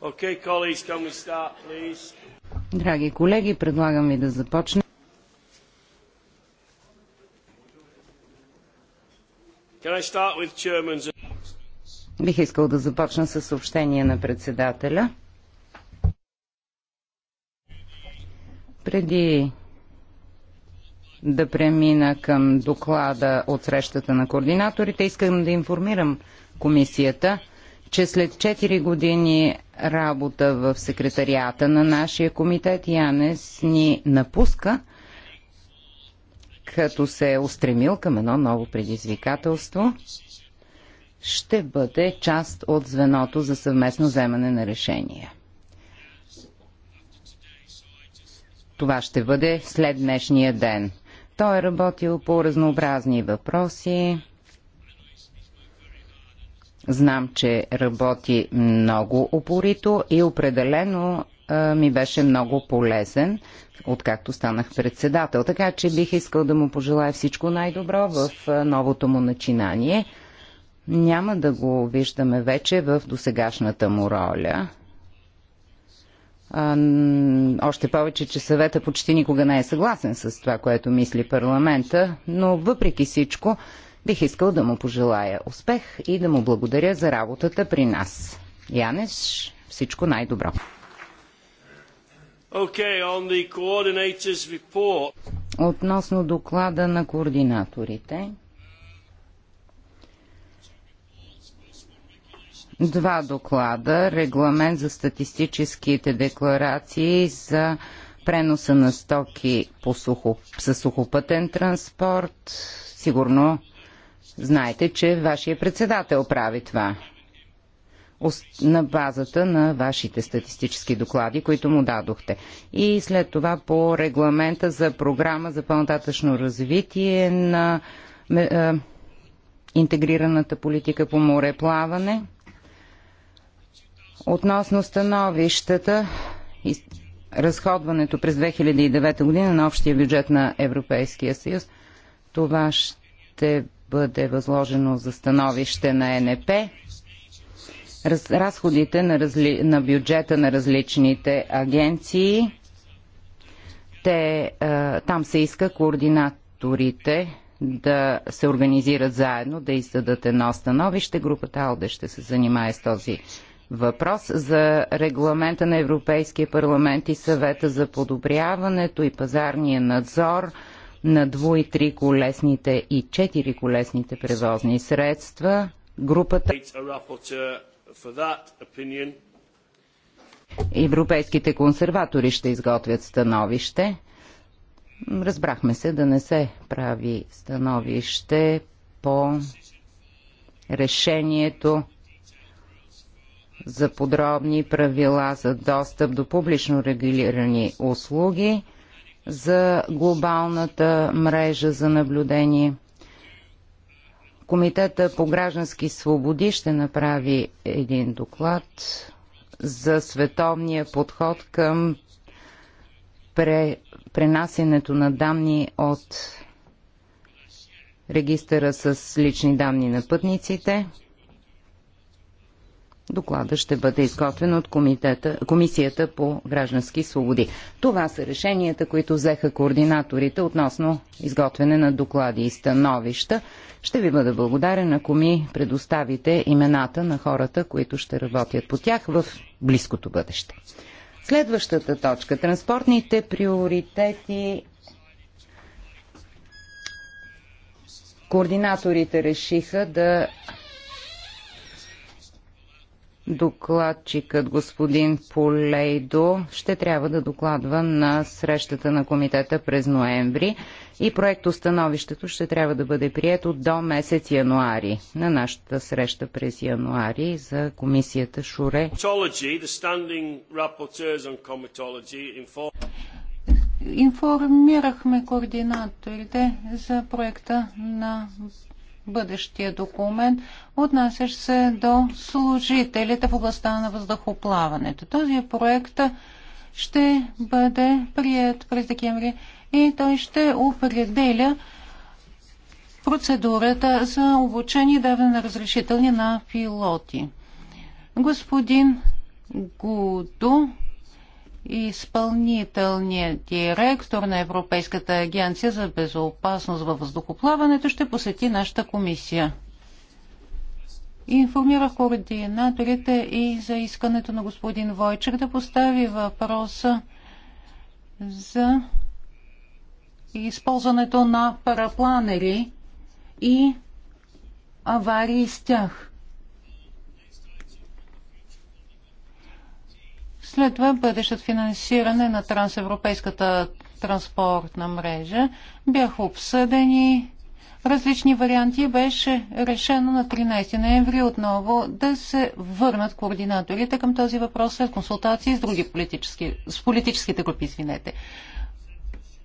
Okay, colleagues, can we start, please? Драги колеги, предлагам ви да започнем. Can I start with chairman's... Бих искал да започна с съобщение на председателя. Преди да премина към доклада от срещата на координаторите, искам да информирам комисията, че след 4 години работа в секретарията на нашия комитет. Янес ни напуска, като се е устремил към едно ново предизвикателство. Ще бъде част от звеното за съвместно вземане на решения. Това ще бъде след днешния ден. Той е работил по разнообразни въпроси, Знам, че работи много упорито и определено ми беше много полезен, откакто станах председател. Така че бих искал да му пожелая всичко най-добро в новото му начинание. Няма да го виждаме вече в досегашната му роля. А, още повече, че съвета почти никога не е съгласен с това, което мисли парламента, но въпреки всичко Бих искал да му пожелая успех и да му благодаря за работата при нас. Янеш, всичко най-добро. Okay, Относно доклада на координаторите. Два доклада. Регламент за статистическите декларации за преноса на стоки по сухо, със сухопътен транспорт. Сигурно Знаете, че вашия председател прави това на базата на вашите статистически доклади, които му дадохте. И след това по регламента за програма за по-нататъчно развитие на е, интегрираната политика по мореплаване. Относно становищата и разходването през 2009 година на общия бюджет на Европейския съюз, това ще бъде възложено за становище на НП раз, разходите на, разли, на бюджета на различните агенции. Те, а, там се иска координаторите да се организират заедно, да издадат едно становище. Групата Алде ще се занимае с този въпрос за регламента на Европейския парламент и съвета за подобряването и пазарния надзор – на дво и три колесните и четири колесните превозни средства. Групата Европейските консерватори ще изготвят становище. Разбрахме се да не се прави становище по решението за подробни правила за достъп до публично регулирани услуги за глобалната мрежа за наблюдение. Комитета по граждански свободи ще направи един доклад за световния подход към пренасенето на данни от регистъра с лични данни на пътниците. Доклада ще бъде изготвен от комитета, Комисията по граждански свободи. Това са решенията, които взеха координаторите относно изготвяне на доклади и становища. Ще ви бъда благодарен, ако ми предоставите имената на хората, които ще работят по тях в близкото бъдеще. Следващата точка. Транспортните приоритети. Координаторите решиха да докладчикът господин Полейдо ще трябва да докладва на срещата на комитета през ноември и проектостановището ще трябва да бъде прието до месец януари на нашата среща през януари за комисията Шуре. Информирахме координаторите за проекта на бъдещия документ, отнасящ се до служителите в областта на въздухоплаването. Този проект ще бъде прият през декември и той ще определя процедурата за обучение и даване на разрешителни на пилоти. Господин Гудо изпълнителният директор на Европейската агенция за безопасност във въздухоплаването ще посети нашата комисия. Информирах координаторите и за искането на господин Войчер да постави въпроса за използването на парапланери и аварии с тях. След това бъдещето финансиране на трансевропейската транспортна мрежа бяха обсъдени различни варианти. Беше решено на 13 ноември отново да се върнат координаторите към този въпрос след консултации с, други политически, с политическите групи. Извинете.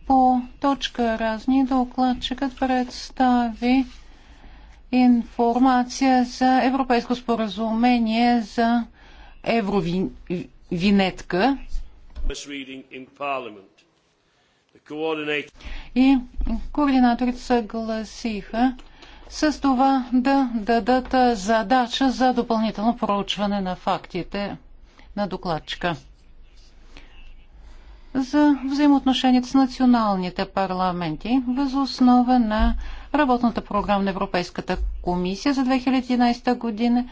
По точка разни докладчикът представи информация за Европейско споразумение за евровин винетка. И координаторите съгласиха с това да дадат задача за допълнително проучване на фактите на докладчика. За взаимоотношенията с националните парламенти възоснова на работната програма на Европейската комисия за 2011 година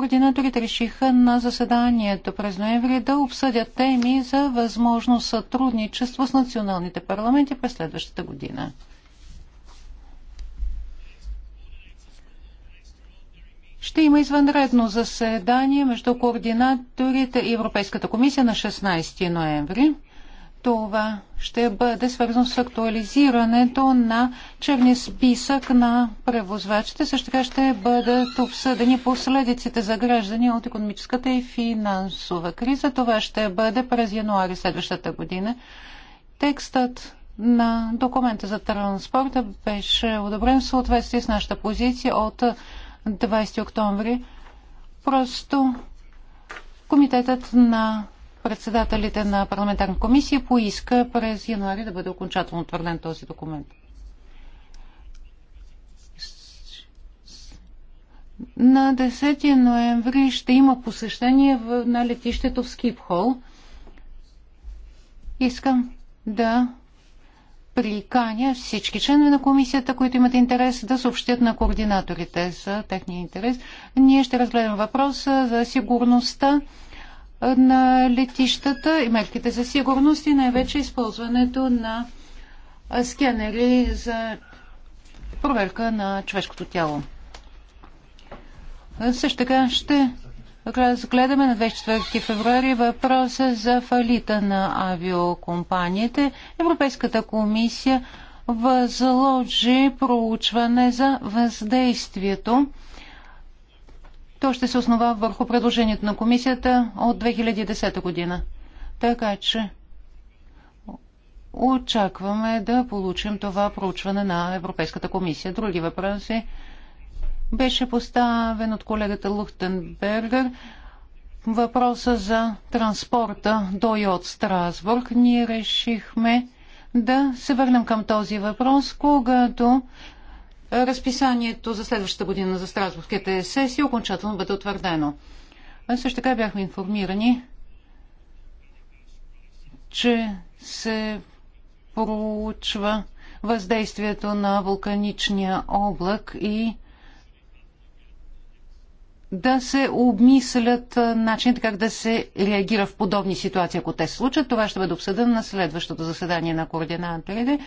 координаторите решиха на заседанието през ноември да обсъдят теми за възможно сътрудничество с националните парламенти през следващата година. Ще има извънредно заседание между координаторите и Европейската комисия на 16 ноември това ще бъде свързано с актуализирането на черния списък на превозвачите. Също така ще бъдат обсъдени последиците за граждани от економическата и финансова криза. Това ще бъде през януари следващата година. Текстът на документа за транспорта беше одобрен в съответствие с нашата позиция от 20 октомври. Просто комитетът на председателите на парламентарна комисия поиска през януари да бъде окончателно утвърден този документ. На 10 ноември ще има посещение на летището в Скипхол. Искам да приканя всички членове на комисията, които имат интерес, да съобщят на координаторите за техния интерес. Ние ще разгледам въпроса за сигурността на летищата и мерките за сигурност и най-вече използването на скенери за проверка на човешкото тяло. Също така ще разгледаме на 24 февруари въпроса за фалита на авиокомпаниите. Европейската комисия възложи проучване за въздействието то ще се основа върху предложението на комисията от 2010 година. Така че очакваме да получим това проучване на Европейската комисия. Други въпроси беше поставен от колегата Лухтенбергер въпроса за транспорта до и от Страсбург. Ние решихме да се върнем към този въпрос, когато разписанието за следващата година за Страсбургските сесии окончателно бъде утвърдено. също така бяхме информирани, че се проучва въздействието на вулканичния облак и да се обмислят начините как да се реагира в подобни ситуации, ако те се случат. Това ще бъде обсъдено на следващото заседание на координаторите.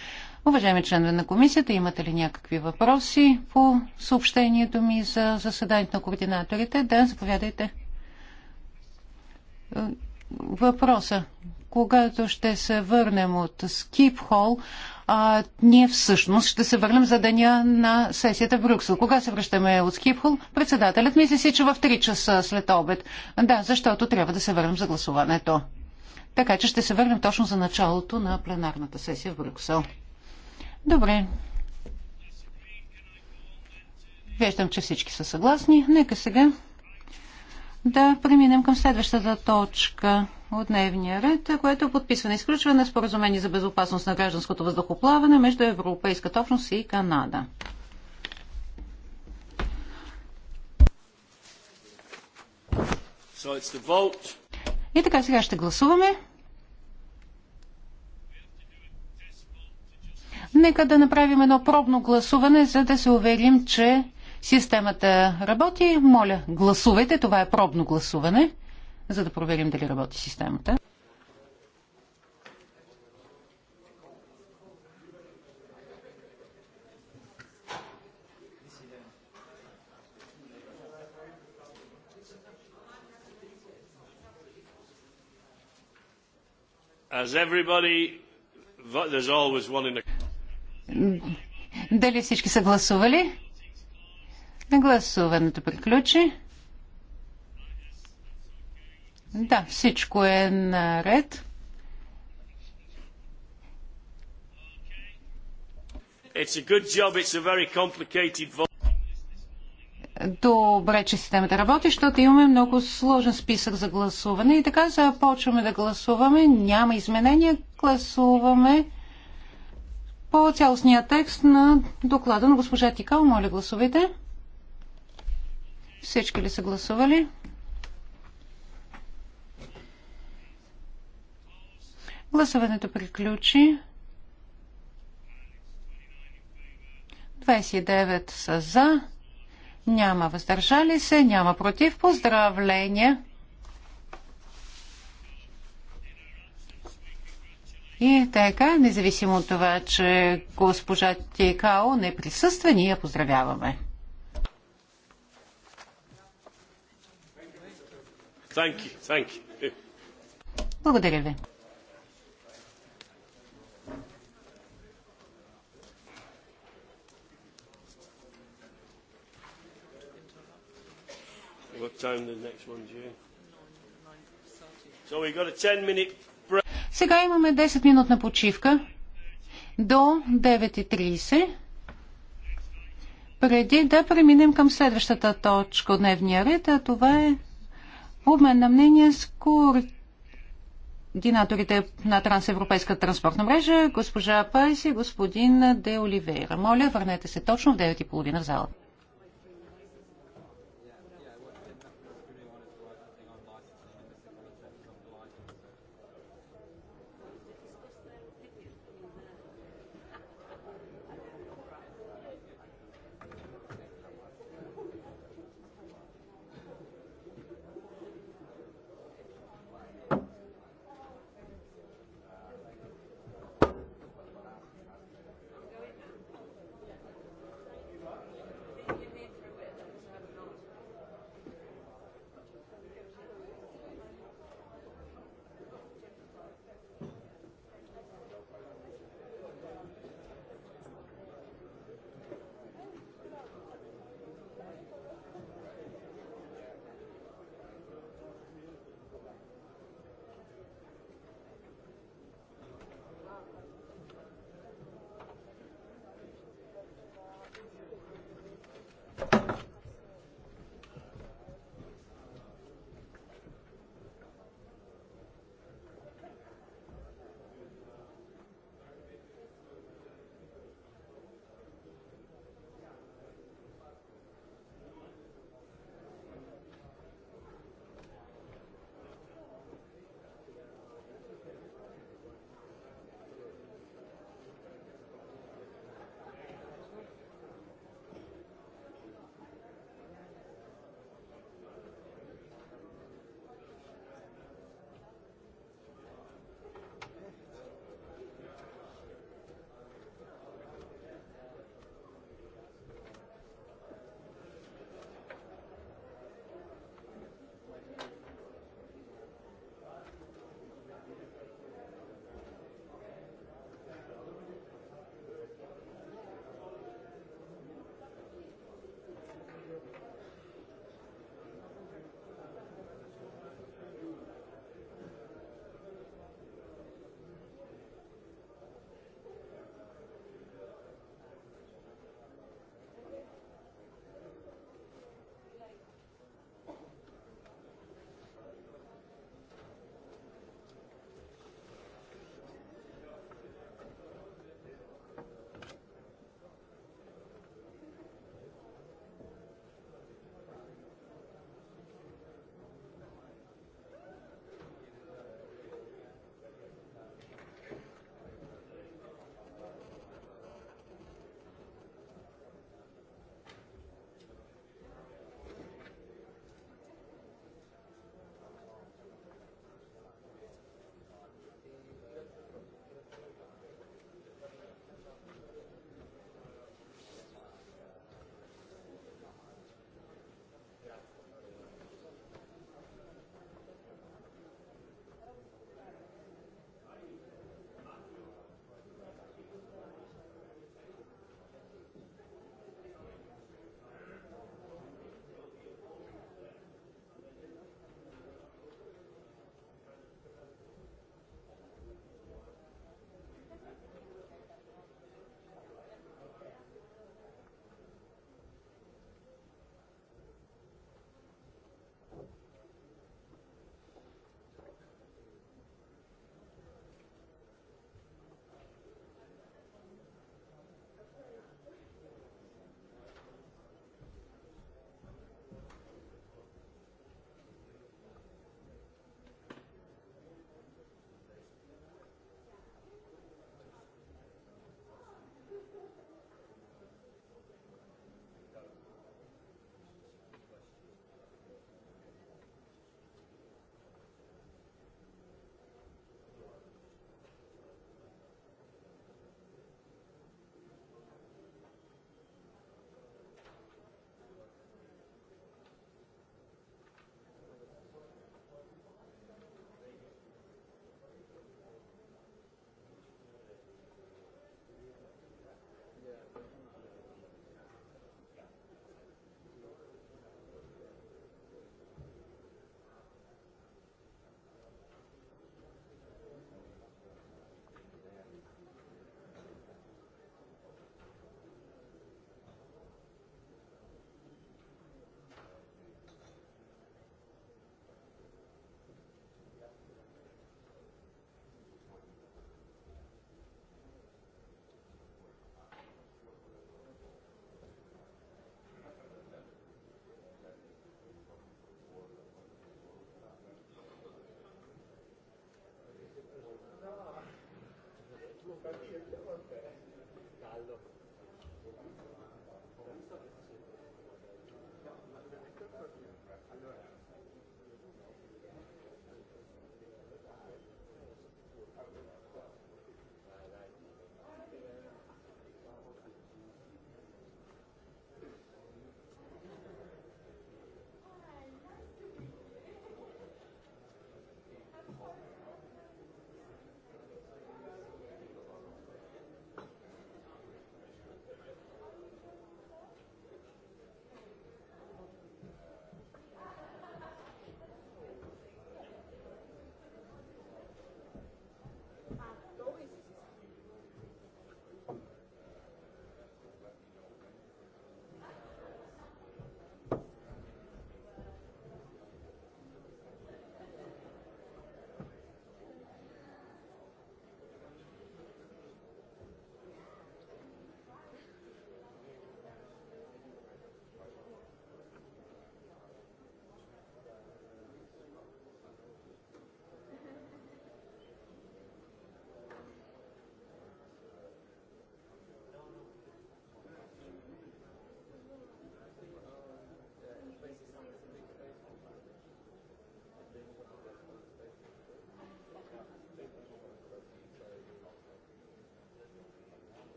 Уважаеми членове на комисията, имате ли някакви въпроси по съобщението ми за заседанието на координаторите? Да, заповядайте. Въпроса. Когато ще се върнем от Скип Хол, а, ние всъщност ще се върнем за деня на сесията в Брюксел. Кога се връщаме от Скипхол? Председателят мисли си, че в 3 часа след обед. Да, защото трябва да се върнем за гласуването. Така че ще се върнем точно за началото на пленарната сесия в Брюксел. Добре. Виждам, че всички са съгласни. Нека сега да преминем към следващата точка от дневния ред, което е подписване и изключване на споразумение за безопасност на гражданското въздухоплаване между Европейската общност и Канада. So и така сега ще гласуваме. Нека да направим едно пробно гласуване, за да се уверим, че системата работи. Моля, гласувайте. Това е пробно гласуване за да проверим дали работи системата. As everybody, there's always one in the... Дали всички са гласували? Гласуването приключи. Да, всичко е наред. Job, Добре, че системата работи, защото имаме много сложен списък за гласуване и така започваме да гласуваме. Няма изменения, гласуваме по цялостния текст на доклада на госпожа Тикал. Моля, гласувайте. Всички ли са гласували? Гласуването приключи. 29 са за, няма въздържали се, няма против. Поздравления! И така, независимо от това, че госпожа Тикао не присъства, ние я поздравяваме. Thank you. Thank you. Благодаря ви. time the next one's So got a 10 minute break. Сега имаме 10 минутна почивка до 9.30, преди да преминем към следващата точка от дневния ред, а това е обмен на мнение с координаторите на Трансевропейска транспортна мрежа, госпожа Пайс и господин Де Оливейра. Моля, върнете се точно в 9.30 в залата.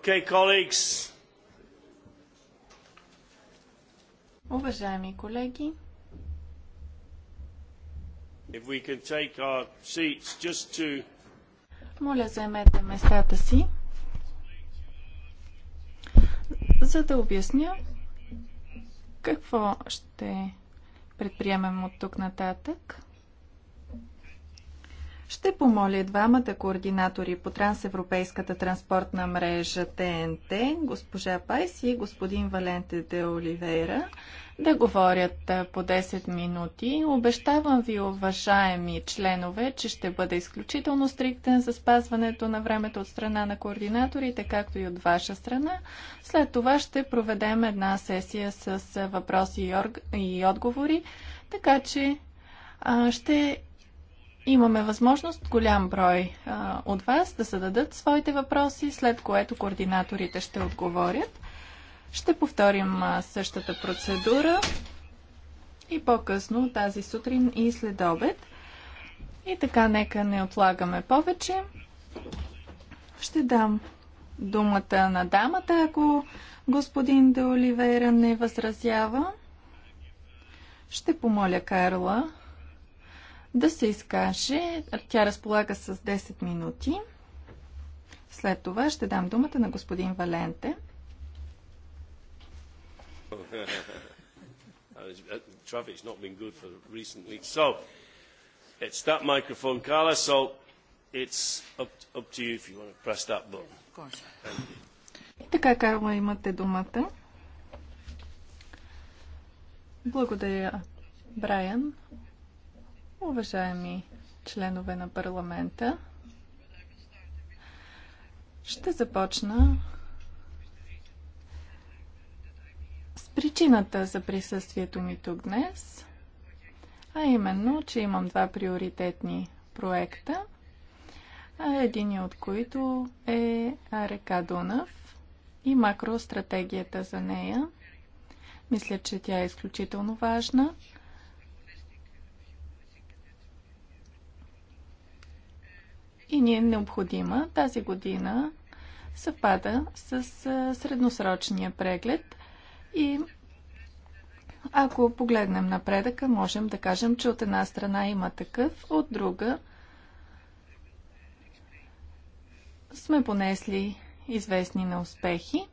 Okay, colleagues. Уважаеми колеги, If we can take our seats just to... Моля, заемете местата си, за да обясня какво ще предприемем от тук нататък. Ще помоля двамата координатори по трансевропейската транспортна мрежа ТНТ, госпожа Пайс и господин Валенте де Оливейра, да говорят по 10 минути. Обещавам ви, уважаеми членове, че ще бъда изключително стриктен за спазването на времето от страна на координаторите, както и от ваша страна. След това ще проведем една сесия с въпроси и отговори, така че ще Имаме възможност голям брой а, от вас да зададат своите въпроси, след което координаторите ще отговорят. Ще повторим а, същата процедура и по-късно тази сутрин и след обед. И така, нека не отлагаме повече. Ще дам думата на дамата, ако господин Де Оливейра не възразява. Ще помоля Карла да се изкаже. Тя разполага с 10 минути. След това ще дам думата на господин Валенте. Traffic's not been good for recently. So, it's that microphone, Carla. So, it's up, up to you if you want to press that button. Of course. Така, Карла, имате думата. Благодаря, Брайан. Уважаеми членове на парламента, ще започна с причината за присъствието ми тук днес, а именно, че имам два приоритетни проекта, един от които е река Дунав и макростратегията за нея. Мисля, че тя е изключително важна – и ни е необходима. Тази година съвпада с средносрочния преглед и ако погледнем напредъка, можем да кажем, че от една страна има такъв, от друга сме понесли известни неуспехи.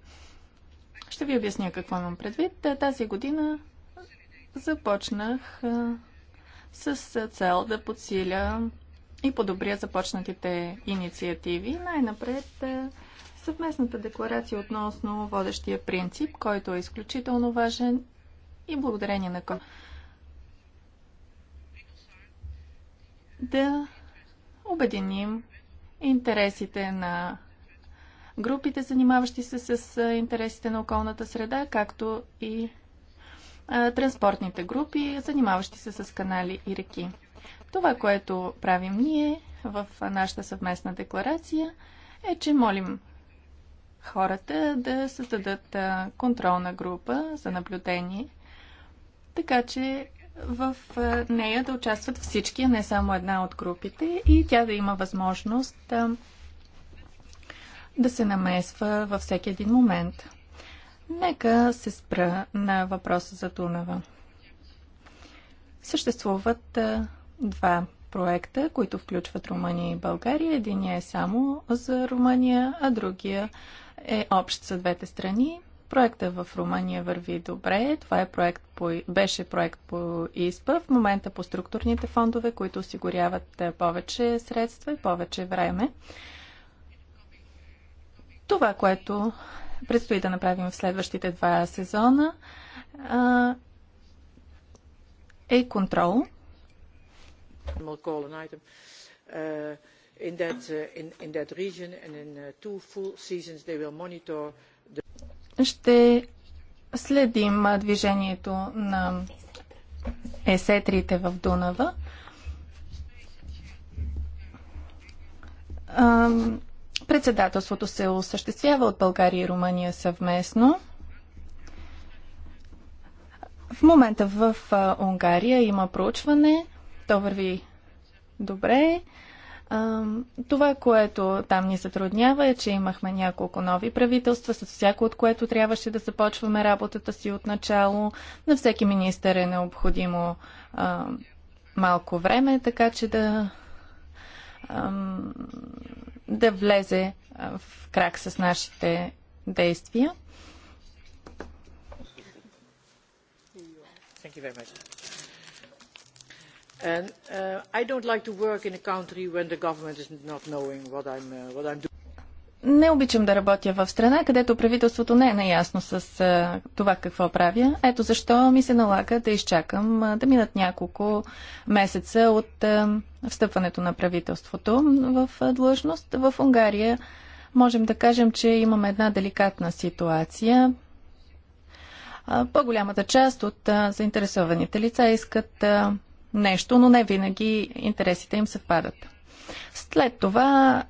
Ще ви обясня какво имам предвид. Тази година започнах с цел да подсиля и подобря започнатите инициативи. Най-напред е, съвместната декларация относно водещия принцип, който е изключително важен и благодарение на който да обединим интересите на групите, занимаващи се с е, интересите на околната среда, както и е, транспортните групи, занимаващи се с канали и реки. Това, което правим ние в нашата съвместна декларация е, че молим хората да създадат контролна група за наблюдение, така че в нея да участват всички, не само една от групите и тя да има възможност да, да се намесва във всеки един момент. Нека се спра на въпроса за Дунава. Съществуват два проекта, които включват Румъния и България. Единият е само за Румъния, а другия е общ за двете страни. Проекта в Румъния върви добре. Това е проект по, беше проект по ИСПА. В момента по структурните фондове, които осигуряват е, повече средства и повече време. Това, което предстои да направим в следващите два сезона, е контрол i will call an item uh, uh, in that region and in uh, two full seasons they will monitor the... Ще следим движението на есетрите в Дунава. Председателството се осъществява от България и Румъния съвместно. В момента в Унгария има проучване – то върви добре. Това, което там ни затруднява е, че имахме няколко нови правителства, с всяко от което трябваше да започваме работата си от начало. На всеки министър е необходимо а, малко време, така че да, а, да влезе в крак с нашите действия. Thank you very much. And uh, I don't like to work in a country when the government is not knowing what I'm, uh, what I'm doing. Не обичам да работя в страна, където правителството не е наясно с а, това какво правя. Ето защо ми се налага да изчакам а, да минат няколко месеца от а, встъпването на правителството в а, длъжност. В Унгария можем да кажем, че имаме една деликатна ситуация. По-голямата част от а, заинтересованите лица искат а, нещо, но не винаги интересите им съвпадат. След това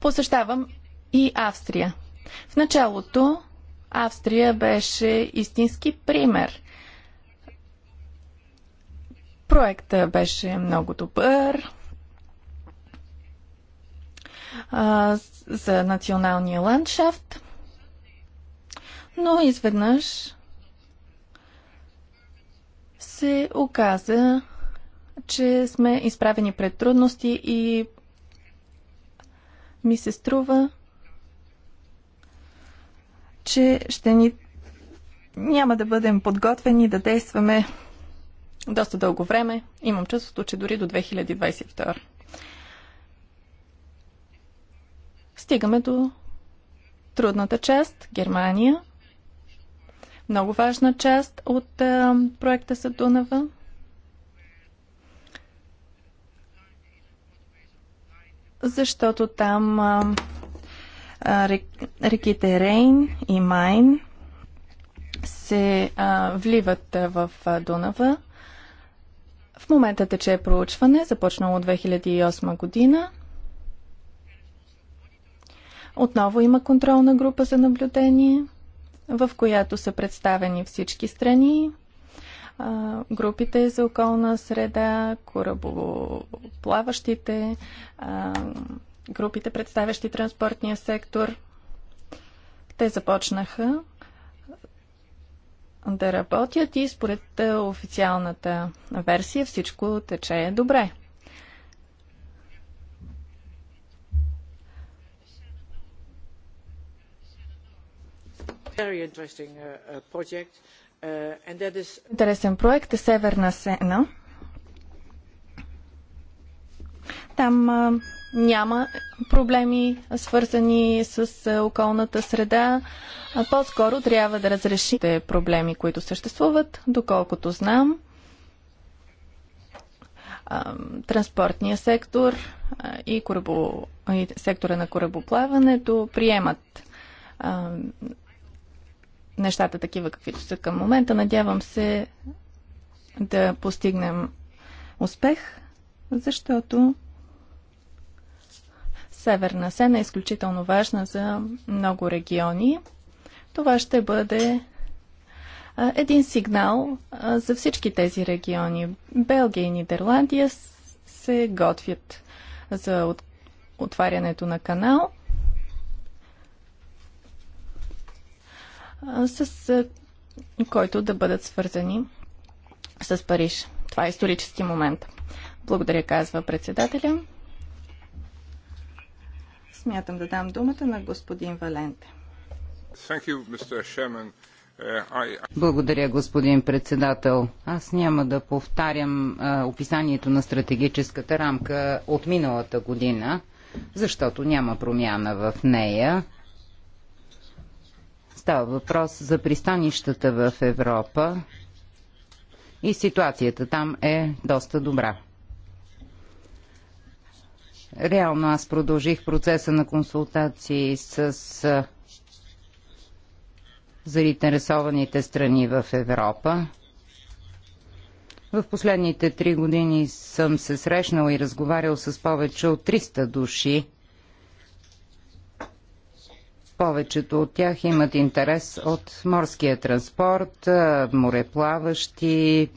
посещавам и Австрия. В началото Австрия беше истински пример. Проектът беше много добър за националния ландшафт, но изведнъж се оказа, че сме изправени пред трудности и ми се струва, че ще ни няма да бъдем подготвени да действаме доста дълго време. Имам чувството, че дори до 2022. Стигаме до трудната част Германия – много важна част от а, проекта за Дунава. Защото там а, рек, реките Рейн и Майн се а, вливат а, в а, Дунава. В момента тече проучване, започнало от 2008 година. Отново има контролна група за наблюдение в която са представени всички страни, групите за околна среда, корабоплаващите, групите представящи транспортния сектор. Те започнаха да работят и според официалната версия всичко тече добре. Uh, uh, uh, Интересен проект е Северна Сена. Там няма проблеми, свързани с околната среда. По-скоро трябва да разрешите проблеми, които съществуват, доколкото знам. Транспортния сектор и, корабо, и сектора на корабоплаването приемат нещата такива, каквито са към момента. Надявам се да постигнем успех, защото Северна Сена е изключително важна за много региони. Това ще бъде един сигнал за всички тези региони. Белгия и Нидерландия се готвят за отварянето на канал – с който да бъдат свързани с Париж. Това е исторически момент. Благодаря, казва председателя. Смятам да дам думата на господин Валенте. Uh, Благодаря, господин председател. Аз няма да повтарям а, описанието на стратегическата рамка от миналата година, защото няма промяна в нея. Става въпрос за пристанищата в Европа и ситуацията там е доста добра. Реално аз продължих процеса на консултации с заинтересованите страни в Европа. В последните три години съм се срещнал и разговарял с повече от 300 души повечето от тях имат интерес от морския транспорт, мореплаващи,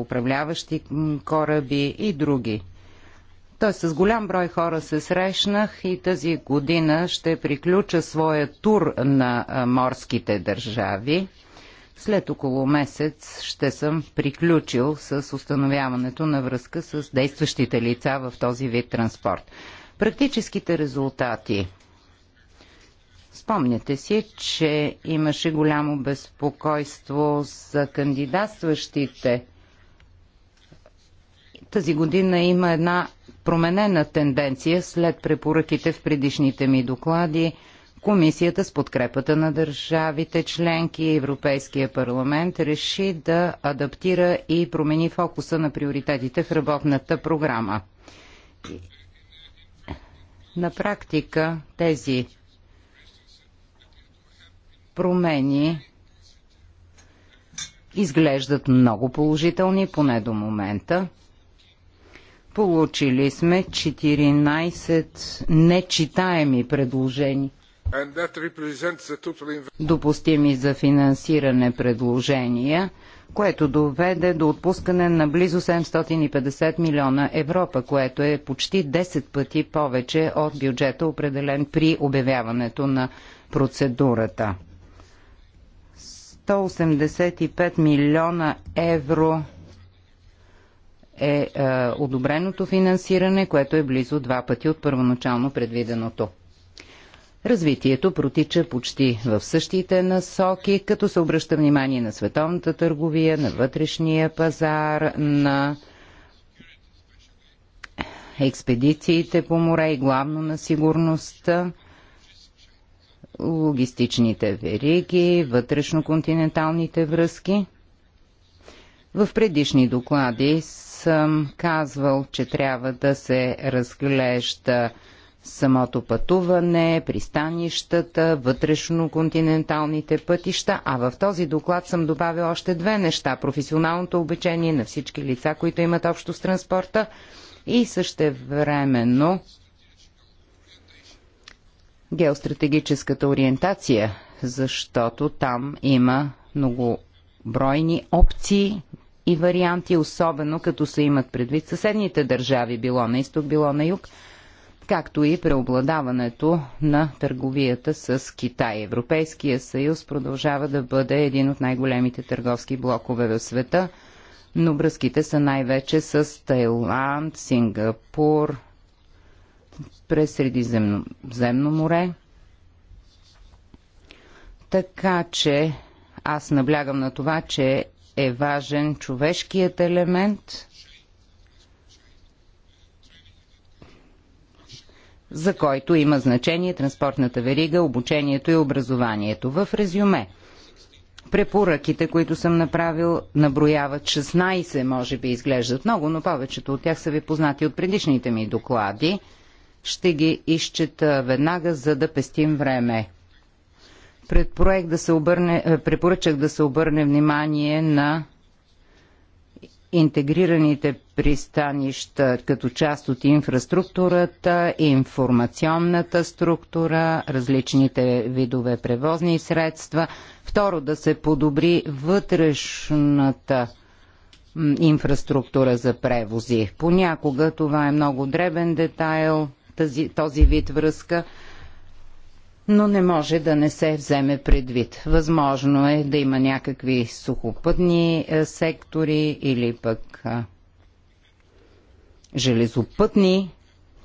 управляващи кораби и други. Той с голям брой хора се срещнах и тази година ще приключа своя тур на морските държави. След около месец ще съм приключил с установяването на връзка с действащите лица в този вид транспорт. Практическите резултати – Спомняте си, че имаше голямо безпокойство за кандидатстващите. Тази година има една променена тенденция след препоръките в предишните ми доклади. Комисията с подкрепата на държавите членки и Европейския парламент реши да адаптира и промени фокуса на приоритетите в работната програма. На практика тези промени изглеждат много положителни, поне до момента. Получили сме 14 нечитаеми предложения. Допустими за финансиране предложения, което доведе до отпускане на близо 750 милиона Европа, което е почти 10 пъти повече от бюджета, определен при обявяването на процедурата. 185 милиона евро е, е одобреното финансиране, което е близо два пъти от първоначално предвиденото. Развитието протича почти в същите насоки, като се обръща внимание на световната търговия, на вътрешния пазар, на експедициите по море и главно на сигурността логистичните вериги, вътрешноконтиненталните връзки. В предишни доклади съм казвал, че трябва да се разглежда самото пътуване, пристанищата, вътрешно-континенталните пътища, а в този доклад съм добавил още две неща. Професионалното обучение на всички лица, които имат общо с транспорта и същевременно геостратегическата ориентация, защото там има многобройни опции и варианти, особено като се имат предвид съседните държави, било на изток, било на юг, както и преобладаването на търговията с Китай. Европейския съюз продължава да бъде един от най-големите търговски блокове в света, но връзките са най-вече с Тайланд, Сингапур, през Средиземно море. Така че аз наблягам на това, че е важен човешкият елемент, за който има значение транспортната верига, обучението и образованието. В резюме, препоръките, които съм направил, наброяват 16, може би изглеждат много, но повечето от тях са ви познати от предишните ми доклади – ще ги изчета веднага, за да пестим време. Предпроект да се обърне, е, препоръчах да се обърне внимание на интегрираните пристанища като част от инфраструктурата, информационната структура, различните видове превозни средства. Второ, да се подобри вътрешната инфраструктура за превози. Понякога това е много дребен детайл, тази, този вид връзка, но не може да не се вземе предвид. Възможно е да има някакви сухопътни е, сектори или пък е, железопътни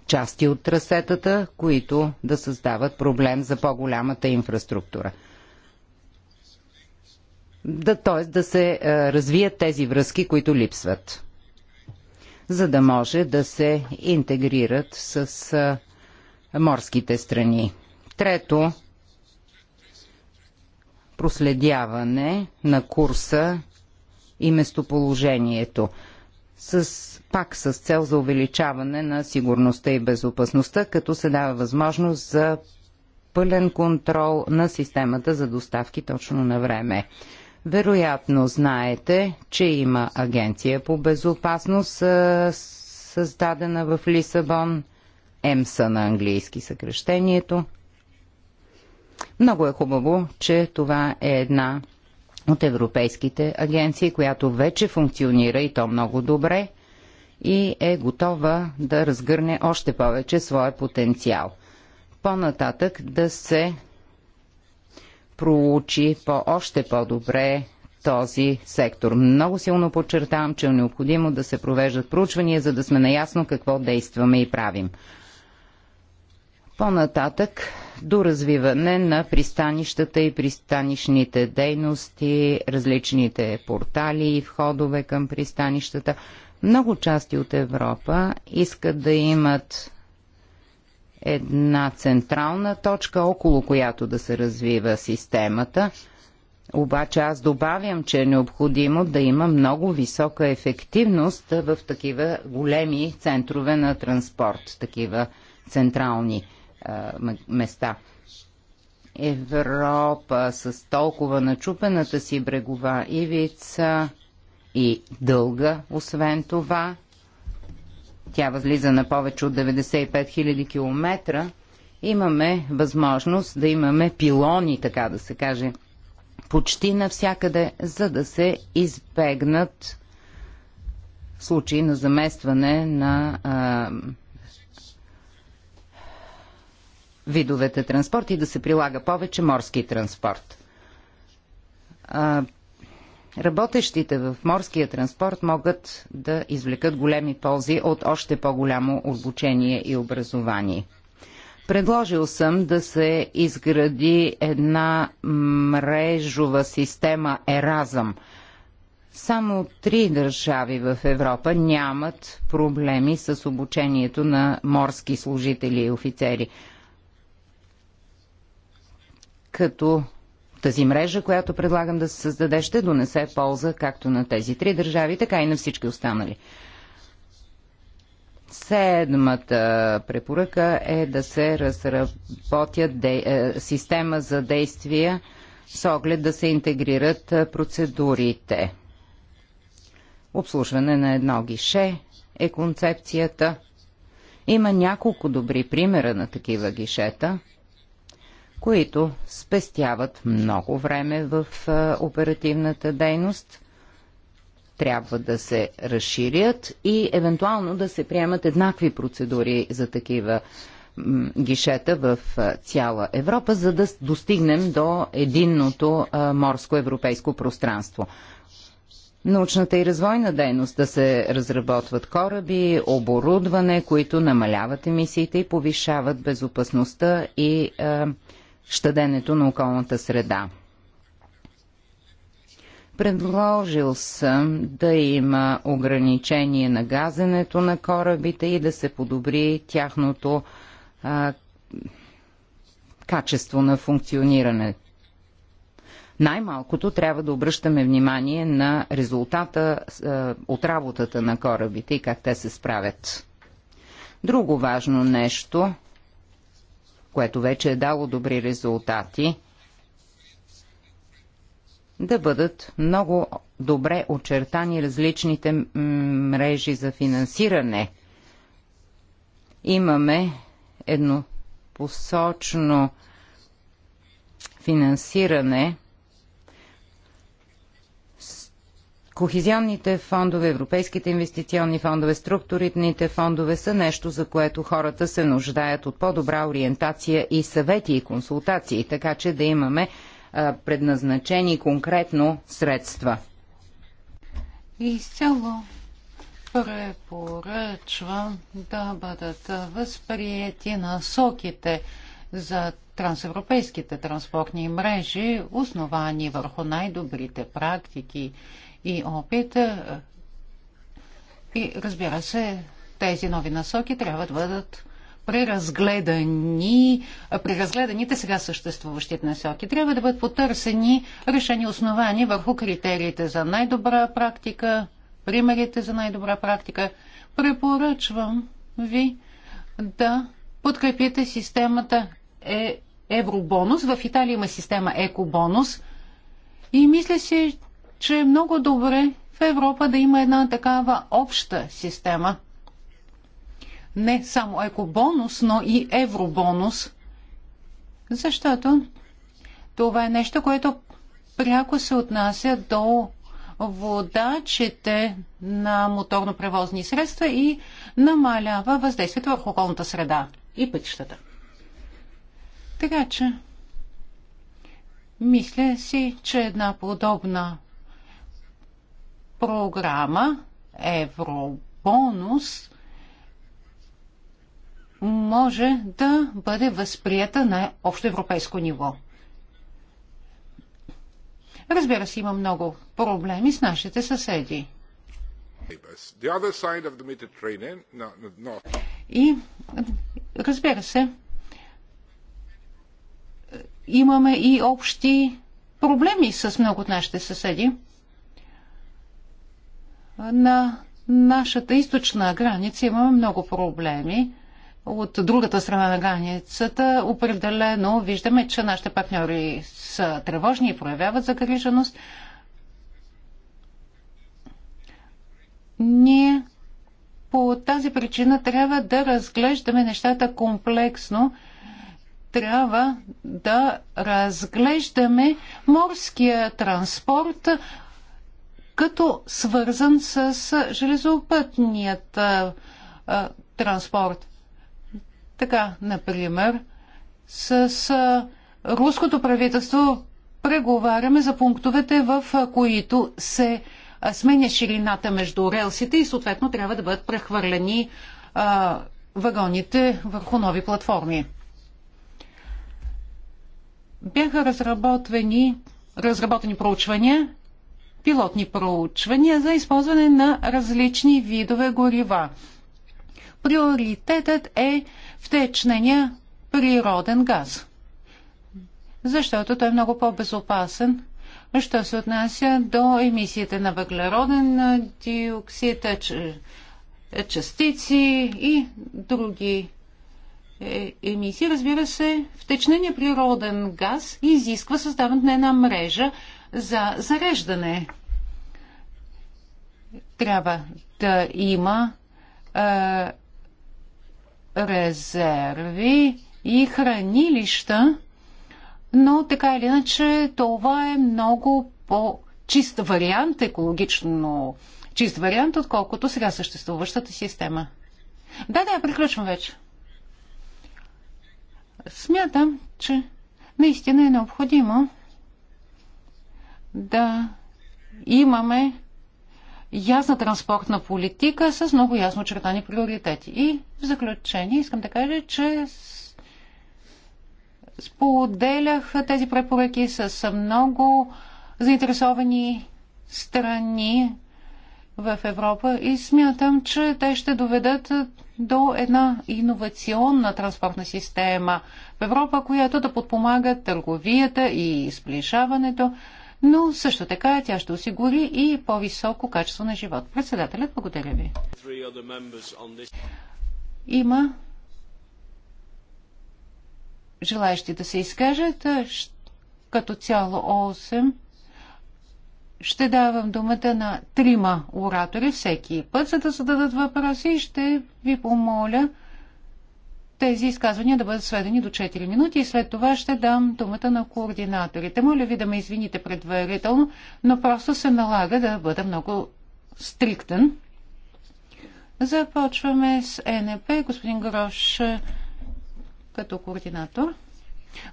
части от трасетата, които да създават проблем за по-голямата инфраструктура. Да, т.е. да се е, развият тези връзки, които липсват за да може да се интегрират с морските страни. Трето, проследяване на курса и местоположението с, пак с цел за увеличаване на сигурността и безопасността, като се дава възможност за пълен контрол на системата за доставки точно на време. Вероятно знаете, че има агенция по безопасност, създадена в Лисабон, ЕМСА на английски съкрещението. Много е хубаво, че това е една от европейските агенции, която вече функционира и то много добре и е готова да разгърне още повече своя потенциал. По-нататък да се проучи по още по-добре този сектор. Много силно подчертавам, че е необходимо да се провеждат проучвания, за да сме наясно какво действаме и правим. По-нататък до развиване на пристанищата и пристанищните дейности, различните портали и входове към пристанищата. Много части от Европа искат да имат една централна точка, около която да се развива системата. Обаче аз добавям, че е необходимо да има много висока ефективност в такива големи центрове на транспорт, такива централни а, места. Европа с толкова начупената си брегова ивица и дълга, освен това, тя възлиза на повече от 95 000 км, имаме възможност да имаме пилони, така да се каже, почти навсякъде, за да се избегнат случаи на заместване на а, видовете транспорт и да се прилага повече морски транспорт. А, Работещите в морския транспорт могат да извлекат големи ползи от още по-голямо обучение и образование. Предложил съм да се изгради една мрежова система Еразъм. Само три държави в Европа нямат проблеми с обучението на морски служители и офицери. Като тази мрежа, която предлагам да се създаде, ще донесе полза както на тези три държави, така и на всички останали. Седмата препоръка е да се разработят де, е, система за действия с оглед да се интегрират процедурите. Обслужване на едно гише е концепцията. Има няколко добри примера на такива гишета – които спестяват много време в е, оперативната дейност, трябва да се разширят и евентуално да се приемат еднакви процедури за такива гишета в е, цяла Европа, за да достигнем до единното е, морско европейско пространство. Научната и развойна дейност да се разработват кораби, оборудване, които намаляват емисиите и повишават безопасността и е, щаденето на околната среда. Предложил съм да има ограничение на газенето на корабите и да се подобри тяхното а, качество на функциониране. Най-малкото трябва да обръщаме внимание на резултата а, от работата на корабите и как те се справят. Друго важно нещо което вече е дало добри резултати, да бъдат много добре очертани различните мрежи за финансиране. Имаме едно посочно финансиране Кохезионните фондове, европейските инвестиционни фондове, структурните фондове са нещо, за което хората се нуждаят от по-добра ориентация и съвети и консултации, така че да имаме а, предназначени конкретно средства. Изцяло препоръчвам да бъдат възприяти насоките за трансевропейските транспортни мрежи, основани върху най-добрите практики и опит. Е, и разбира се, тези нови насоки трябва да бъдат преразгледани, е, преразгледаните сега съществуващите насоки. Трябва да бъдат потърсени решени основани върху критериите за най-добра практика, примерите за най-добра практика. Препоръчвам ви да подкрепите системата е, Евробонус. В Италия има система Екобонус. И мисля си, че е много добре в Европа да има една такава обща система. Не само екобонус, но и евробонус, защото това е нещо, което пряко се отнася до водачите на моторно превозни средства и намалява въздействието върху околната среда и пътищата. Така че, мисля си, че една подобна програма Евробонус може да бъде възприята на общо европейско ниво. Разбира се, има много проблеми с нашите съседи. И разбира се, имаме и общи проблеми с много от нашите съседи на нашата източна граница имаме много проблеми. От другата страна на границата определено виждаме, че нашите партньори са тревожни и проявяват загриженост. Ние по тази причина трябва да разглеждаме нещата комплексно. Трябва да разглеждаме морския транспорт като свързан с железопътният а, а, транспорт. Така, например, с а, руското правителство преговаряме за пунктовете, в а, които се а, сменя ширината между релсите и съответно трябва да бъдат прехвърлени а, вагоните върху нови платформи. Бяха разработени, разработени проучвания пилотни проучвания за използване на различни видове горива. Приоритетът е втечнения природен газ, защото той е много по-безопасен що се отнася до емисиите на въглероден диоксид, частици и други е, емисии. Разбира се, втечнения природен газ изисква създаването на една мрежа за зареждане. Трябва да има е, резерви и хранилища, но така или иначе това е много по-чист вариант, екологично чист вариант, отколкото сега съществуващата система. Да, да, приключвам вече. Смятам, че наистина е необходимо да имаме ясна транспортна политика с много ясно очертани приоритети. И в заключение искам да кажа, че споделях тези препоръки с много заинтересовани страни в Европа и смятам, че те ще доведат до една иновационна транспортна система в Европа, която да подпомага търговията и сближаването но също така тя ще осигури и по-високо качество на живот. Председателят, благодаря ви. Има желаящи да се изкажат. Като цяло 8 ще давам думата на трима оратори всеки път, за да зададат въпроси и ще ви помоля тези изказвания да бъдат сведени до 4 минути и след това ще дам думата на координаторите. Моля ви да ме извините предварително, но просто се налага да бъда много стриктен. Започваме с НП. Господин Грош като координатор.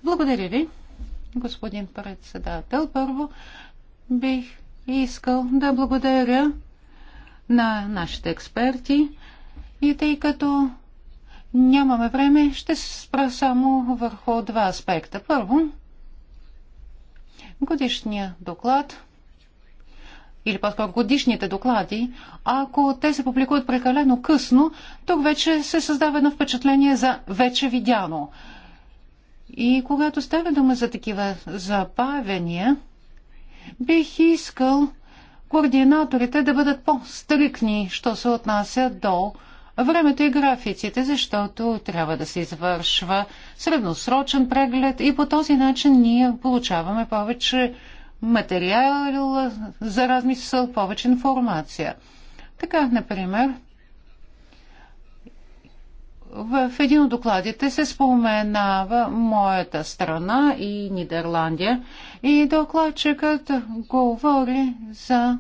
Благодаря ви, господин председател. Първо бих искал да благодаря на нашите експерти и тъй като Нямаме време, ще се спра само върху два аспекта. Първо, годишния доклад или по-скоро годишните доклади, ако те се публикуват прекалено късно, тук вече се създава едно впечатление за вече видяно. И когато става дума за такива забавения, бих искал координаторите да бъдат по-стрикни, що се отнася до времето и графиците, защото трябва да се извършва средносрочен преглед и по този начин ние получаваме повече материал за размисъл, повече информация. Така, например, в един от докладите се споменава моята страна и Нидерландия и докладчикът говори за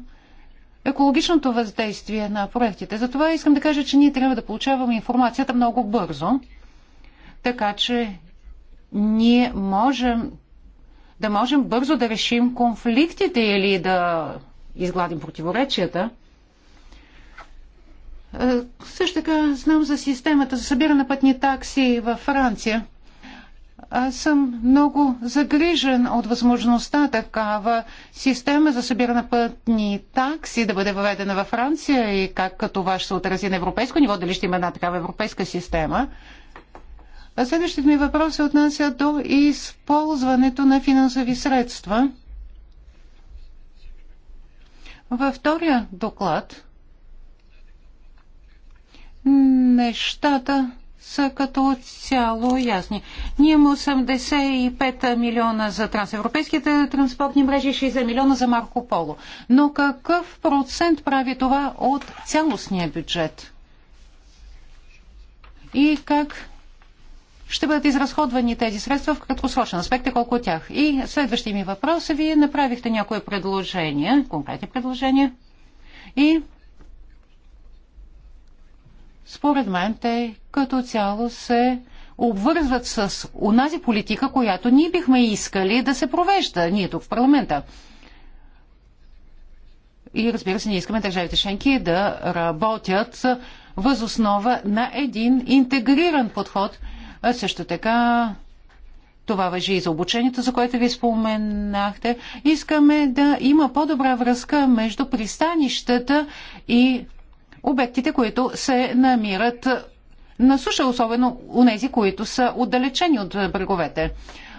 екологичното въздействие на проектите. Затова искам да кажа, че ние трябва да получаваме информацията много бързо, така че ние можем да можем бързо да решим конфликтите или да изгладим противоречията. Е, също така знам за системата за събиране на пътни такси във Франция – аз съм много загрижен от възможността такава система за събиране на пътни такси да бъде въведена във Франция и как това ще се отрази на европейско ниво, дали ще има една такава европейска система. А следващият ми въпрос се отнася до използването на финансови средства. Във втория доклад нещата са като цяло ясни. Ние имаме 85 милиона за трансевропейските транспортни мрежи и 60 милиона за Марко Поло. Но какъв процент прави това от цялостния бюджет? И как ще бъдат изразходвани тези средства в краткосрочен аспект и е колко от тях? И следващия ми въпрос е, вие направихте някои предложения, конкретни предложения, и според мен те като цяло се обвързват с онази политика, която ние бихме искали да се провежда ние тук в парламента. И разбира се, ние искаме държавите Шенки да работят възоснова на един интегриран подход. А също така това въжи и за обучението, за което ви споменахте. Искаме да има по-добра връзка между пристанищата и обектите, които се намират на суша, особено у нези, които са отдалечени от бреговете.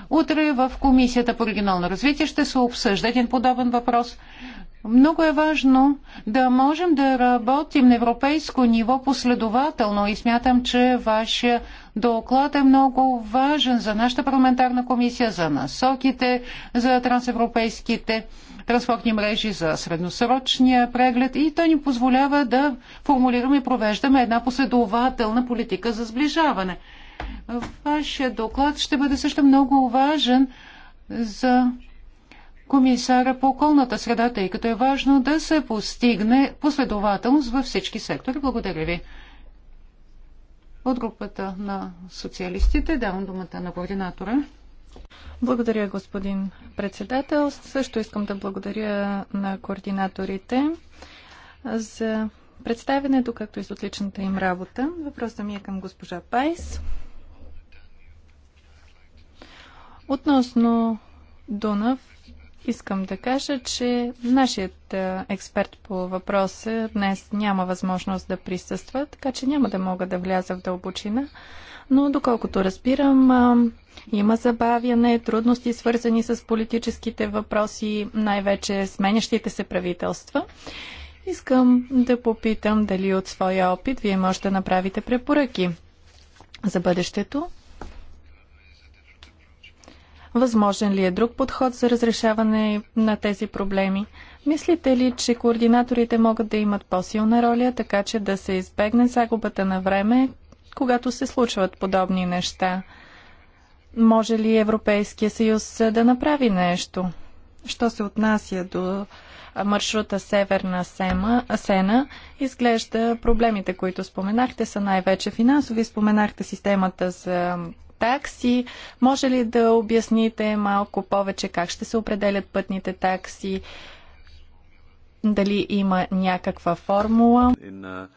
Утре в Комисията по регионално развитие ще се обсъжда един подобен въпрос. Много е важно да можем да работим на европейско ниво последователно и смятам, че вашия доклад е много важен за нашата парламентарна комисия, за насоките, за трансевропейските транспортни мрежи, за средносрочния преглед и той ни позволява да формулираме и провеждаме една последователна политика за сближаване. Вашия доклад ще бъде също много важен за комисара по околната среда, тъй като е важно да се постигне последователност във всички сектори. Благодаря ви. От групата на социалистите давам думата на координатора. Благодаря, господин председател. Също искам да благодаря на координаторите за представенето, както и за отличната им работа. Въпросът ми е към госпожа Пайс. Относно Дунав, Искам да кажа, че нашият експерт по въпроса днес няма възможност да присъства, така че няма да мога да вляза в дълбочина. Но доколкото разбирам, има забавяне, трудности свързани с политическите въпроси, най-вече сменящите се правителства. Искам да попитам дали от своя опит вие можете да направите препоръки за бъдещето Възможен ли е друг подход за разрешаване на тези проблеми? Мислите ли, че координаторите могат да имат по-силна роля, така че да се избегне загубата на време, когато се случват подобни неща? Може ли Европейския съюз да направи нещо? Що се отнася до маршрута Северна Сема, Сена, изглежда проблемите, които споменахте, са най-вече финансови. Споменахте системата за такси. Може ли да обясните малко повече как ще се определят пътните такси? Дали има някаква формула? Uh,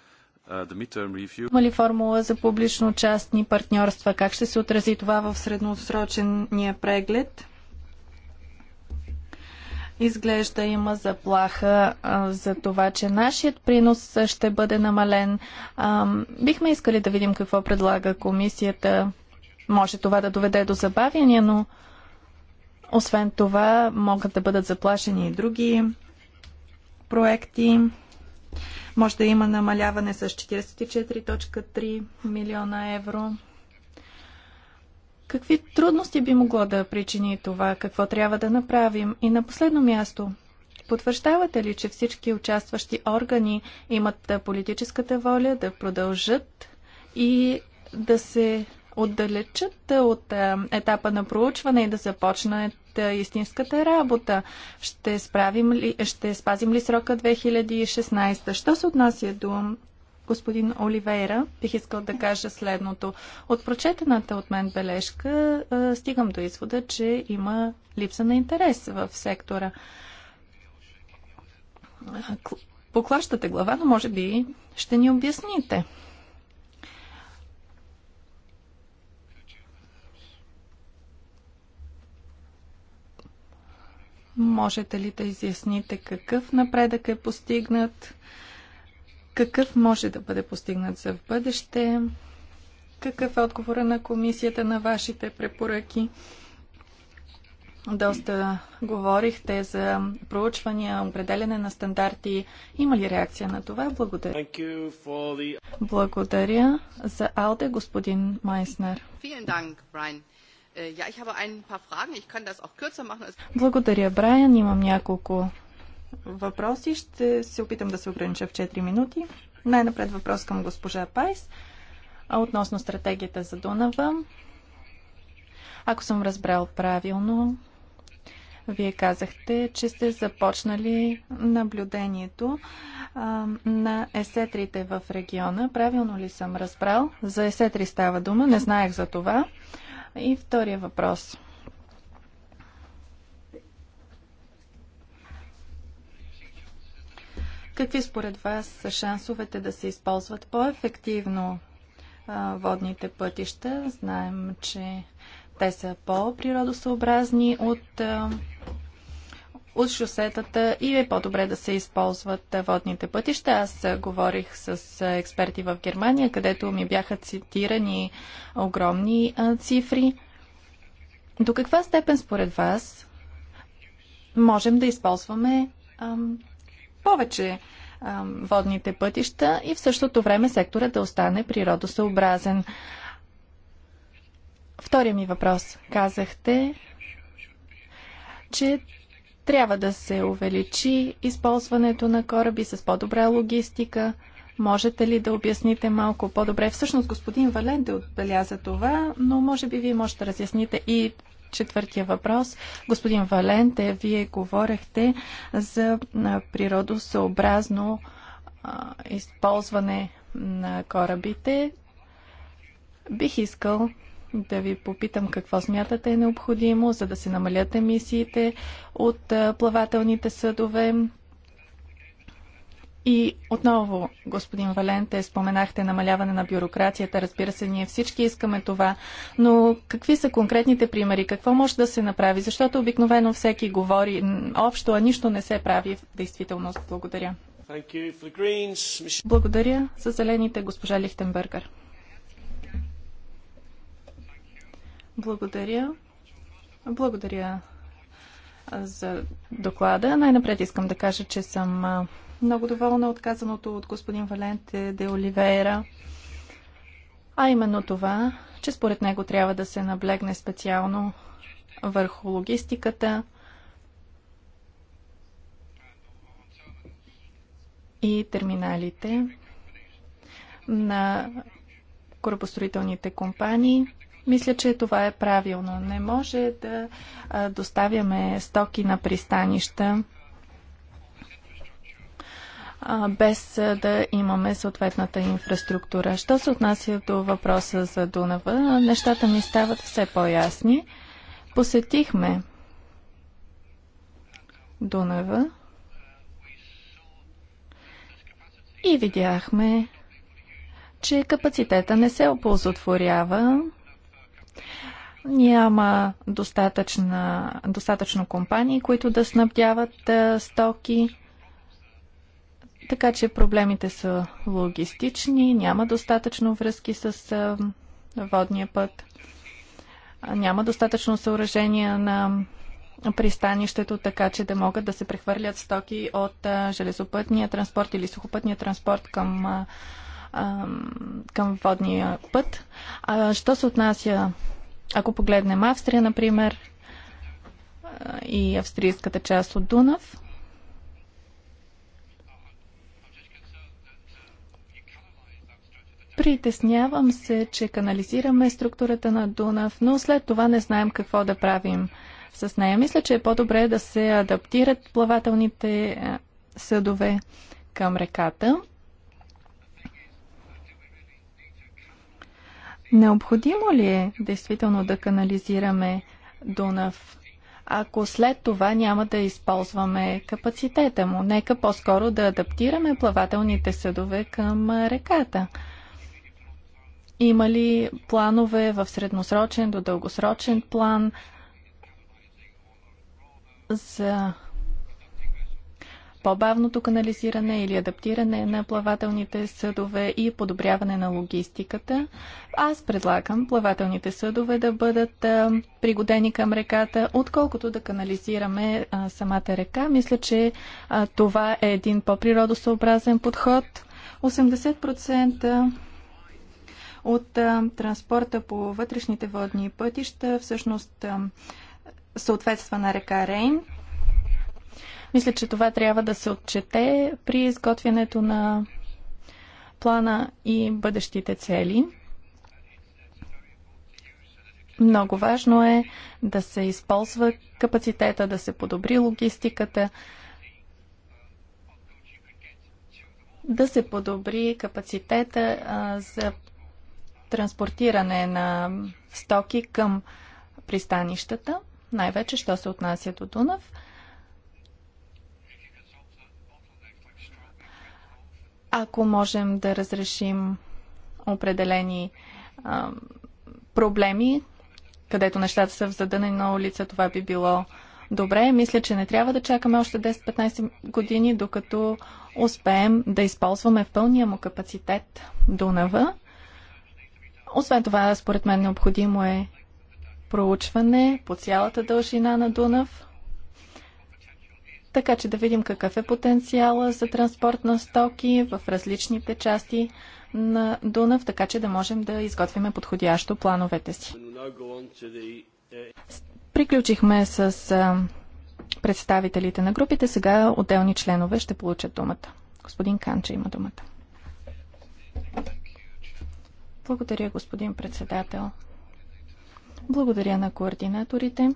uh, има ли формула за публично-частни партньорства? Как ще се отрази това в средносрочения преглед? Изглежда има заплаха а, за това, че нашият принос ще бъде намален. А, бихме искали да видим какво предлага комисията може това да доведе до забавяния, но освен това могат да бъдат заплашени и други проекти. Може да има намаляване с 44.3 милиона евро. Какви трудности би могло да причини това? Какво трябва да направим? И на последно място, потвърждавате ли, че всички участващи органи имат политическата воля да продължат и да се отдалечат е, от е, етапа на проучване и да започнат е, истинската работа. Ще, справим ли, ще спазим ли срока 2016? Що се отнася до господин Оливейра, бих искал да кажа следното. От прочетената от мен бележка стигам до извода, че има липса на интерес в сектора. Поклащате глава, но може би ще ни обясните. Можете ли да изясните какъв напредък е постигнат? Какъв може да бъде постигнат за в бъдеще? Какъв е отговора на комисията на вашите препоръки? Доста говорихте за проучвания, определене на стандарти. Има ли реакция на това? Благодаря. The... Благодаря за Алде, господин Майснер. Äh, Благодаря, Брайан. Имам няколко въпроси. Ще се опитам да се огранича в 4 минути. Най-напред въпрос към госпожа Пайс относно стратегията за Дунава. Ако съм разбрал правилно, вие казахте, че сте започнали наблюдението а, на есетрите в региона. Правилно ли съм разбрал? За есетри става дума, не знаех за това. И втория въпрос. Какви според вас са шансовете да се използват по-ефективно водните пътища? Знаем, че те са по-природосъобразни от от шосетата и е по-добре да се използват водните пътища. Аз говорих с експерти в Германия, където ми бяха цитирани огромни цифри. До каква степен според вас можем да използваме ам, повече ам, водните пътища и в същото време сектора да остане природосъобразен? Втория ми въпрос. Казахте, че трябва да се увеличи използването на кораби с по-добра логистика. Можете ли да обясните малко по-добре? Всъщност господин Вален да отбеляза това, но може би вие можете да разясните и четвъртия въпрос. Господин Валенте, вие говорехте за природосъобразно използване на корабите. Бих искал да ви попитам какво смятате е необходимо, за да се намалят емисиите от плавателните съдове. И отново, господин Валенте, споменахте намаляване на бюрокрацията. Разбира се, ние всички искаме това. Но какви са конкретните примери? Какво може да се направи? Защото обикновено всеки говори общо, а нищо не се прави в действителност. Благодаря. Благодаря за зелените, госпожа Лихтенбъргър. Благодаря. Благодаря за доклада. Най-напред искам да кажа, че съм много доволна от казаното от господин Валенте де Оливейра, а именно това, че според него трябва да се наблегне специално върху логистиката и терминалите на корабостроителните компании мисля, че това е правилно. Не може да доставяме стоки на пристанища без да имаме съответната инфраструктура. Що се отнася до въпроса за Дунава, нещата ми стават все по-ясни. Посетихме Дунава и видяхме, че капацитета не се оползотворява няма достатъчна, достатъчно компании, които да снабдяват а, стоки. Така че проблемите са логистични, няма достатъчно връзки с а, водния път, няма достатъчно съоръжения на пристанището, така че да могат да се прехвърлят стоки от а, железопътния транспорт или сухопътния транспорт към към водния път. А, що се отнася, ако погледнем Австрия, например, и австрийската част от Дунав, Притеснявам се, че канализираме структурата на Дунав, но след това не знаем какво да правим с нея. Мисля, че е по-добре да се адаптират плавателните съдове към реката. Необходимо ли е действително да канализираме Дунав, ако след това няма да използваме капацитета му? Нека по-скоро да адаптираме плавателните съдове към реката. Има ли планове в средносрочен до дългосрочен план за по-бавното канализиране или адаптиране на плавателните съдове и подобряване на логистиката. Аз предлагам плавателните съдове да бъдат а, пригодени към реката, отколкото да канализираме а, самата река. Мисля, че а, това е един по-природосъобразен подход. 80% от а, транспорта по вътрешните водни пътища всъщност а, съответства на река Рейн. Мисля, че това трябва да се отчете при изготвянето на плана и бъдещите цели. Много важно е да се използва капацитета, да се подобри логистиката, да се подобри капацитета за транспортиране на стоки към пристанищата, най-вече, що се отнася до Дунав. Ако можем да разрешим определени а, проблеми, където нещата са в на улица, това би било добре. Мисля, че не трябва да чакаме още 10-15 години, докато успеем да използваме в пълния му капацитет Дунава. Освен това, според мен, необходимо е проучване по цялата дължина на Дунав така че да видим какъв е потенциала за транспорт на стоки в различните части на Дунав, така че да можем да изготвиме подходящо плановете си. Приключихме с представителите на групите. Сега отделни членове ще получат думата. Господин Канче има думата. Благодаря, господин председател. Благодаря на координаторите.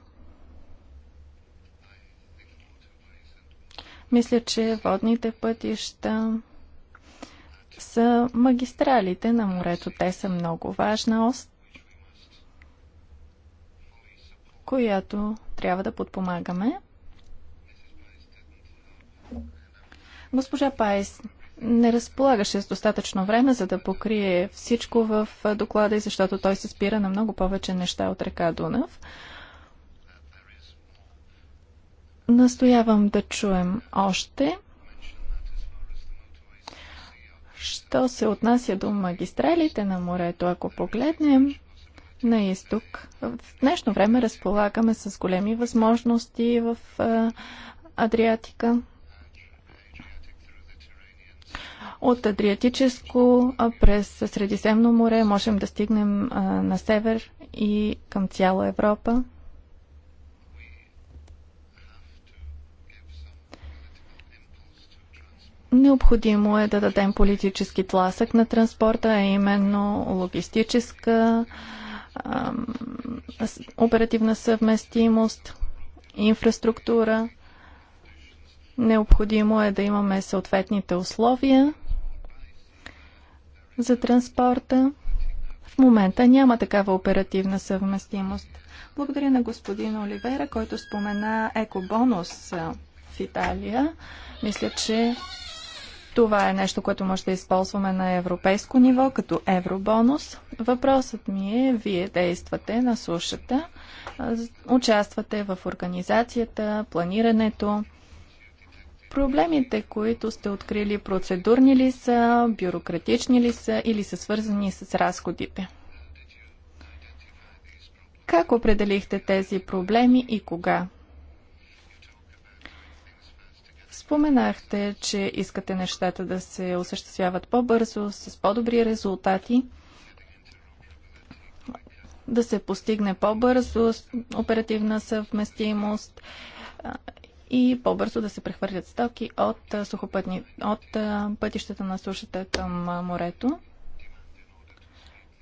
Мисля, че водните пътища са магистралите на морето. Те са много важна ост, която трябва да подпомагаме. Госпожа Пайс не разполагаше с достатъчно време, за да покрие всичко в доклада и защото той се спира на много повече неща от река Дунав. Настоявам да чуем още. Що се отнася до магистралите на морето, ако погледнем на изток, в днешно време разполагаме с големи възможности в Адриатика. От Адриатическо през Средиземно море можем да стигнем на север и към цяла Европа. Необходимо е да дадем политически тласък на транспорта, а именно логистическа, оперативна съвместимост, инфраструктура. Необходимо е да имаме съответните условия за транспорта. В момента няма такава оперативна съвместимост. Благодаря на господин Оливера, който спомена екобонус в Италия. Мисля, че това е нещо, което може да използваме на европейско ниво, като евробонус. Въпросът ми е, вие действате на сушата, участвате в организацията, планирането. Проблемите, които сте открили, процедурни ли са, бюрократични ли са или са свързани с разходите? Как определихте тези проблеми и кога? Споменахте, че искате нещата да се осъществяват по-бързо, с по-добри резултати, да се постигне по-бързо оперативна съвместимост и по-бързо да се прехвърлят стоки от, сухопътни, от пътищата на сушата към морето.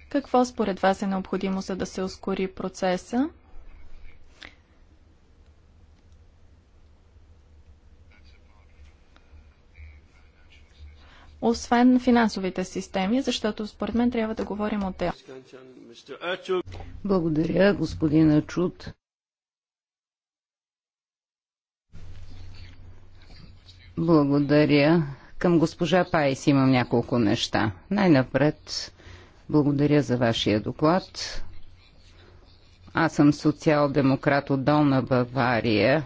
Какво според вас е необходимо, за да се ускори процеса? освен финансовите системи, защото според мен трябва да говорим от тях. Благодаря, господин Ачут. Благодаря. Към госпожа Пайс имам няколко неща. Най-напред, благодаря за вашия доклад. Аз съм социал-демократ от Долна Бавария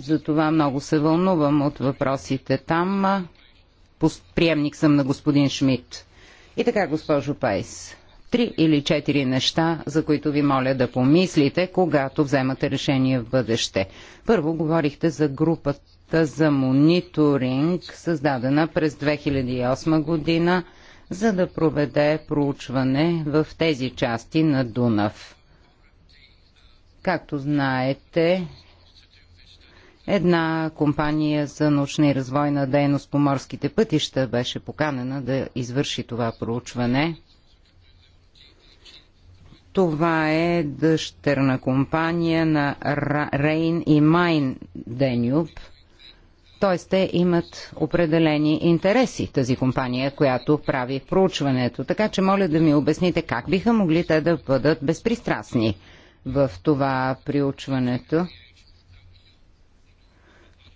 затова много се вълнувам от въпросите там. Приемник съм на господин Шмидт. И така, госпожо Пайс, три или четири неща, за които ви моля да помислите, когато вземате решение в бъдеще. Първо, говорихте за групата за мониторинг, създадена през 2008 година, за да проведе проучване в тези части на Дунав. Както знаете, Една компания за научна и развойна дейност по морските пътища беше поканена да извърши това проучване. Това е дъщерна компания на Рейн и Майн Денюб. Т.е. те имат определени интереси, тази компания, която прави проучването. Така че моля да ми обясните как биха могли те да бъдат безпристрастни в това приучването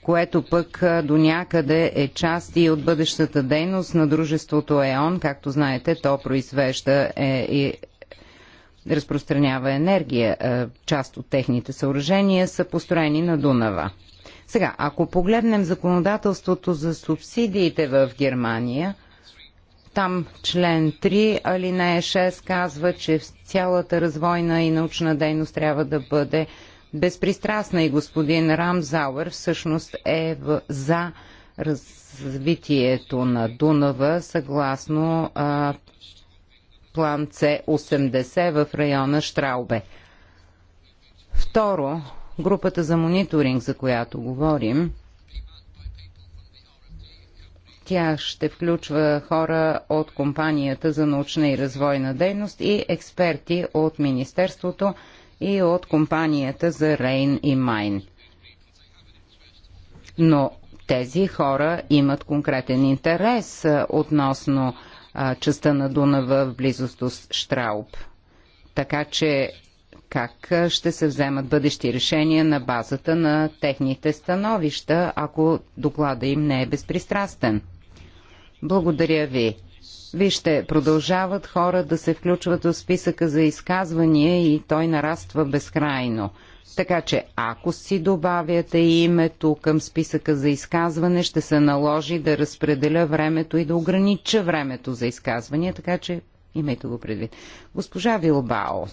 което пък до някъде е част и от бъдещата дейност на дружеството ЕОН. Както знаете, то произвежда е, и разпространява енергия. Част от техните съоръжения са построени на Дунава. Сега, ако погледнем законодателството за субсидиите в Германия, там член 3, алинея 6 казва, че цялата развойна и научна дейност трябва да бъде безпристрастна и господин Рамзауер всъщност е в, за развитието на Дунава съгласно а, план С80 в района Штраубе. Второ, групата за мониторинг, за която говорим, тя ще включва хора от компанията за научна и развойна дейност и експерти от Министерството, и от компанията за Рейн и Майн. Но тези хора имат конкретен интерес относно а, частта на Дунава в близост до Штрауб. Така че как ще се вземат бъдещи решения на базата на техните становища, ако доклада им не е безпристрастен? Благодаря ви. Вижте, продължават хора да се включват в списъка за изказвания и той нараства безкрайно. Така че, ако си добавяте името към списъка за изказване, ще се наложи да разпределя времето и да огранича времето за изказвания, така че имайте го предвид. Госпожа Вилбао.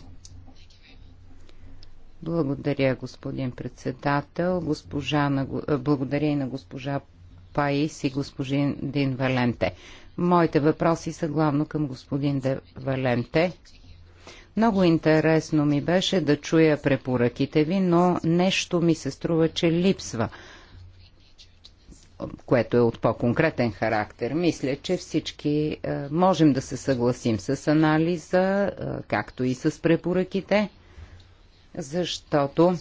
Благодаря, господин председател. Госпожа на... Благодаря и на госпожа Паис и господин Дин Валенте. Моите въпроси са главно към господин Де Валенте. Много интересно ми беше да чуя препоръките ви, но нещо ми се струва, че липсва, което е от по-конкретен характер. Мисля, че всички е, можем да се съгласим с анализа, е, както и с препоръките, защото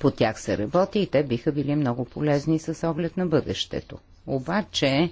по тях се работи и те биха били много полезни с оглед на бъдещето. Обаче,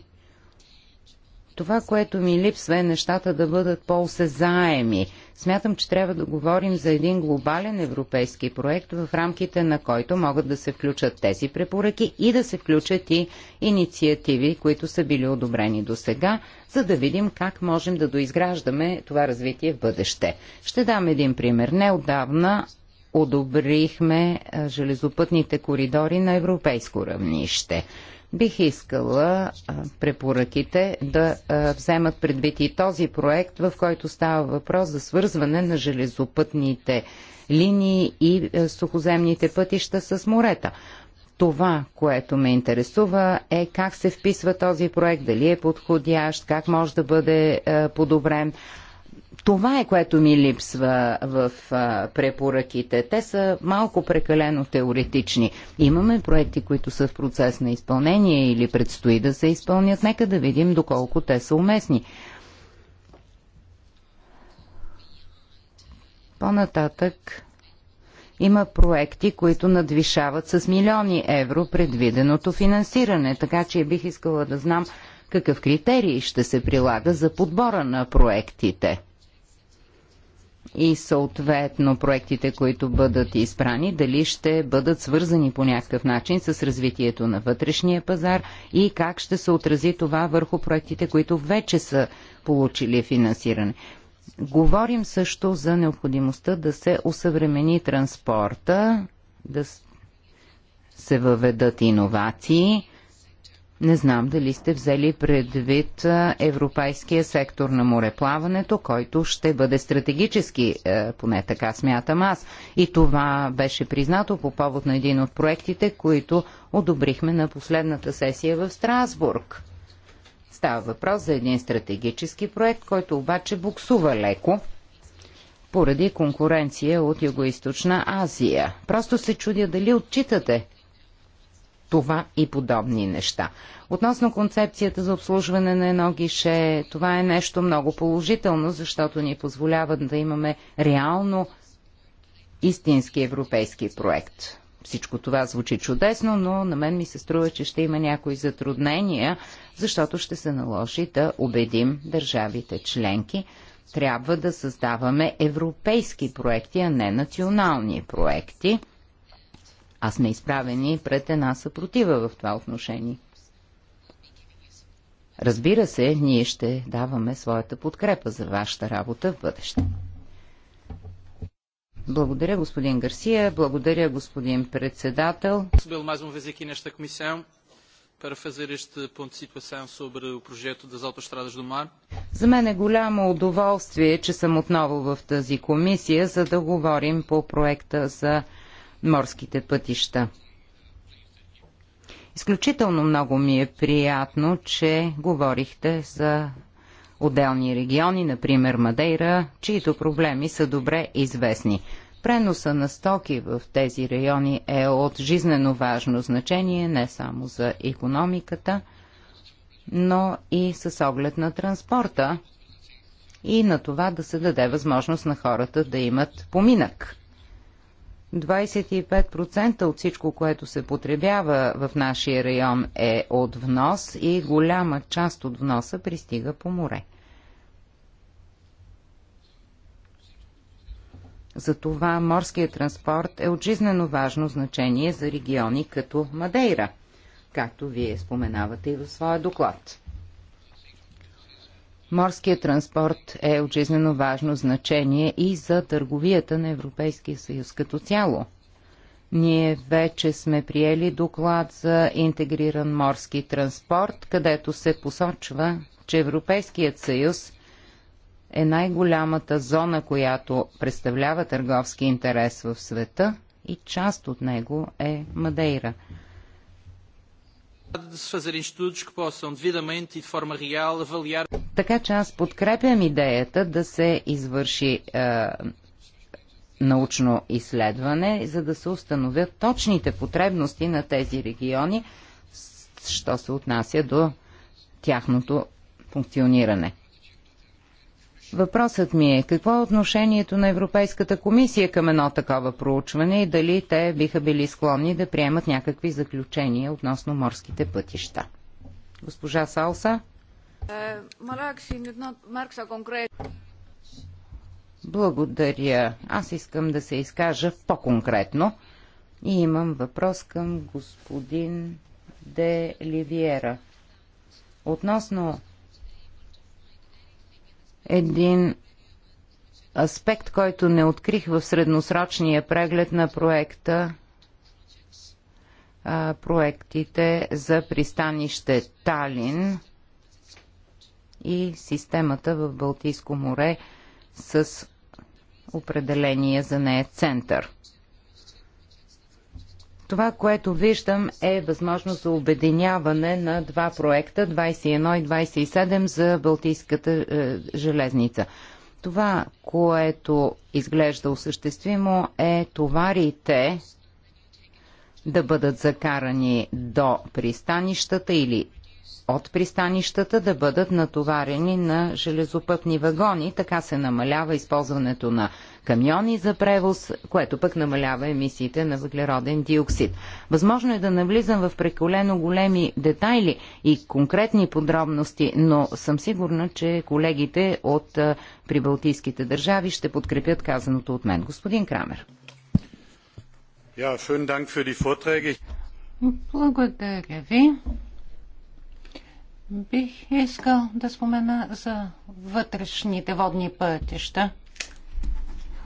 това, което ми липсва е нещата да бъдат по-осезаеми. Смятам, че трябва да говорим за един глобален европейски проект, в рамките на който могат да се включат тези препоръки и да се включат и инициативи, които са били одобрени до сега, за да видим как можем да доизграждаме това развитие в бъдеще. Ще дам един пример. Неодавна одобрихме железопътните коридори на европейско равнище. Бих искала препоръките да вземат предвид и този проект, в който става въпрос за свързване на железопътните линии и сухоземните пътища с морета. Това, което ме интересува е как се вписва този проект, дали е подходящ, как може да бъде подобрен. Това е което ми липсва в препоръките. Те са малко прекалено теоретични. Имаме проекти, които са в процес на изпълнение или предстои да се изпълнят. Нека да видим доколко те са уместни. По-нататък има проекти, които надвишават с милиони евро предвиденото финансиране, така че бих искала да знам какъв критерий ще се прилага за подбора на проектите и съответно проектите, които бъдат избрани, дали ще бъдат свързани по някакъв начин с развитието на вътрешния пазар и как ще се отрази това върху проектите, които вече са получили финансиране. Говорим също за необходимостта да се усъвремени транспорта, да се въведат иновации не знам дали сте взели предвид европейския сектор на мореплаването, който ще бъде стратегически, е, поне така смятам аз. И това беше признато по повод на един от проектите, които одобрихме на последната сесия в Страсбург. Става въпрос за един стратегически проект, който обаче буксува леко поради конкуренция от Юго-Источна Азия. Просто се чудя дали отчитате това и подобни неща. Относно концепцията за обслужване на едно гише, това е нещо много положително, защото ни позволява да имаме реално истински европейски проект. Всичко това звучи чудесно, но на мен ми се струва, че ще има някои затруднения, защото ще се наложи да убедим държавите членки. Трябва да създаваме европейски проекти, а не национални проекти а сме изправени пред една съпротива в това отношение. Разбира се, ние ще даваме своята подкрепа за вашата работа в бъдеще. Благодаря, господин Гарсия. Благодаря, господин председател. За мен е голямо удоволствие, че съм отново в тази комисия, за да говорим по проекта за морските пътища. Изключително много ми е приятно, че говорихте за отделни региони, например Мадейра, чието проблеми са добре известни. Преноса на стоки в тези райони е от жизнено важно значение не само за економиката, но и с оглед на транспорта и на това да се даде възможност на хората да имат поминък. 25% от всичко, което се потребява в нашия район е от внос и голяма част от вноса пристига по море. Затова морският транспорт е от жизнено важно значение за региони като Мадейра, както вие споменавате и в своя доклад. Морският транспорт е от жизнено важно значение и за търговията на Европейския съюз като цяло. Ние вече сме приели доклад за интегриран морски транспорт, където се посочва, че Европейският съюз е най-голямата зона, която представлява търговски интерес в света и част от него е Мадейра – de se fazerem estudos que possam devidamente e de forma real avaliar. Така че аз подкрепям идеята да се извърши е, научно изследване, за да се установят точните потребности на тези региони, що се отнася до тяхното функциониране. Въпросът ми е какво е отношението на Европейската комисия към едно такова проучване и дали те биха били склонни да приемат някакви заключения относно морските пътища. Госпожа Салса. Е, Благодаря. Аз искам да се изкажа по-конкретно. И имам въпрос към господин Де Ливиера. Относно един аспект, който не открих в средносрочния преглед на проекта а, проектите за пристанище Талин и системата в Балтийско море с определение за нея център. Това, което виждам е възможност за обединяване на два проекта, 21 и 27 за Балтийската е, железница. Това, което изглежда осъществимо е товарите да бъдат закарани до пристанищата или от пристанищата да бъдат натоварени на железопътни вагони. Така се намалява използването на камиони за превоз, което пък намалява емисиите на въглероден диоксид. Възможно е да навлизам в преколено големи детайли и конкретни подробности, но съм сигурна, че колегите от прибалтийските държави ще подкрепят казаното от мен. Господин Крамер. Yeah, Благодаря ви. Бих искал да спомена за вътрешните водни пътища.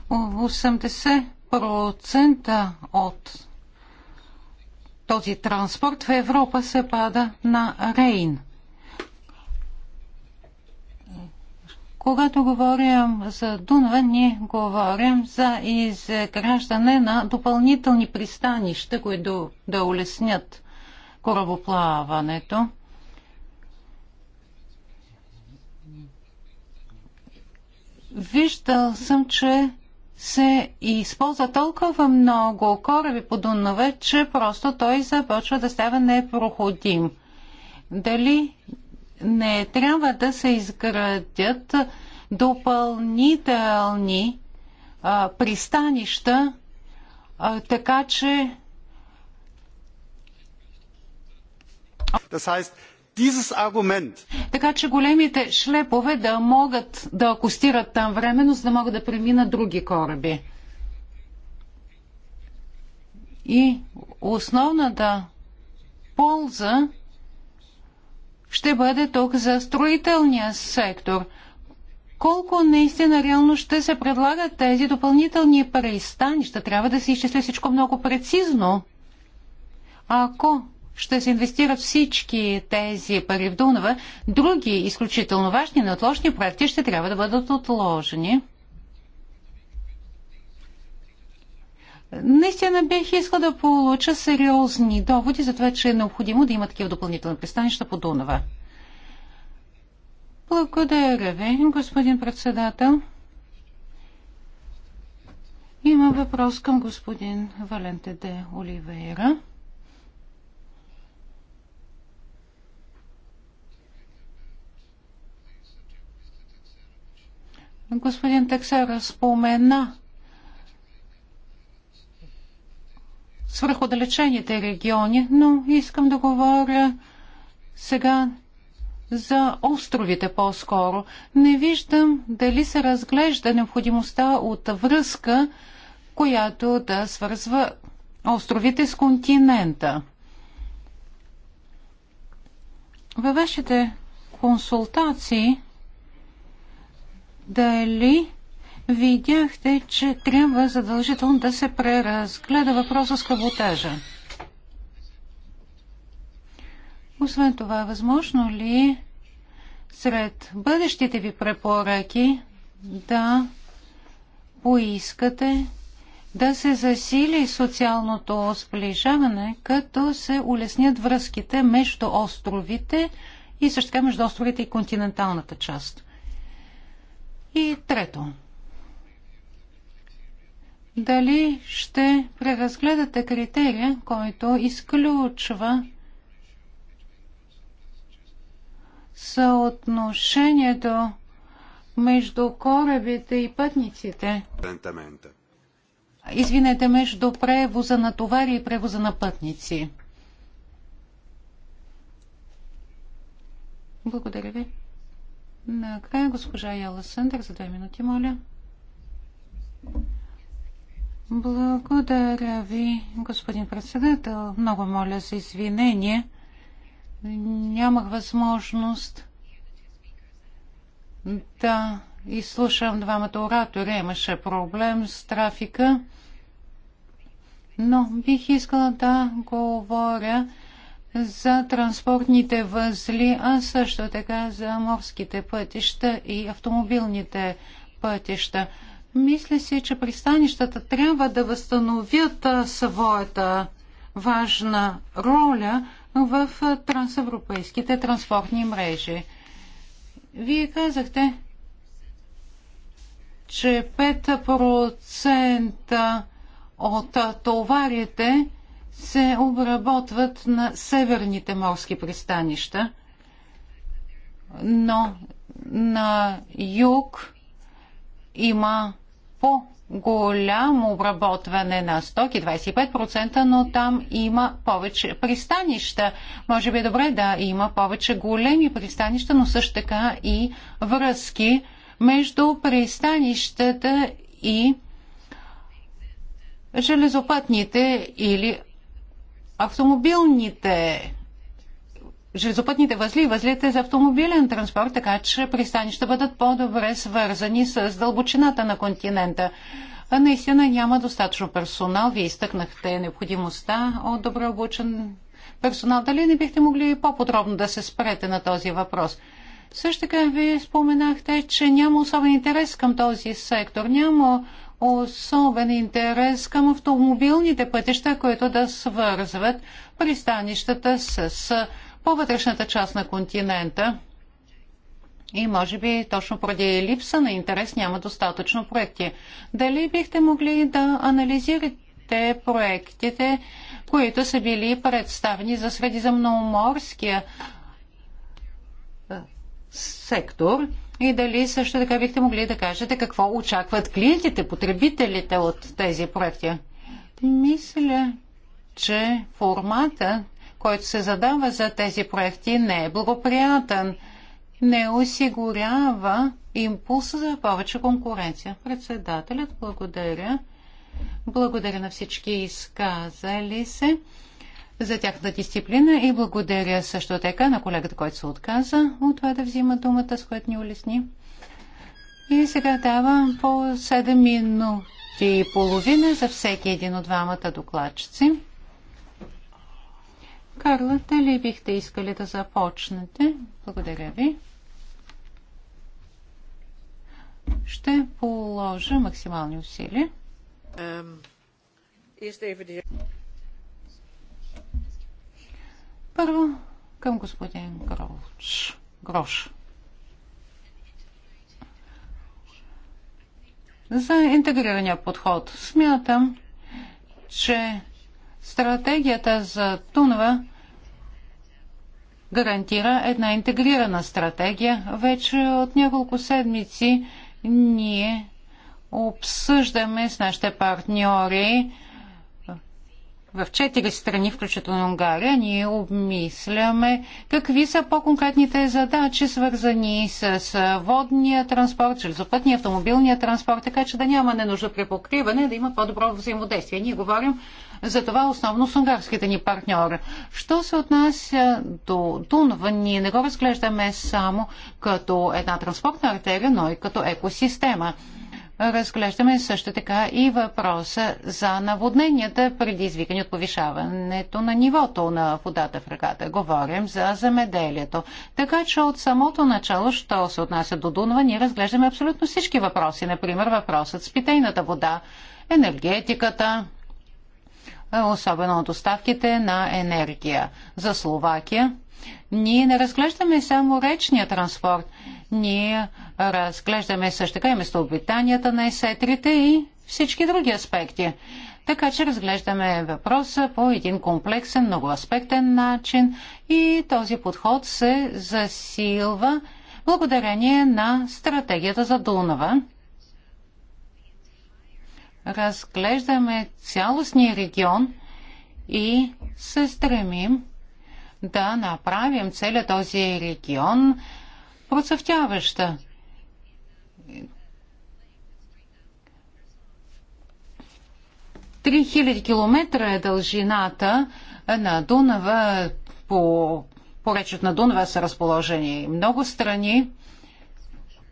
80% от този транспорт в Европа се пада на Рейн. Когато говорим за Дунава, ние говорим за изграждане на допълнителни пристанища, които да улеснят корабоплаването. Виждал съм, че се използва толкова много кораби по Дунаве, че просто той започва да става непроходим. Дали не трябва да се изградят допълнителни а, пристанища, а, така че. Das heißt, така че големите шлепове да могат да акустират там временно, за да могат да преминат други кораби. И основната полза ще бъде тук за строителния сектор. Колко наистина реално ще се предлагат тези допълнителни пристанища? Трябва да се изчисли всичко много прецизно. Ако ще се инвестират всички тези пари в Дунава, други изключително важни неотложни проекти ще трябва да бъдат отложени. Наистина бих искал да получа сериозни доводи за това, че е необходимо да има такива допълнителни пристанища по Дунава. Благодаря ви, господин председател. Има въпрос към господин Валентеде Оливейра. Господин Тексера спомена свръходалечените региони, но искам да говоря сега за островите по-скоро. Не виждам дали се разглежда необходимостта от връзка, която да свързва островите с континента. Във вашите консултации дали видяхте, че трябва задължително да се преразгледа въпроса с каботажа. Освен това, възможно ли е сред бъдещите ви препоръки да поискате да се засили социалното сближаване, като се улеснят връзките между островите и също така между островите и континенталната част. И трето, дали ще преразгледате критерия, който изключва съотношението между корабите и пътниците. Извинете, между превоза на товари и превоза на пътници. Благодаря ви. Накрая госпожа Яла Сендер за две минути, моля. Благодаря ви, господин председател. Много моля за извинение. Нямах възможност да изслушам двамата оратори. Имаше проблем с трафика. Но бих искала да говоря за транспортните възли, а също така за морските пътища и автомобилните пътища. Мисля си, че пристанищата трябва да възстановят своята важна роля в трансевропейските транспортни мрежи. Вие казахте, че 5% от товарите се обработват на северните морски пристанища, но на юг има по-голямо обработване на стоки, 25%, но там има повече пристанища. Може би е добре да има повече големи пристанища, но също така и връзки между пристанищата и железопътните или автомобилните железопътните възли и възлите за автомобилен транспорт, така че пристани ще бъдат по-добре свързани с дълбочината на континента. Наистина няма достатъчно персонал. Вие изтъкнахте необходимостта от добре обучен персонал. Дали не бихте могли по-подробно да се спрете на този въпрос? Също така вие споменахте, че няма особен интерес към този сектор. Няма особен интерес към автомобилните пътища, които да свързват пристанищата с повътрешната част на континента. И може би точно поради липса на интерес няма достатъчно проекти. Дали бихте могли да анализирате проектите, които са били представени за средиземноморския сектор и дали също така бихте могли да кажете какво очакват клиентите, потребителите от тези проекти. Мисля, че формата, който се задава за тези проекти, не е благоприятен, не осигурява импулс за повече конкуренция. Председателят, благодаря. Благодаря на всички изказали се за тяхната дисциплина и благодаря също така на колегата, който се отказа от това да взима думата, с което ни улесни. И сега давам по 7 минути и половина за всеки един от двамата докладчици. Карла, дали бихте искали да започнете? Благодаря ви. Ще положа максимални усилия. Първо към господин Грош. Грош. За интегрирания подход смятам, че стратегията за Тунва гарантира една интегрирана стратегия. Вече от няколко седмици ние обсъждаме с нашите партньори в четири страни, включително Унгария, ние обмисляме какви са по-конкретните задачи, свързани с водния транспорт, железопътния, автомобилния транспорт, така че да няма ненужно препокриване, да има по-добро взаимодействие. Ние говорим за това основно с унгарските ни партньори. Що се отнася до Дунава, ние не го разглеждаме само като една транспортна артерия, но и като екосистема разглеждаме също така и въпроса за наводненията, предизвикани от повишаването на нивото на водата в ръката. Говорим за замеделието. Така че от самото начало, що се отнася до Дунва, ние разглеждаме абсолютно всички въпроси. Например, въпросът с питейната вода, енергетиката, особено доставките на енергия. За Словакия ние не разглеждаме само речния транспорт – ние разглеждаме също така и местообитанията на есетрите и всички други аспекти. Така че разглеждаме въпроса по един комплексен, многоаспектен начин и този подход се засилва благодарение на стратегията за Дунава. Разглеждаме цялостния регион и се стремим да направим целият този регион процъфтяваща. Три хиляди километра е дължината на Дунава. По поречът на Дунава са разположени много страни.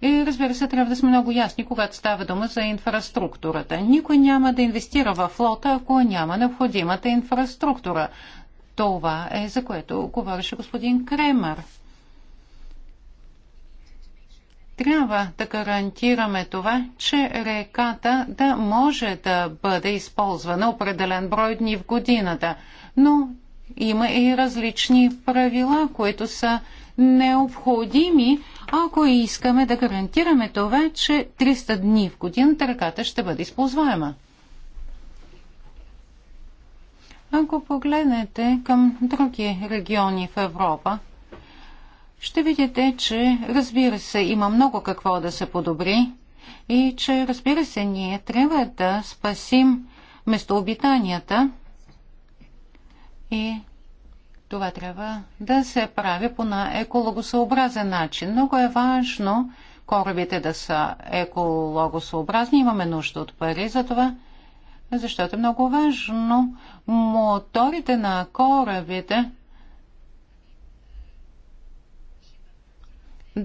И разбира се, трябва да сме много ясни, когато става дума за инфраструктурата. Никой няма да инвестира в флота, ако няма необходимата инфраструктура. Това е за което говореше господин Кремър. Трябва да гарантираме това, че реката да може да бъде използвана определен брой дни в годината, но има и различни правила, които са необходими, ако искаме да гарантираме това, че 300 дни в годината ръката ще бъде използваема. Ако погледнете към други региони в Европа, ще видите, че разбира се, има много какво да се подобри и че разбира се, ние трябва да спасим местообитанията и това трябва да се прави по на екологосъобразен начин. Много е важно корабите да са екологосъобразни. Имаме нужда от пари за това, защото е много важно моторите на корабите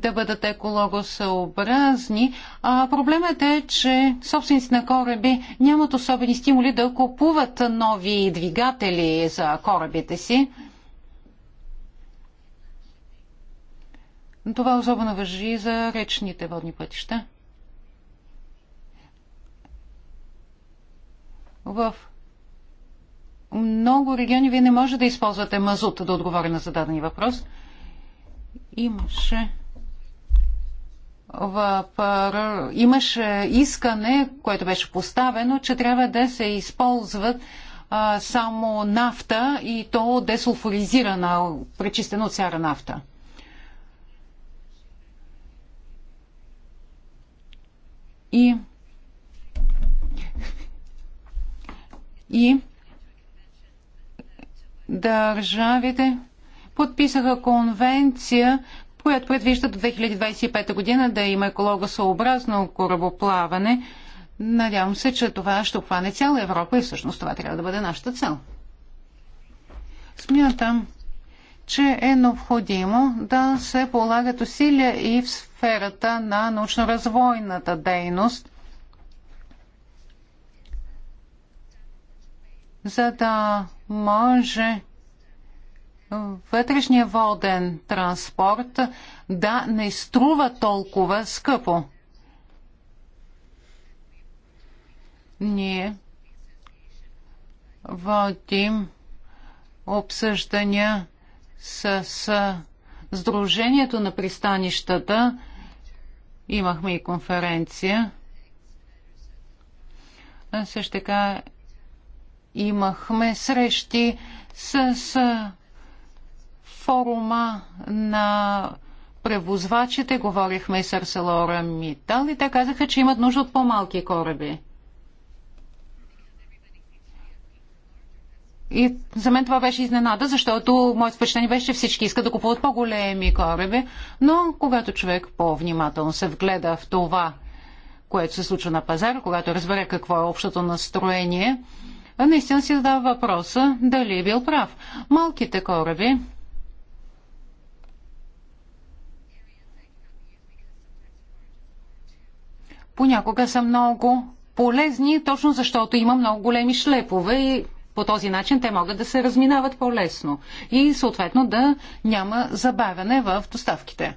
да бъдат екологосъобразни. А проблемът е, че собственици на кораби нямат особени стимули да купуват нови двигатели за корабите си. Това особено въжи за речните водни пътища. В много региони вие не може да използвате мазут да отговори на зададени въпрос. Имаше в, имаше искане, което беше поставено, че трябва да се използват а, само нафта и то десулфоризирана пречистена от сяра нафта. И и държавите подписаха конвенция, която предвижда до 2025 година да има екологосъобразно корабоплаване. Надявам се, че това ще обхване цяла Европа и всъщност това трябва да бъде нашата цел. Смятам, че е необходимо да се полагат усилия и в сферата на научно-развойната дейност, за да може вътрешния воден транспорт да не струва толкова скъпо. Ние водим обсъждания с, с Сдружението на пристанищата. Имахме и конференция. също така имахме срещи с, с форума на превозвачите, говорихме и с Арселора Митал и те казаха, че имат нужда от по-малки кораби. И за мен това беше изненада, защото моето впечатление беше, че всички искат да купуват по-големи кораби, но когато човек по-внимателно се вгледа в това, което се случва на пазара, когато разбере какво е общото настроение, наистина си задава въпроса дали е бил прав. Малките кораби понякога са много полезни, точно защото има много големи шлепове и по този начин те могат да се разминават по-лесно и съответно да няма забавяне в доставките.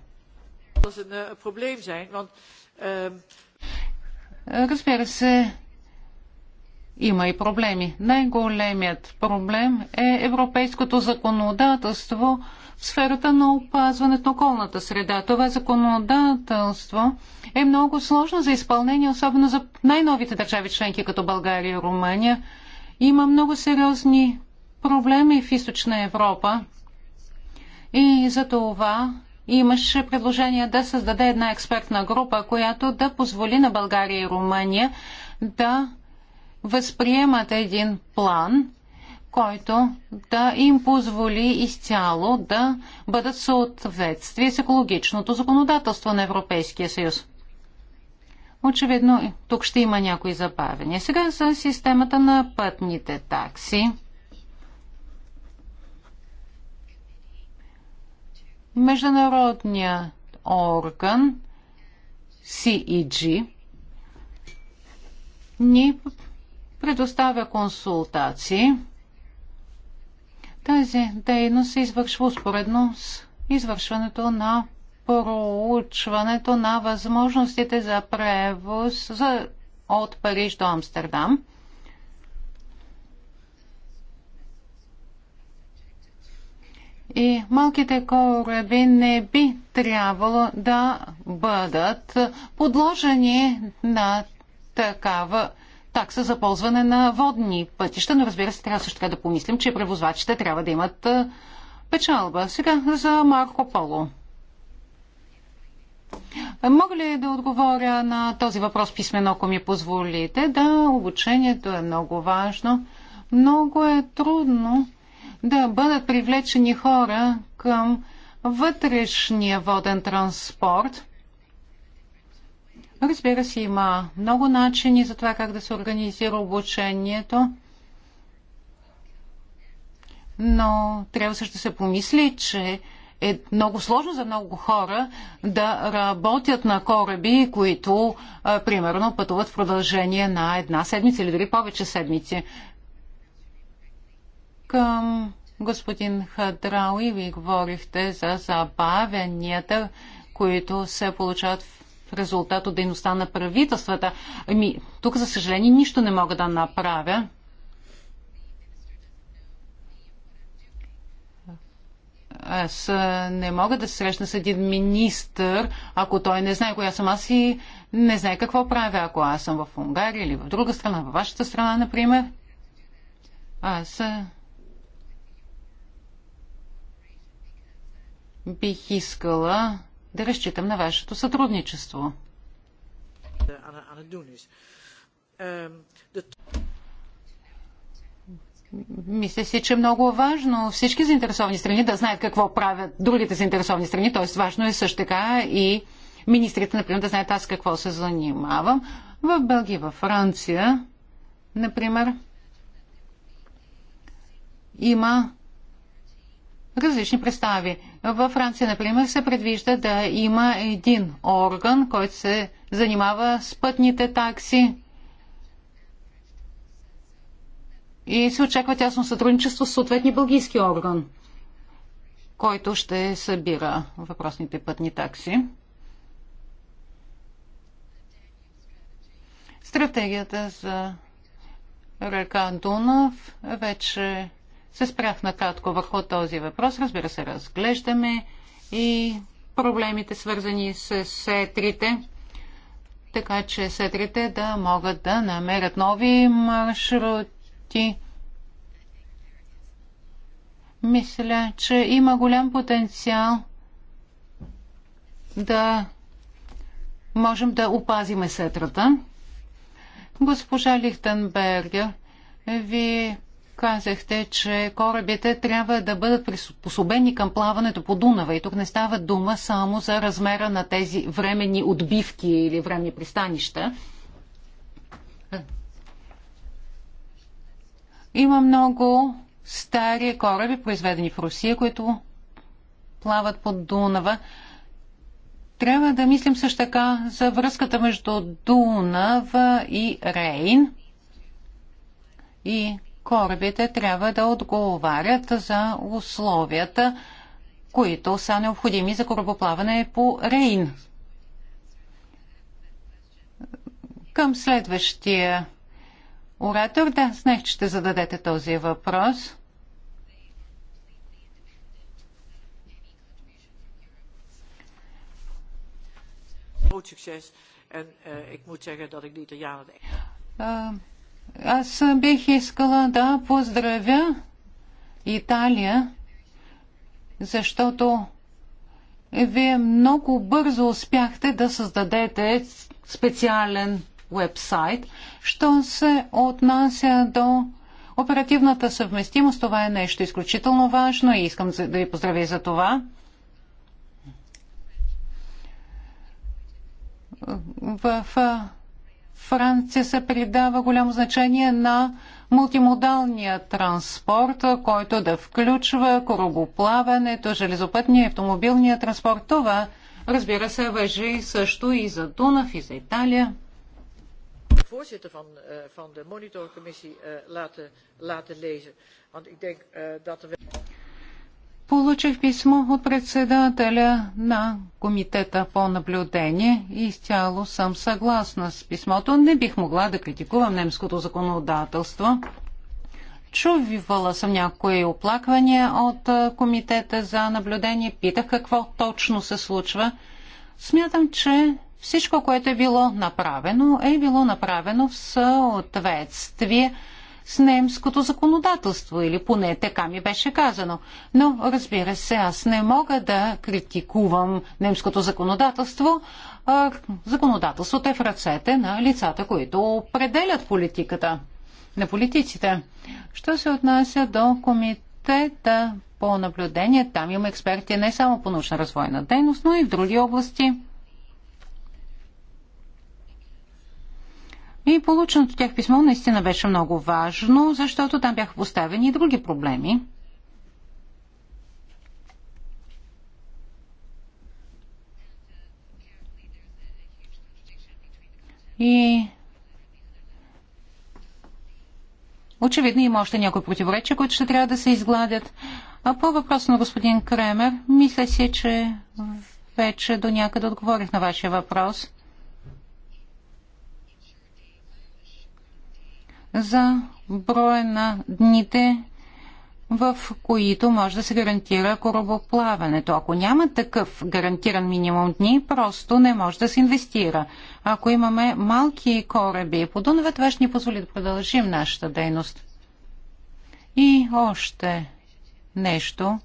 Разбира се, има и проблеми. Най-големият проблем е европейското законодателство, в сферата на опазването на околната среда. Това законодателство е много сложно за изпълнение, особено за най-новите държави членки, като България и Румъния. Има много сериозни проблеми в източна Европа и за това имаше предложение да създаде една експертна група, която да позволи на България и Румъния да възприемат един план който да им позволи изцяло да бъдат съответствие с екологичното законодателство на Европейския съюз. Очевидно, тук ще има някои забавения. Сега за системата на пътните такси. Международният орган CEG ни предоставя консултации тази дейност се извършва успоредно с извършването на проучването на възможностите за превоз за, от Париж до Амстердам. И малките кораби не би трябвало да бъдат подложени на такава такса за ползване на водни пътища, но разбира се, трябва също така да помислим, че превозвачите трябва да имат печалба. Сега за Марко Поло. Мога ли да отговоря на този въпрос писменно, ако ми позволите? Да, обучението е много важно. Много е трудно да бъдат привлечени хора към вътрешния воден транспорт – Разбира се, има много начини за това как да се организира обучението, но трябва също да се помисли, че е много сложно за много хора да работят на кораби, които, примерно, пътуват в продължение на една седмица или дори повече седмици. Към господин Хадрауи ви говорихте за забавянията, които се получават в в резултат от дейността на правителствата. Ами, тук, за съжаление, нищо не мога да направя. Аз не мога да се срещна с един министр, ако той не знае коя съм аз и не знае какво правя, ако аз съм в Унгария или в друга страна, във вашата страна, например. Аз бих искала да разчитам на вашето сътрудничество. Мисля си, че е много важно всички заинтересовани страни да знаят какво правят другите заинтересовани страни, т.е. важно е също така и министрите, например, да знаят аз какво се занимавам. В Белгия, във Франция, например, има различни представи. Във Франция, например, се предвижда да има един орган, който се занимава с пътните такси и се очаква тясно сътрудничество с съответния бългийски орган, който ще събира въпросните пътни такси. Стратегията за река Дунав вече се спрях накратко върху този въпрос. Разбира се, разглеждаме и проблемите свързани с сетрите, така че сетрите да могат да намерят нови маршрути. Мисля, че има голям потенциал да можем да опазиме сетрата. Госпожа Лихтенбергер, ви казахте, че корабите трябва да бъдат приспособени към плаването по Дунава. И тук не става дума само за размера на тези времени отбивки или времени пристанища. Има много стари кораби, произведени в Русия, които плават под Дунава. Трябва да мислим също така за връзката между Дунава и Рейн. И корабите трябва да отговарят за условията, които са необходими за корабоплаване по Рейн. Към следващия оратор, да, знаех, че ще зададете този въпрос. Uh, аз бих искала да поздравя Италия, защото вие много бързо успяхте да създадете специален вебсайт. Що се отнася до оперативната съвместимост, това е нещо изключително важно и искам да ви поздравя за това. В Франция се придава голямо значение на мултимодалния транспорт, който да включва корабоплаването, железопътния и автомобилния транспорт. Това, разбира се, въжи също и за Дунав, и за Италия. Voorzitter van, uh, van de monitorcommissie uh, laten, laten lezen. Want ik denk uh, dat er Получих писмо от председателя на комитета по наблюдение и изцяло съм съгласна с писмото. Не бих могла да критикувам немското законодателство. Чувала съм някои оплаквания от комитета за наблюдение. Питах какво точно се случва. Смятам, че всичко, което е било направено, е било направено в съответствие с немското законодателство, или поне така ми беше казано. Но, разбира се, аз не мога да критикувам немското законодателство. А законодателството е в ръцете на лицата, които определят политиката на политиците. Що се отнася до комитета по наблюдение, там има експерти не само по научна развойна дейност, но и в други области. И полученото тях писмо наистина беше много важно, защото там бяха поставени и други проблеми. И очевидно има още някои противоречия, които ще трябва да се изгладят. А по въпрос на господин Кремер, мисля си, че вече до някъде отговорих на вашия въпрос. за броя на дните, в които може да се гарантира корабоплаването. Ако няма такъв гарантиран минимум дни, просто не може да се инвестира. Ако имаме малки кораби по Дунава, това ще ни позволи да продължим нашата дейност. И още нещо.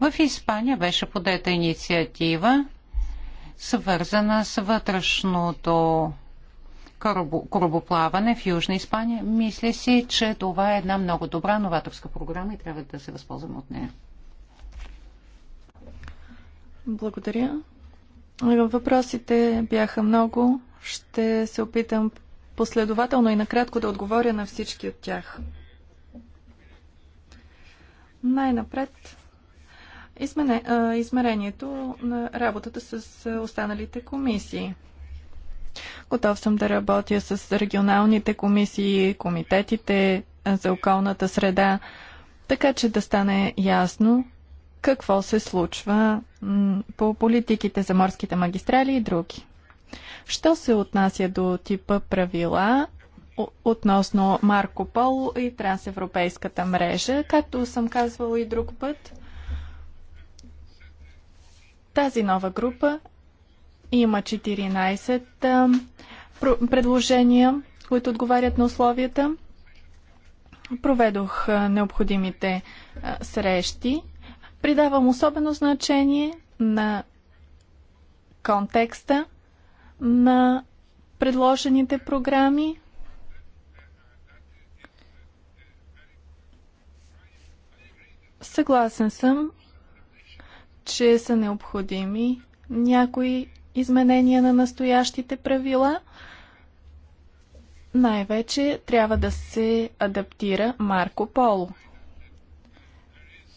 В Испания беше подета инициатива, свързана с вътрешното корабо, корабоплаване в Южна Испания. Мисля си, че това е една много добра новаторска програма и трябва да се възползваме от нея. Благодаря. Въпросите бяха много. Ще се опитам последователно и накратко да отговоря на всички от тях. Най-напред измерението на работата с останалите комисии. Готов съм да работя с регионалните комисии, комитетите за околната среда, така че да стане ясно какво се случва по политиките за морските магистрали и други. Що се отнася до типа правила относно Марко Поло и трансевропейската мрежа, както съм казвала и друг път, тази нова група има 14 предложения, които отговарят на условията. Проведох необходимите срещи. Придавам особено значение на контекста на предложените програми. Съгласен съм, че са необходими някои изменения на настоящите правила. Най-вече трябва да се адаптира Марко Поло.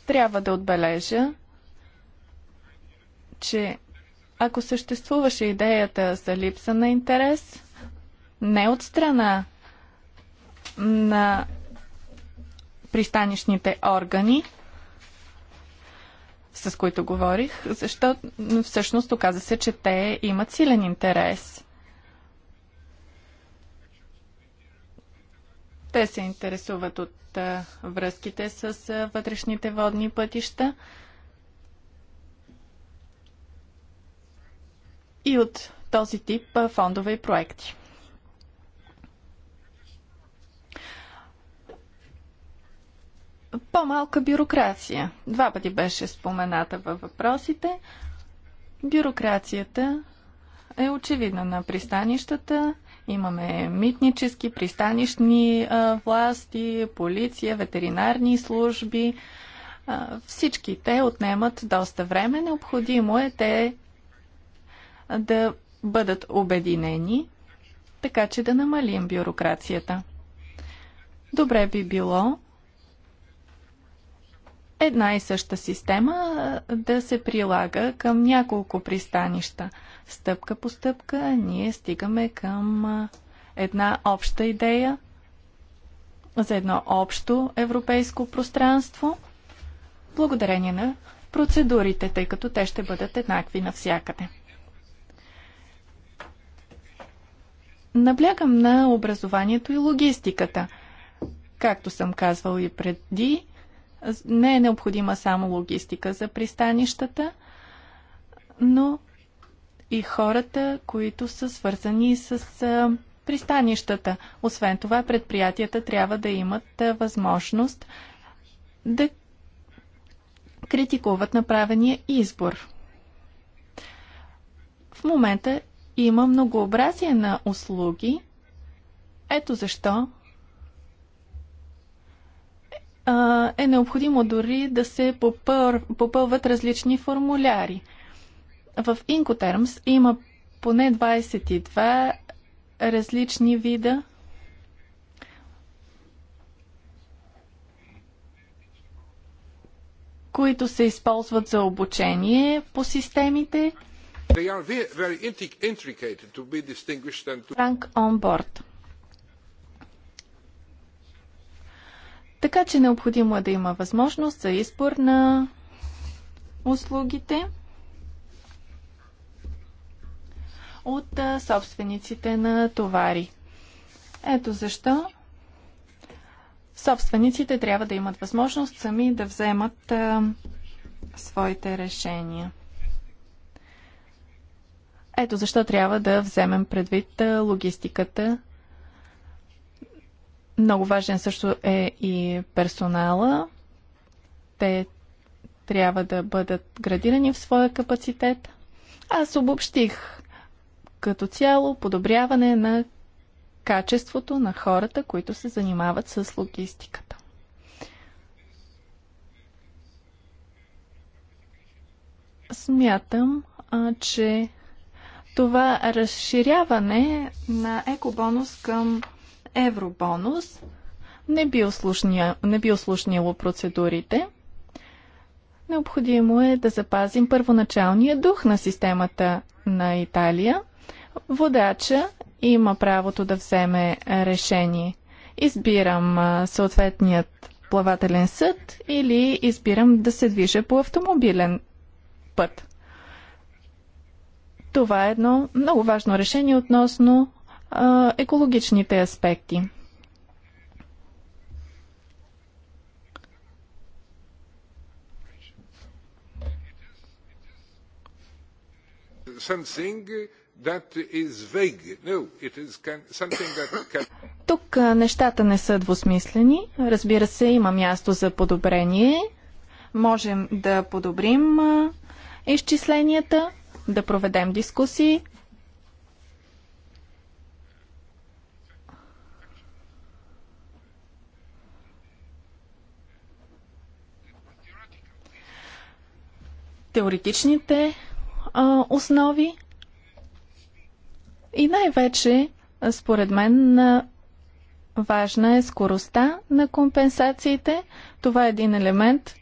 Трябва да отбележа, че ако съществуваше идеята за липса на интерес, не от страна на пристанищните органи, с които говорих, защото всъщност оказа се, че те имат силен интерес. Те се интересуват от връзките с вътрешните водни пътища и от този тип фондове и проекти. По-малка бюрокрация. Два пъти беше спомената във въпросите. Бюрокрацията е очевидна на пристанищата. Имаме митнически, пристанищни а, власти, полиция, ветеринарни служби. А, всички те отнемат доста време. Необходимо е те да бъдат обединени, така че да намалим бюрокрацията. Добре би било една и съща система да се прилага към няколко пристанища. Стъпка по стъпка ние стигаме към една обща идея за едно общо европейско пространство, благодарение на процедурите, тъй като те ще бъдат еднакви навсякъде. Наблягам на образованието и логистиката. Както съм казвал и преди, не е необходима само логистика за пристанищата, но и хората, които са свързани с а, пристанищата. Освен това, предприятията трябва да имат а, възможност да критикуват направения избор. В момента има многообразие на услуги. Ето защо е необходимо дори да се попълват различни формуляри. В Incoterms има поне 22 различни вида които се използват за обучение по системите. Frank Onboard. Така че необходимо е да има възможност за избор на услугите от собствениците на товари. Ето защо собствениците трябва да имат възможност сами да вземат а, своите решения. Ето защо трябва да вземем предвид логистиката много важен също е и персонала. Те трябва да бъдат градирани в своя капацитет. Аз обобщих като цяло подобряване на качеството на хората, които се занимават с логистиката. Смятам, а, че това разширяване на екобонус към евробонус не би, ослушня, не би услушнило процедурите. Необходимо е да запазим първоначалния дух на системата на Италия. Водача има правото да вземе решение. Избирам съответният плавателен съд или избирам да се движа по автомобилен път. Това е едно много важно решение относно екологичните аспекти. Тук нещата не са двусмислени. Разбира се, има място за подобрение. Можем да подобрим изчисленията, да проведем дискусии, теоретичните а, основи и най-вече, според мен, важна е скоростта на компенсациите. Това е един елемент,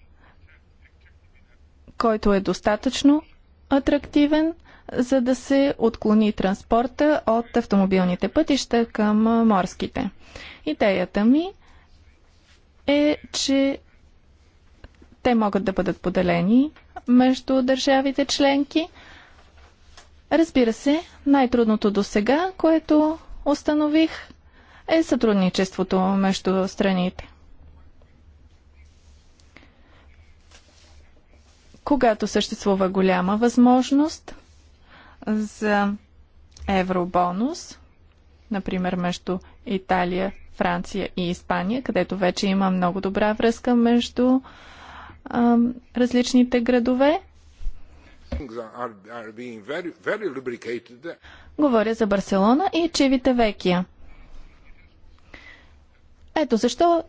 който е достатъчно атрактивен, за да се отклони транспорта от автомобилните пътища към морските. Идеята ми е, че те могат да бъдат поделени между държавите членки. Разбира се, най-трудното до сега, което установих, е сътрудничеството между страните. Когато съществува голяма възможност за евробонус, например между Италия, Франция и Испания, където вече има много добра връзка между различните градове. Говоря за Барселона и Чивите Векия. Ето защо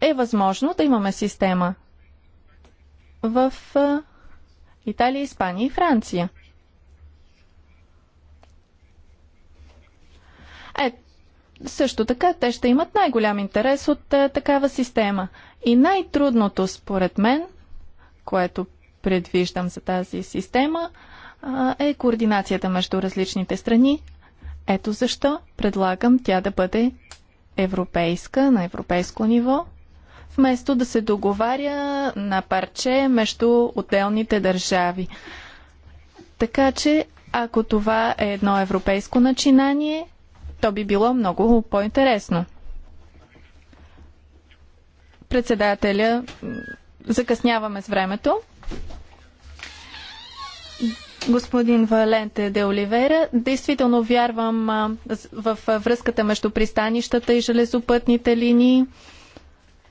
е възможно да имаме система в Италия, Испания и Франция. Е, също така те ще имат най-голям интерес от е, такава система. И най-трудното, според мен, което предвиждам за тази система, е координацията между различните страни. Ето защо предлагам тя да бъде европейска, на европейско ниво, вместо да се договаря на парче между отделните държави. Така че, ако това е едно европейско начинание, то би било много по-интересно. Председателя, закъсняваме с времето. Господин Валенте де Оливера, действително вярвам в връзката между пристанищата и железопътните линии.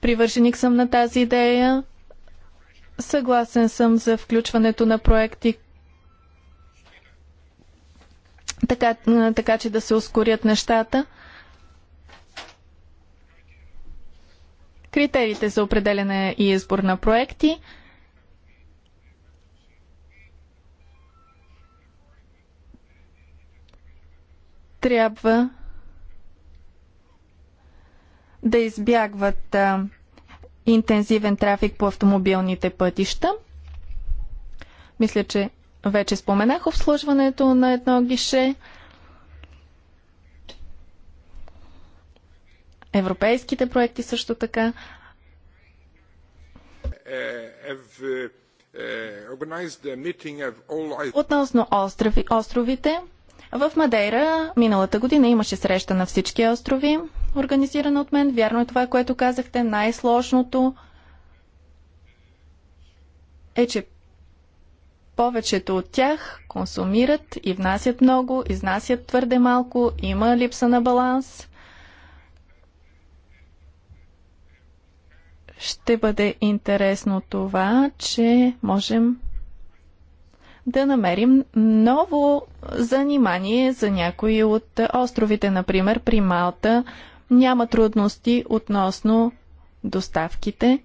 Привърженик съм на тази идея. Съгласен съм за включването на проекти, така, така че да се ускорят нещата. критериите за определене и избор на проекти. Трябва да избягват а, интензивен трафик по автомобилните пътища. Мисля, че вече споменах обслужването на едно гише. европейските проекти също така. Е, е, е, Относно острови, островите, в Мадейра миналата година имаше среща на всички острови, организирана от мен. Вярно е това, което казахте. Най-сложното е, че повечето от тях консумират и внасят много, изнасят твърде малко, има липса на баланс. Ще бъде интересно това, че можем да намерим ново занимание за някои от островите. Например, при Малта няма трудности относно доставките,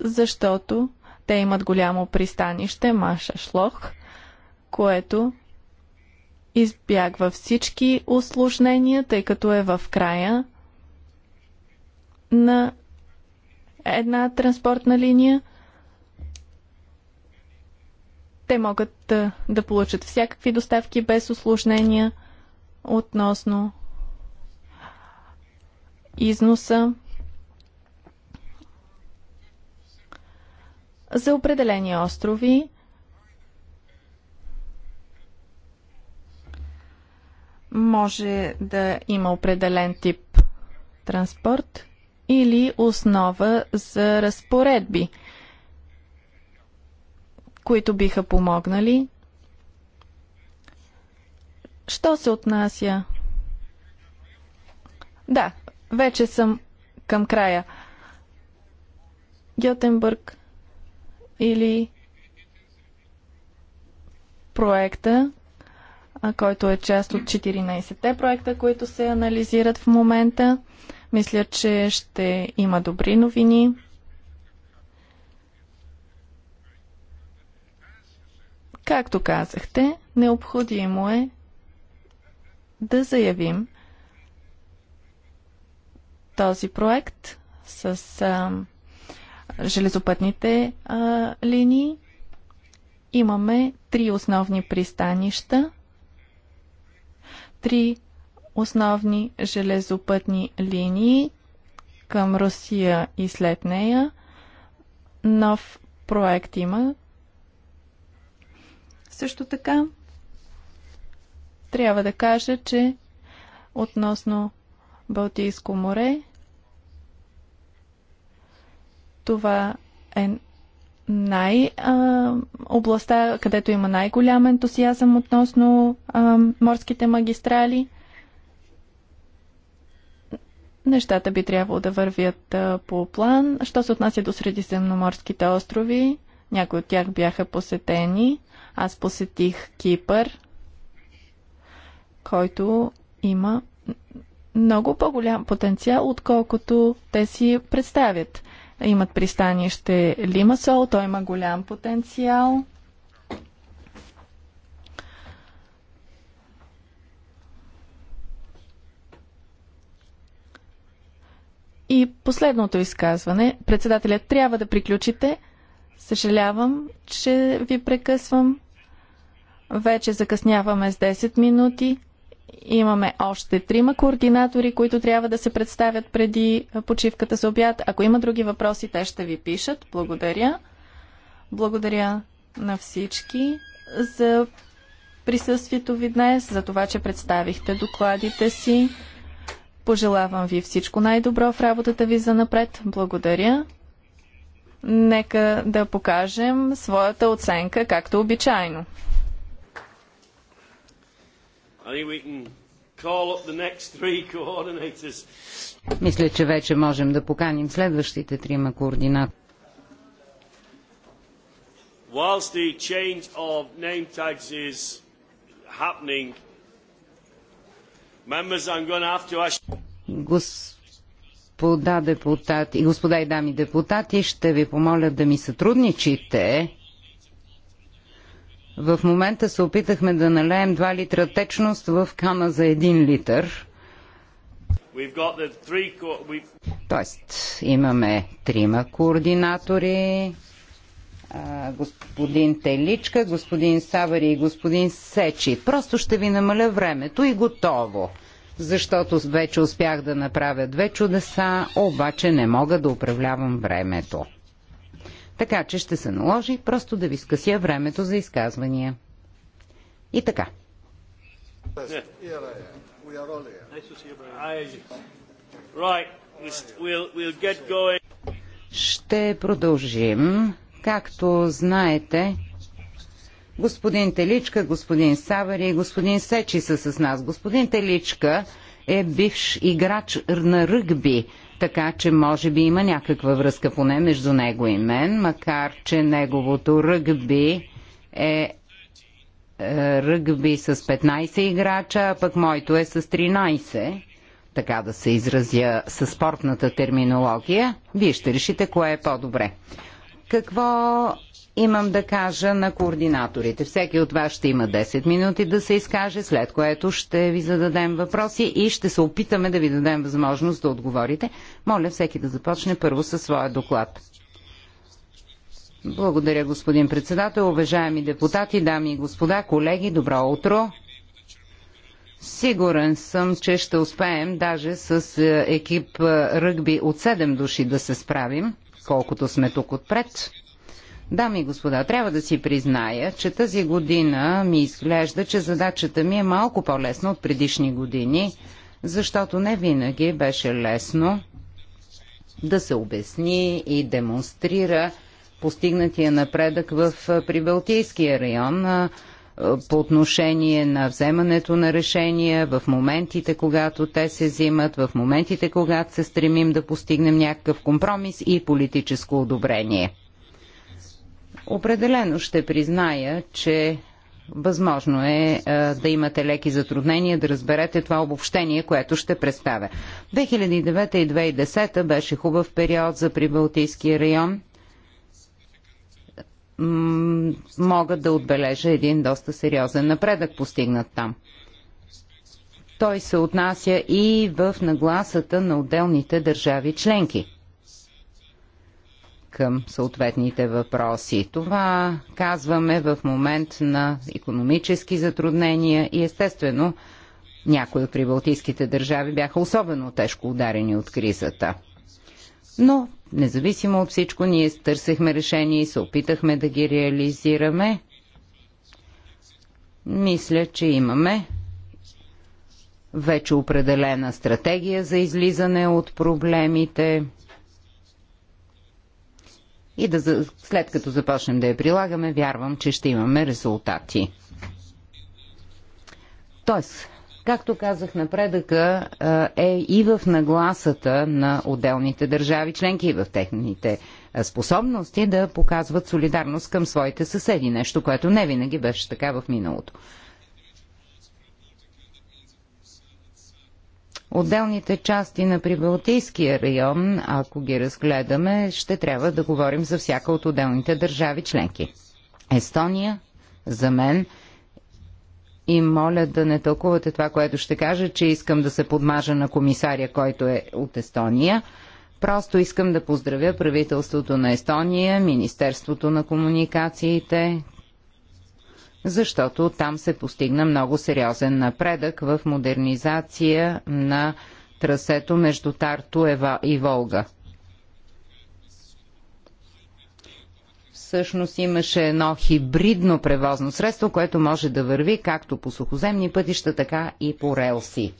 защото те имат голямо пристанище, Маша Шлох, което избягва всички осложнения, тъй като е в края на една транспортна линия. Те могат да, да получат всякакви доставки без осложнения относно износа за определени острови. Може да има определен тип транспорт – или основа за разпоредби, които биха помогнали. Що се отнася? Да, вече съм към края. Гьотенбърг или проекта, който е част от 14-те проекта, които се анализират в момента. Мисля, че ще има добри новини. Както казахте, необходимо е да заявим този проект с а, железопътните а, линии. Имаме три основни пристанища, три основни железопътни линии към Русия и след нея. Нов проект има. Също така, трябва да кажа, че относно Балтийско море, това е най- а, областта, където има най-голям ентусиазъм относно а, морските магистрали – Нещата би трябвало да вървят по план. Що се отнася до Средиземноморските острови, някои от тях бяха посетени. Аз посетих Кипър, който има много по-голям потенциал, отколкото те си представят. Имат пристанище Лимасол, той има голям потенциал. И последното изказване. Председателят, трябва да приключите. Съжалявам, че ви прекъсвам. Вече закъсняваме с 10 минути. Имаме още трима координатори, които трябва да се представят преди почивката за обяд. Ако има други въпроси, те ще ви пишат. Благодаря. Благодаря на всички за присъствието ви днес, за това, че представихте докладите си. Пожелавам ви всичко най-добро в работата ви за напред. Благодаря. Нека да покажем своята оценка, както обичайно. Мисля, че вече можем да поканим следващите трима координатори. Whilst the change of name tags is happening, Господа депутати, господа и дами депутати, ще ви помоля да ми сътрудничите. В момента се опитахме да налеем 2 литра течност в кана за 1 литър. Тоест, имаме трима координатори, господин Теличка, господин Савари и господин Сечи. Просто ще ви намаля времето и готово. Защото вече успях да направя две чудеса, обаче не мога да управлявам времето. Така че ще се наложи просто да ви скъся времето за изказвания. И така. Ще продължим Както знаете, господин Теличка, господин Савари и господин Сечи са с нас. Господин Теличка е бивш играч на ръгби, така че може би има някаква връзка поне между него и мен, макар че неговото ръгби е, е ръгби с 15 играча, а пък моето е с 13, така да се изразя със спортната терминология. Вие ще решите кое е по-добре. Какво имам да кажа на координаторите? Всеки от вас ще има 10 минути да се изкаже, след което ще ви зададем въпроси и ще се опитаме да ви дадем възможност да отговорите. Моля всеки да започне първо със своя доклад. Благодаря, господин председател. Уважаеми депутати, дами и господа, колеги, добро утро! Сигурен съм, че ще успеем даже с е, екип е, ръгби от 7 души да се справим колкото сме тук отпред. Дами и господа, трябва да си призная, че тази година ми изглежда, че задачата ми е малко по-лесна от предишни години, защото не винаги беше лесно да се обясни и демонстрира постигнатия напредък в Прибалтийския район, по отношение на вземането на решения, в моментите, когато те се взимат, в моментите, когато се стремим да постигнем някакъв компромис и политическо одобрение. Определено ще призная, че възможно е, е да имате леки затруднения да разберете това обобщение, което ще представя. 2009 и 2010 беше хубав период за Прибалтийския район – мога да отбележа един доста сериозен напредък постигнат там. Той се отнася и в нагласата на отделните държави членки към съответните въпроси. Това казваме в момент на економически затруднения и естествено някои от прибалтийските държави бяха особено тежко ударени от кризата – но, независимо от всичко, ние търсехме решение и се опитахме да ги реализираме. Мисля, че имаме вече определена стратегия за излизане от проблемите и да, след като започнем да я прилагаме, вярвам, че ще имаме резултати. Тоест, Както казах, напредъка е и в нагласата на отделните държави членки и в техните способности да показват солидарност към своите съседи. Нещо, което не винаги беше така в миналото. Отделните части на Прибалтийския район, ако ги разгледаме, ще трябва да говорим за всяка от отделните държави членки. Естония, за мен, и моля да не тълкувате това, което ще кажа, че искам да се подмажа на комисаря, който е от Естония. Просто искам да поздравя правителството на Естония, Министерството на комуникациите, защото там се постигна много сериозен напредък в модернизация на трасето между Тарту и Волга. всъщност имаше едно хибридно превозно средство, което може да върви както по сухоземни пътища, така и по релси.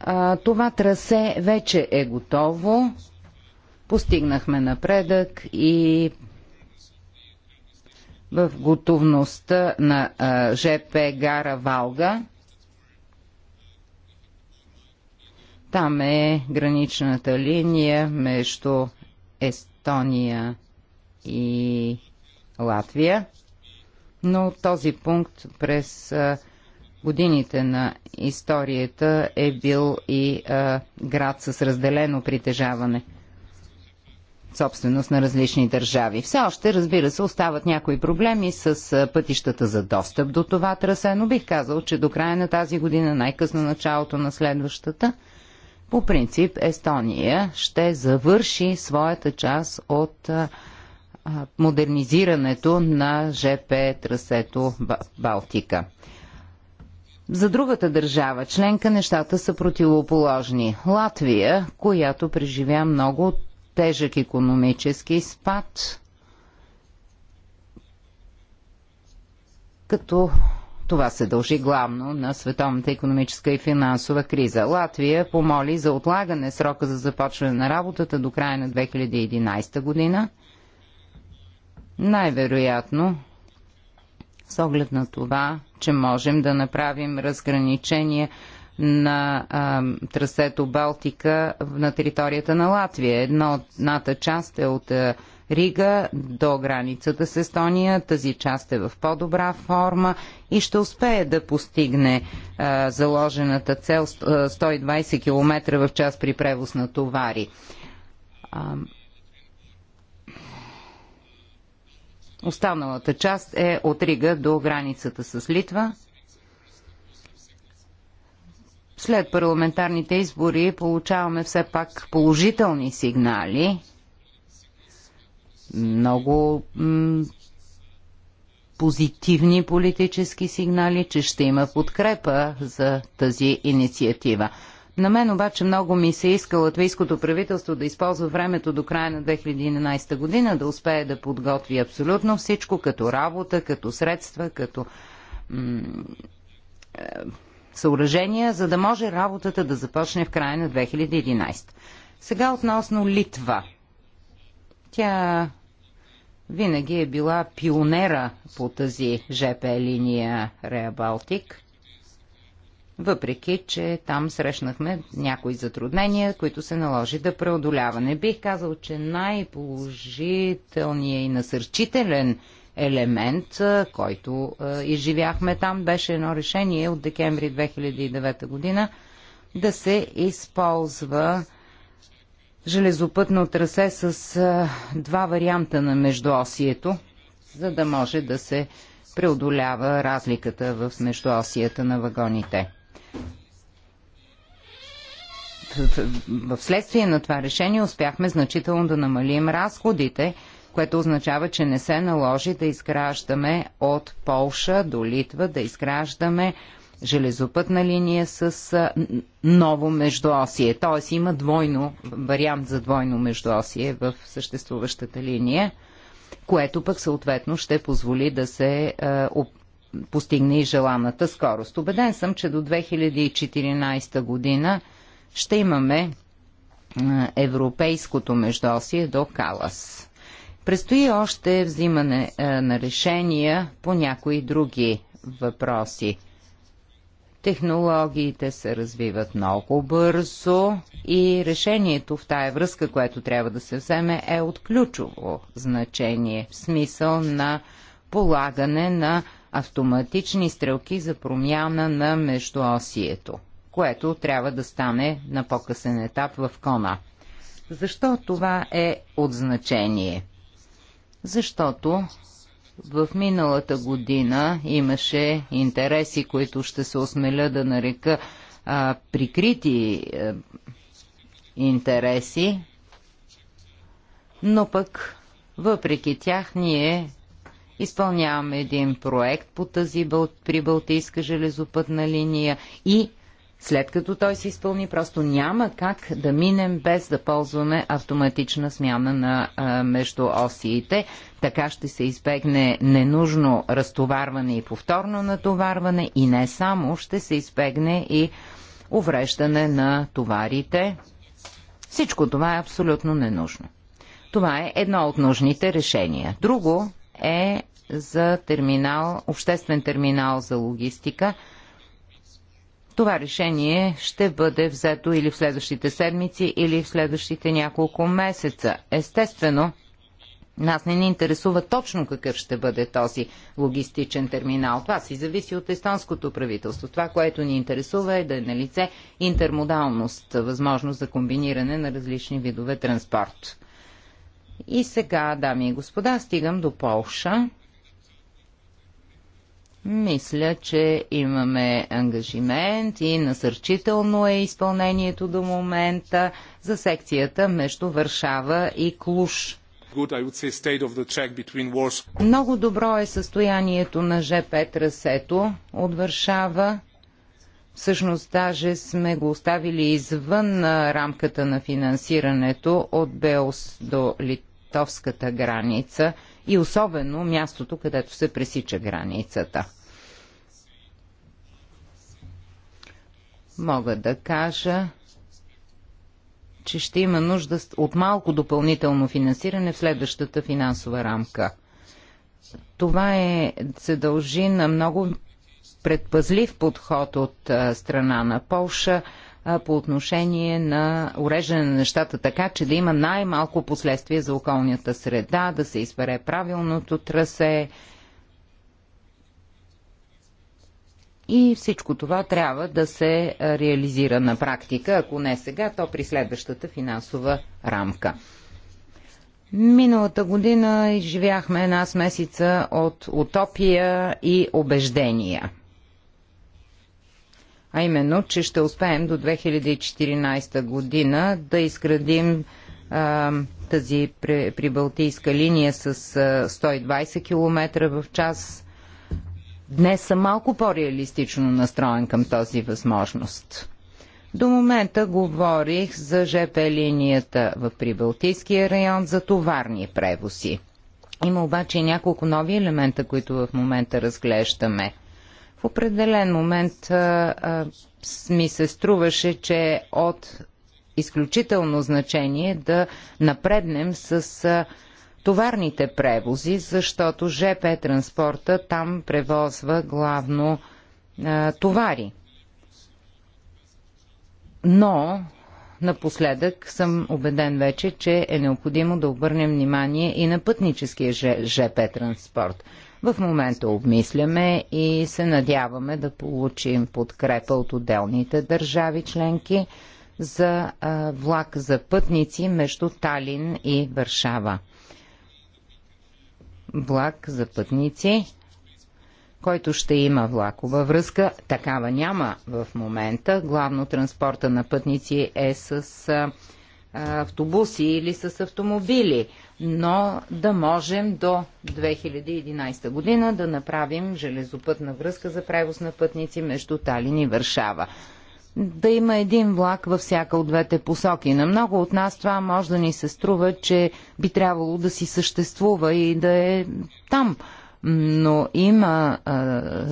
А, това трасе вече е готово. Постигнахме напредък и в готовността на а, ЖП Гара Валга. Там е граничната линия между Ест... Естония и Латвия, но този пункт през годините на историята е бил и а, град с разделено притежаване собственост на различни държави. Все още, разбира се, остават някои проблеми с пътищата за достъп до това трасе, но бих казал, че до края на тази година, най-късно началото на следващата, по принцип Естония ще завърши своята част от модернизирането на ЖП трасето Балтика. За другата държава членка нещата са противоположни. Латвия, която преживя много тежък економически спад, като това се дължи главно на световната економическа и финансова криза. Латвия помоли за отлагане срока за започване на работата до края на 2011 година. Най-вероятно, с оглед на това, че можем да направим разграничение на а, трасето Балтика на територията на Латвия. Едната част е от а, Рига до границата с Естония. Тази част е в по-добра форма и ще успее да постигне а, заложената цел 120 км в час при превоз на товари. А, останалата част е от Рига до границата с Литва. След парламентарните избори получаваме все пак положителни сигнали – много позитивни политически сигнали, че ще има подкрепа за тази инициатива. На мен обаче много ми се иска латвийското правителство да използва времето до края на 2011 година, да успее да подготви абсолютно всичко, като работа, като средства, като е, съоръжения, за да може работата да започне в края на 2011. Сега относно Литва. Тя винаги е била пионера по тази ЖП линия Реа Балтик. Въпреки, че там срещнахме някои затруднения, които се наложи да Не Бих казал, че най-положителният и насърчителен елемент, който е, изживяхме там, беше едно решение от декември 2009 година да се използва железопътно трасе с два варианта на междуосието, за да може да се преодолява разликата в междуосията на вагоните. В следствие на това решение успяхме значително да намалим разходите, което означава, че не се наложи да изграждаме от Полша до Литва, да изграждаме железопътна линия с ново междуосие. Т.е. има двойно, вариант за двойно междуосие в съществуващата линия, което пък съответно ще позволи да се постигне и желаната скорост. Обеден съм, че до 2014 година ще имаме европейското междуосие до Калас. Престои още взимане на решения по някои други въпроси. Технологиите се развиват много бързо и решението в тая връзка, което трябва да се вземе, е от ключово значение в смисъл на полагане на автоматични стрелки за промяна на междуосието, което трябва да стане на по-късен етап в кона. Защо това е от значение? Защото в миналата година имаше интереси, които ще се осмеля да нарека а, прикрити а, е, интереси, но пък въпреки тях ние изпълняваме един проект по тази при Балтийска железопътна линия и след като той се изпълни, просто няма как да минем без да ползваме автоматична смяна на а, между осиите. Така ще се избегне ненужно разтоварване и повторно натоварване и не само, ще се избегне и увреждане на товарите. Всичко това е абсолютно ненужно. Това е едно от нужните решения. Друго е за терминал, обществен терминал за логистика – това решение ще бъде взето или в следващите седмици, или в следващите няколко месеца. Естествено, нас не ни интересува точно какъв ще бъде този логистичен терминал. Това си зависи от естонското правителство. Това, което ни интересува е да е на лице интермодалност, възможност за комбиниране на различни видове транспорт. И сега, дами и господа, стигам до Полша. Мисля, че имаме ангажимент и насърчително е изпълнението до момента за секцията между Варшава и Клуш. Много добро е състоянието на ЖП трасето от Варшава. Всъщност даже сме го оставили извън рамката на финансирането от Белс до Литва литовската граница и особено мястото, където се пресича границата. Мога да кажа, че ще има нужда от малко допълнително финансиране в следващата финансова рамка. Това е, се дължи на много предпазлив подход от а, страна на Полша по отношение на уреждане на нещата така, че да има най-малко последствия за околната среда, да се избере правилното трасе. И всичко това трябва да се реализира на практика, ако не сега, то при следващата финансова рамка. Миналата година изживяхме една смесица от утопия и убеждения – а именно, че ще успеем до 2014 година да изградим а, тази прибалтийска линия с 120 км в час. Днес съм малко по-реалистично настроен към този възможност. До момента говорих за ЖП линията в Прибалтийския район за товарни превози. Има обаче няколко нови елемента, които в момента разглеждаме – в определен момент а, а, ми се струваше, че е от изключително значение да напреднем с а, товарните превози, защото ЖП транспорта там превозва главно а, товари. Но напоследък съм убеден вече, че е необходимо да обърнем внимание и на пътническия ЖП транспорт. В момента обмисляме и се надяваме да получим подкрепа от отделните държави членки за влак за пътници между Талин и Варшава. Влак за пътници, който ще има влакова връзка. Такава няма в момента. Главно транспорта на пътници е с автобуси или с автомобили, но да можем до 2011 година да направим железопътна връзка за превоз на пътници между Талин и Варшава. Да има един влак във всяка от двете посоки. На много от нас това може да ни се струва, че би трябвало да си съществува и да е там но има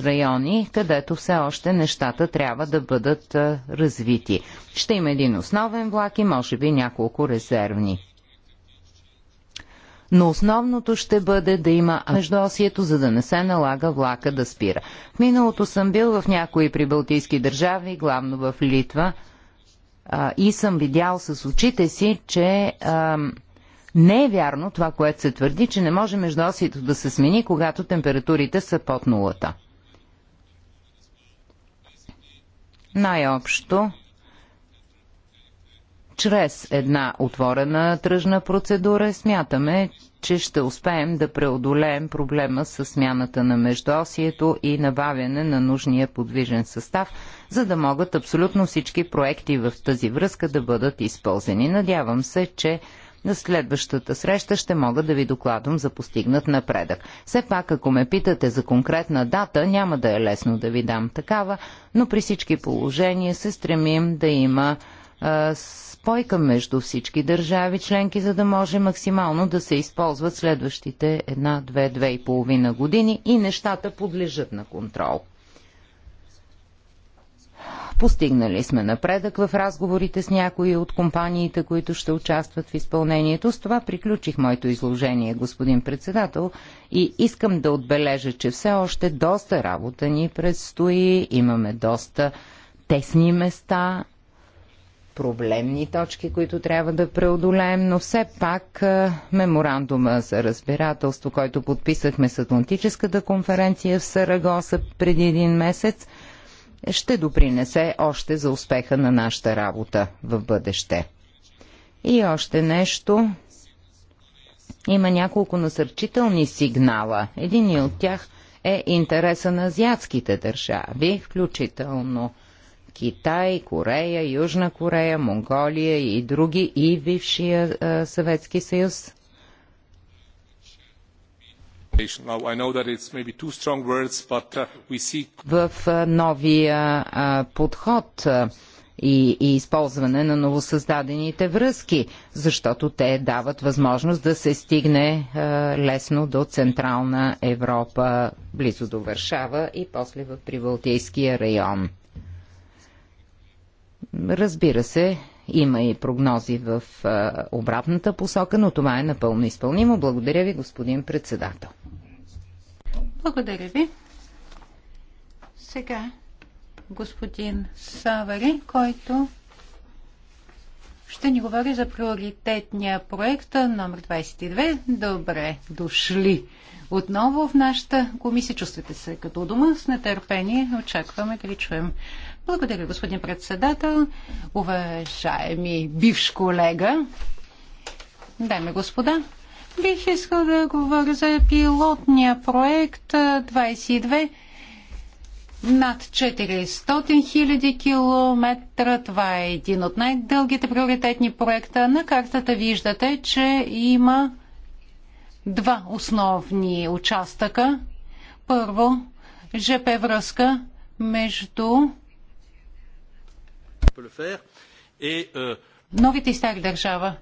райони, където все още нещата трябва да бъдат развити. Ще има един основен влак и може би няколко резервни. Но основното ще бъде да има междуосието, за да не се налага влака да спира. В миналото съм бил в някои прибалтийски държави, главно в Литва, и съм видял с очите си, че не е вярно това, което се твърди, че не може междуосието да се смени, когато температурите са под нулата. Най-общо, чрез една отворена тръжна процедура смятаме, че ще успеем да преодолеем проблема с смяната на междуосието и набавяне на нужния подвижен състав, за да могат абсолютно всички проекти в тази връзка да бъдат използвани. Надявам се, че на следващата среща ще мога да ви докладвам за постигнат напредък. Все пак, ако ме питате за конкретна дата, няма да е лесно да ви дам такава, но при всички положения се стремим да има а, спойка между всички държави членки, за да може максимално да се използват следващите една, две, две и половина години и нещата подлежат на контрол. Постигнали сме напредък в разговорите с някои от компаниите, които ще участват в изпълнението. С това приключих моето изложение, господин председател, и искам да отбележа, че все още доста работа ни предстои, имаме доста тесни места, проблемни точки, които трябва да преодолеем, но все пак меморандума за разбирателство, който подписахме с Атлантическата конференция в Сарагоса преди един месец, ще допринесе още за успеха на нашата работа в бъдеще. И още нещо. Има няколко насърчителни сигнала. Един от тях е интереса на азиатските държави, включително Китай, Корея, Южна Корея, Монголия и други и бившия Съветски съюз. Uh, в новия подход и, и използване на новосъздадените връзки, защото те дават възможност да се стигне лесно до Централна Европа, близо до Варшава и после в Прибалтийския район. Разбира се, има и прогнози в обратната посока, но това е напълно изпълнимо. Благодаря ви, господин председател. Благодаря ви. Сега господин Савари, който ще ни говори за приоритетния проект номер 22. Добре, дошли отново в нашата комисия. Чувствате се като у дома с нетърпение. Очакваме да ви чуем. Благодаря, господин председател, уважаеми бивш колега, дами и господа. Бих искал да говоря за пилотния проект 22 над 400 хиляди километра. Това е един от най-дългите приоритетни проекта. На картата виждате, че има два основни участъка. Първо, ЖП връзка между е, новите и стари държава.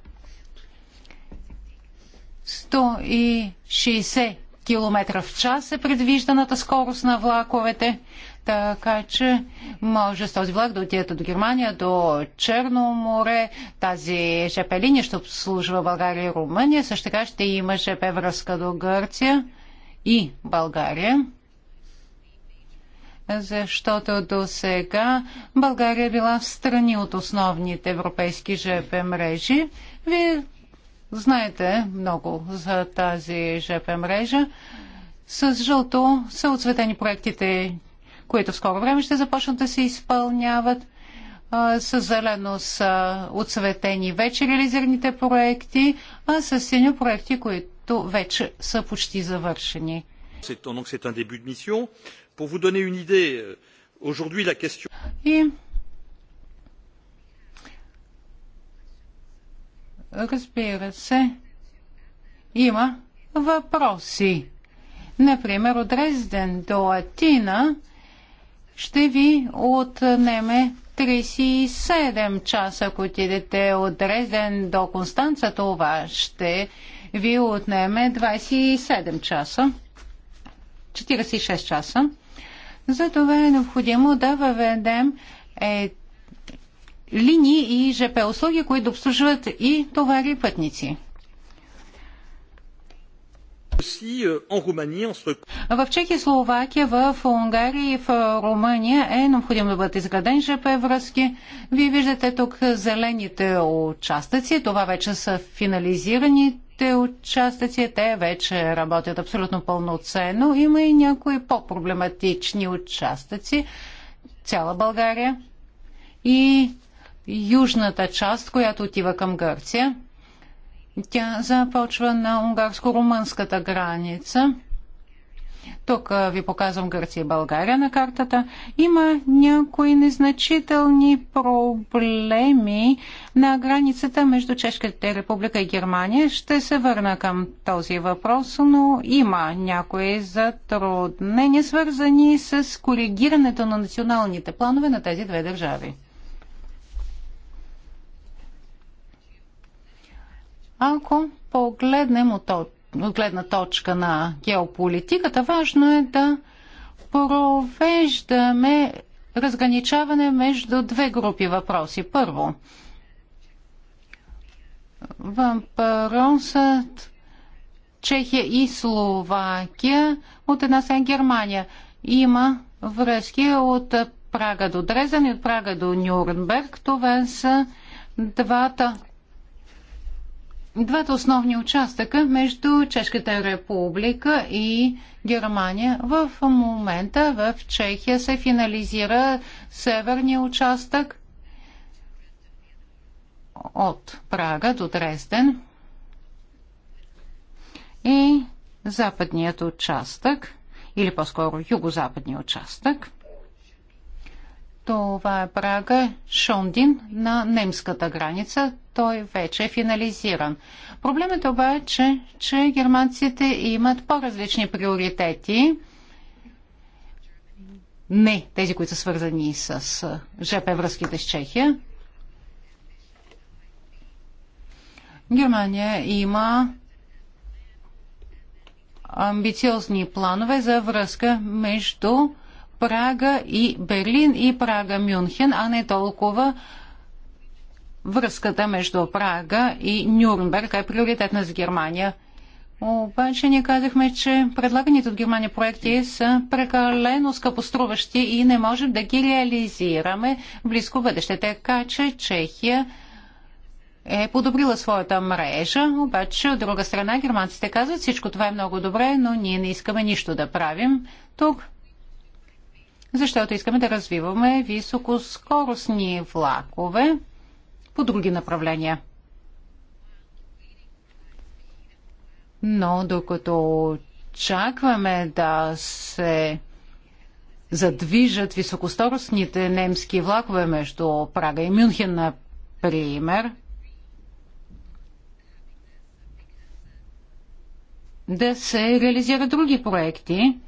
160 км в час е предвижданата скорост на влаковете, така че може с този влак да отидете до Германия, до Черно море. Тази ЖП линия ще обслужва България и Румъния. Също така ще има ЖП връзка до Гърция и България защото до сега България е била в страни от основните европейски ЖП мрежи. Вие Знаете много за тази ЖП мрежа. С жълто са отцветени проектите, които в скоро време ще започнат да се изпълняват. С зелено са отцветени вече реализираните проекти, а с синьо проекти, които вече са почти завършени. И разбира се, има въпроси. Например, от Дрезден до Атина ще ви отнеме 37 часа, ако отидете от Дрезден до Констанца, това ще ви отнеме 27 часа, 46 часа. Затова е необходимо да въведем е линии и ЖП услуги, които обслужват и товари и пътници. Euh, в Чехия, Словакия, в Унгария и в Румъния е необходимо да бъдат изградени ЖП връзки. Вие виждате тук зелените участъци. Това вече са финализираните участъци. Те вече работят абсолютно пълноценно. Има и някои по-проблематични участъци. Цяла България. И южната част, която отива към Гърция. Тя започва на унгарско-румънската граница. Тук ви показвам Гърция и България на картата. Има някои незначителни проблеми на границата между Чешката република и Германия. Ще се върна към този въпрос, но има някои затруднения, свързани с коригирането на националните планове на тези две държави. Ако погледнем от, от гледна точка на геополитиката, важно е да провеждаме разграничаване между две групи въпроси. Първо, въпросът Чехия и Словакия, от една сен Германия. Има връзки от Прага до Дрезен и от Прага до Нюрнберг. Това са двата двата основни участъка между Чешката република и Германия. В момента в Чехия се финализира северния участък от Прага до Дрезден и западният участък, или по-скоро югозападният участък. Това е Прага Шондин на немската граница той вече е финализиран. Проблемът е обаче, че германците имат по-различни приоритети. Не тези, които са свързани с ЖП връзките с Чехия. Германия има амбициозни планове за връзка между Прага и Берлин и Прага Мюнхен, а не толкова връзката между Прага и Нюрнберг е приоритетна за Германия. Обаче ние казахме, че предлаганите от Германия проекти са прекалено скъпоструващи и не можем да ги реализираме в близко бъдеще. Така че Чехия е подобрила своята мрежа, обаче от друга страна германците казват всичко това е много добре, но ние не искаме нищо да правим тук, защото искаме да развиваме високоскоростни влакове по други направления. Но докато очакваме да се задвижат високоскоростните немски влакове между Прага и Мюнхен, например, да се реализират други проекти.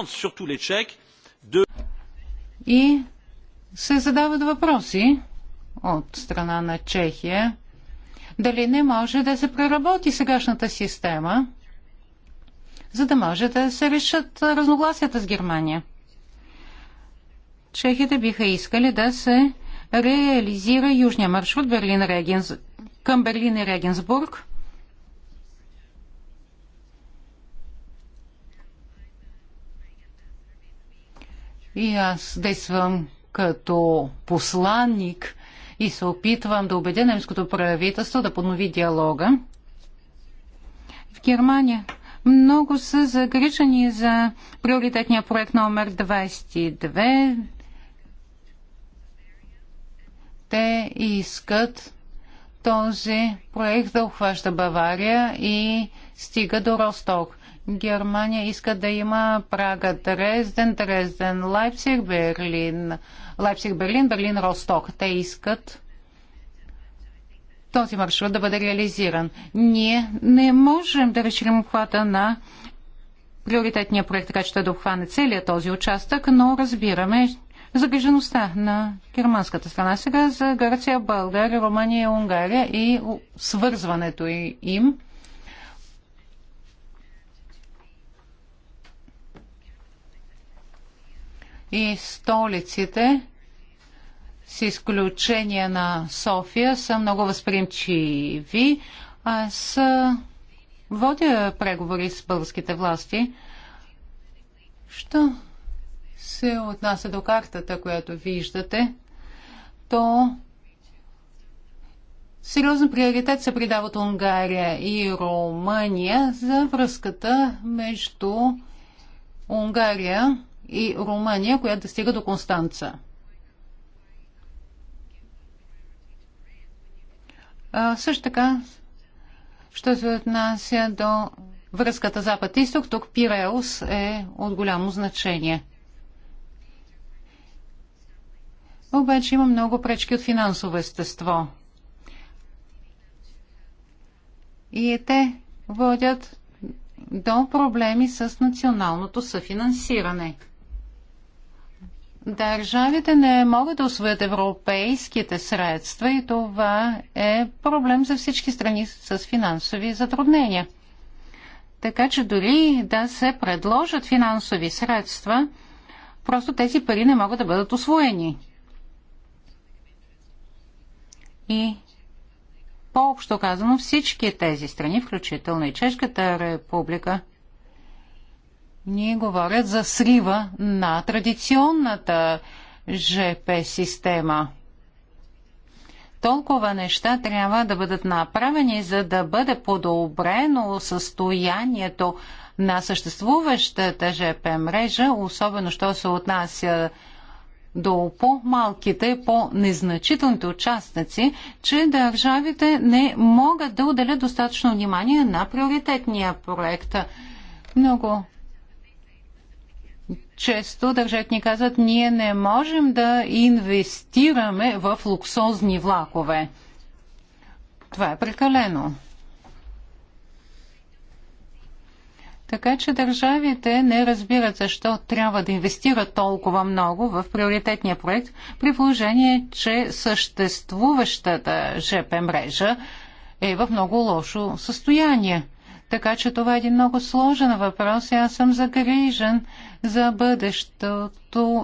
Surtout les Tchèques и се задават въпроси от страна на Чехия, дали не може да се преработи сегашната система, за да може да се решат разногласията с Германия. Чехите биха искали да се реализира южния маршрут берлин към Берлин и Регенсбург И аз действам като посланник и се опитвам да убедя немското правителство да поднови диалога. В Германия много са загрижени за приоритетния проект номер 22. Те искат този проект да обхваща Бавария и стига до Росток. Германия иска да има Прага, Дрезден, Дрезден, Лайпциг, Берлин, Лайпциг, Берлин, Берлин, Росток. Те искат този маршрут да бъде реализиран. Ние не можем да разширим обхвата на приоритетния проект, така че да обхване целият този участък, но разбираме загрижеността на германската страна. Сега за Гърция, България, Румъния, Унгария и свързването им – и столиците, с изключение на София, са много възприемчиви. Аз водя преговори с българските власти. Що се отнася до картата, която виждате, то сериозен приоритет се придават Унгария и Румъния за връзката между Унгария и Румъния, която достига до Констанца. А, също така, що се отнася до връзката Запад-Исток, тук Пиреус е от голямо значение. Обаче има много пречки от финансово естество. И е, те водят до проблеми с националното съфинансиране. Държавите не могат да освоят европейските средства и това е проблем за всички страни с финансови затруднения. Така че дори да се предложат финансови средства, просто тези пари не могат да бъдат освоени. И по-общо казано всички тези страни, включително и Чешката република, ни говорят за срива на традиционната ЖП система. Толкова неща трябва да бъдат направени, за да бъде подобрено състоянието на съществуващата ЖП мрежа, особено що се отнася до по-малките, по-незначителните участници, че държавите не могат да отделят достатъчно внимание на приоритетния проект. Много често държат ни казват, ние не можем да инвестираме в луксозни влакове. Това е прекалено. Така че държавите не разбират защо трябва да инвестират толкова много в приоритетния проект, при положение, че съществуващата ЖП мрежа е в много лошо състояние. Така че това е един много сложен въпрос и аз съм загрижен за бъдещето,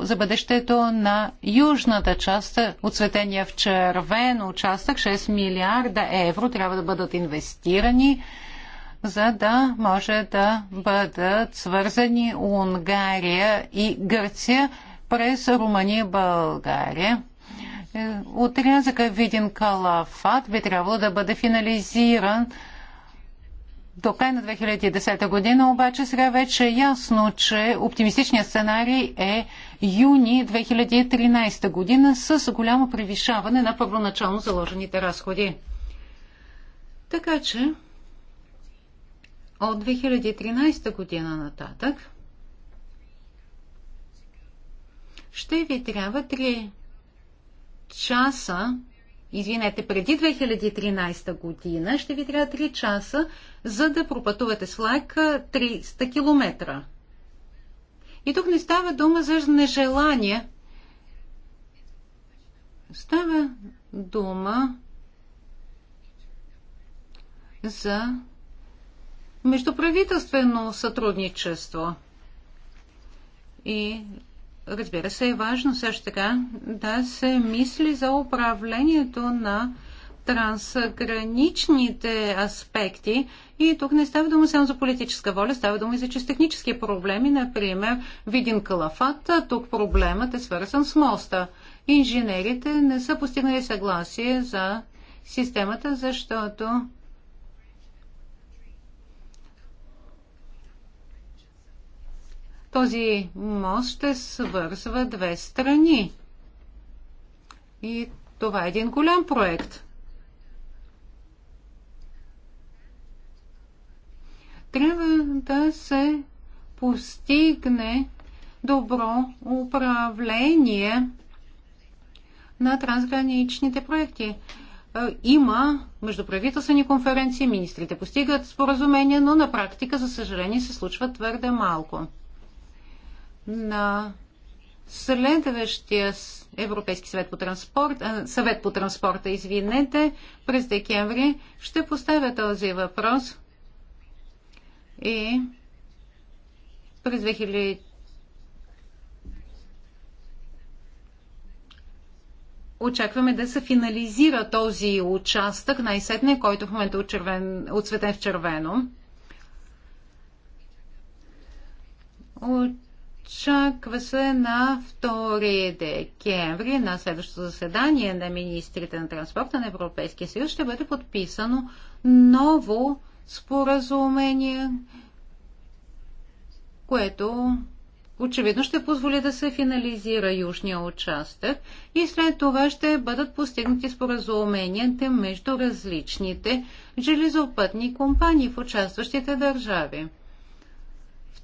за бъдещето на южната част, оцветения в червен участък, 6 милиарда евро трябва да бъдат инвестирани, за да може да бъдат свързани Унгария и Гърция през Румъния и България. Е, отрязъка Видин Калафат би трябвало да бъде финализиран до края на 2010 година, обаче сега вече е ясно, че оптимистичният сценарий е юни 2013 година с голямо превишаване на първоначално заложените разходи. Така че от 2013 година нататък ще ви трябва 3 часа извинете, преди 2013 година ще ви трябва 3 часа, за да пропътувате с лайк 300 км. И тук не става дума за нежелание. Става дума за междуправителствено сътрудничество. И Разбира се, е важно също така да се мисли за управлението на трансграничните аспекти. И тук не става дума само за политическа воля, става дума и за чисто технически проблеми. Например, видим Калафат, тук проблемът е свързан с моста. Инженерите не са постигнали съгласие за системата, защото Този мост ще свързва две страни. И това е един голям проект. Трябва да се постигне добро управление на трансграничните проекти. Е, има междуправителствени конференции, министрите постигат споразумения, но на практика, за съжаление, се случва твърде малко на следващия Европейски съвет по транспорт, а, съвет по транспорта, извинете, през декември ще поставя този въпрос и през 2000 очакваме да се финализира този участък най-сетне, който в момента е отцветен в червено. От Очаква се на 2 декември на следващото заседание на министрите на транспорта на Европейския съюз ще бъде подписано ново споразумение, което очевидно ще позволи да се финализира южния участък и след това ще бъдат постигнати споразуменията между различните железопътни компании в участващите държави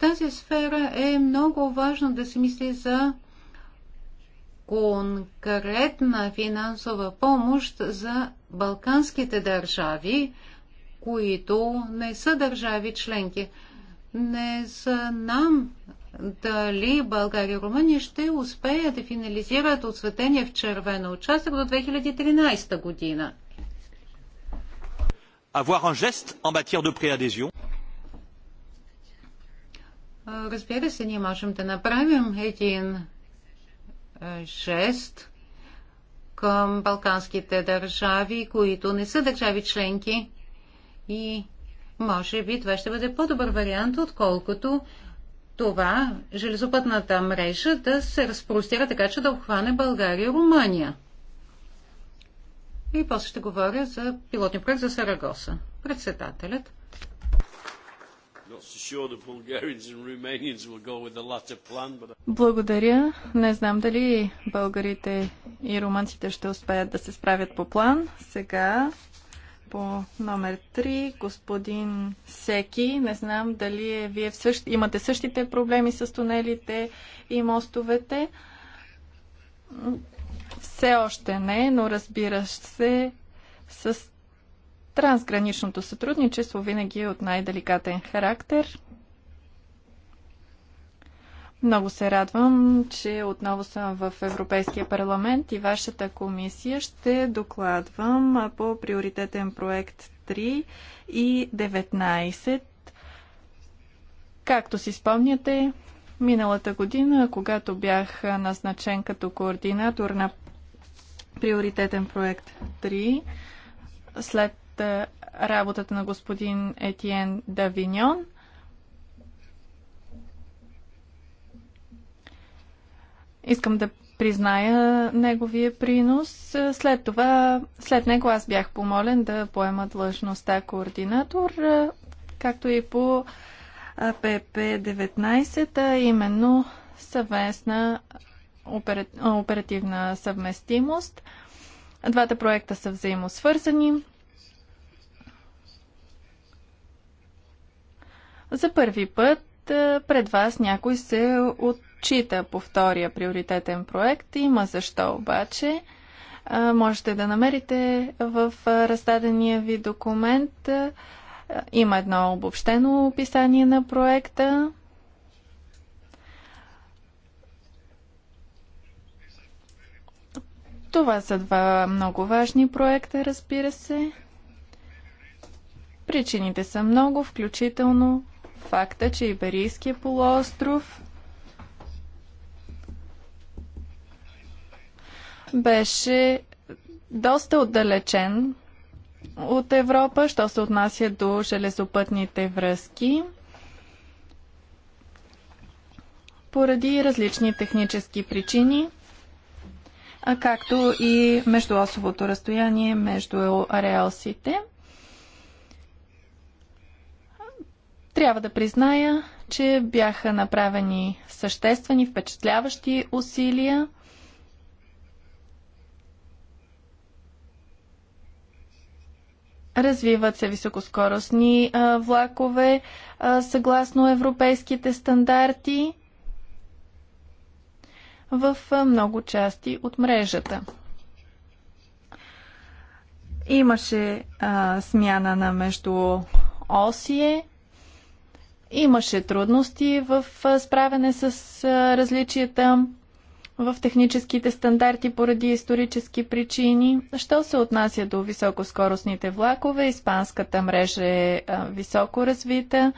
тази сфера е много важно да се мисли за конкретна финансова помощ за балканските държави, които не са държави членки. Не знам дали България и Румъния ще успеят да финализират осветение в червено участък до 2013 година. Avoir un geste en matière de préadhésion. Разбира се, ние можем да направим един жест към балканските държави, които не са държави членки. И може би това ще бъде по-добър вариант, отколкото това железопътната мрежа да се разпростира така, че да обхване България и Румъния. И после ще говоря за пилотни проект за Сарагоса. Председателят. Uh, Благодаря. Не знам дали българите и румънците ще успеят да се справят по план. Сега по номер 3, господин Секи. Не знам дали е вие всъщ... имате същите проблеми с тунелите и мостовете. Все още не, но разбира се, с Трансграничното сътрудничество винаги е от най-деликатен характер. Много се радвам, че отново съм в Европейския парламент и вашата комисия ще докладвам по приоритетен проект 3 и 19. Както си спомняте, миналата година, когато бях назначен като координатор на приоритетен проект 3, след за работата на господин Етиен Давиньон. Искам да призная неговия принос. След това, след него аз бях помолен да поема длъжността координатор, както и по ПП-19, а именно съвместна оперативна съвместимост. Двата проекта са взаимосвързани. За първи път пред вас някой се отчита по втория приоритетен проект. Има защо обаче. Можете да намерите в разстадения ви документ. Има едно обобщено описание на проекта. Това са два много важни проекта, разбира се. Причините са много, включително факта, че Иберийския полуостров беше доста отдалечен от Европа, що се отнася до железопътните връзки, поради различни технически причини, а както и междуосовото разстояние между ареалсите – Трябва да призная, че бяха направени съществени, впечатляващи усилия. Развиват се високоскоростни а, влакове а, съгласно европейските стандарти в а, много части от мрежата. Имаше а, смяна на между осие Имаше трудности в справяне с различията в техническите стандарти поради исторически причини. Що се отнася до високоскоростните влакове, испанската мрежа е високо развита.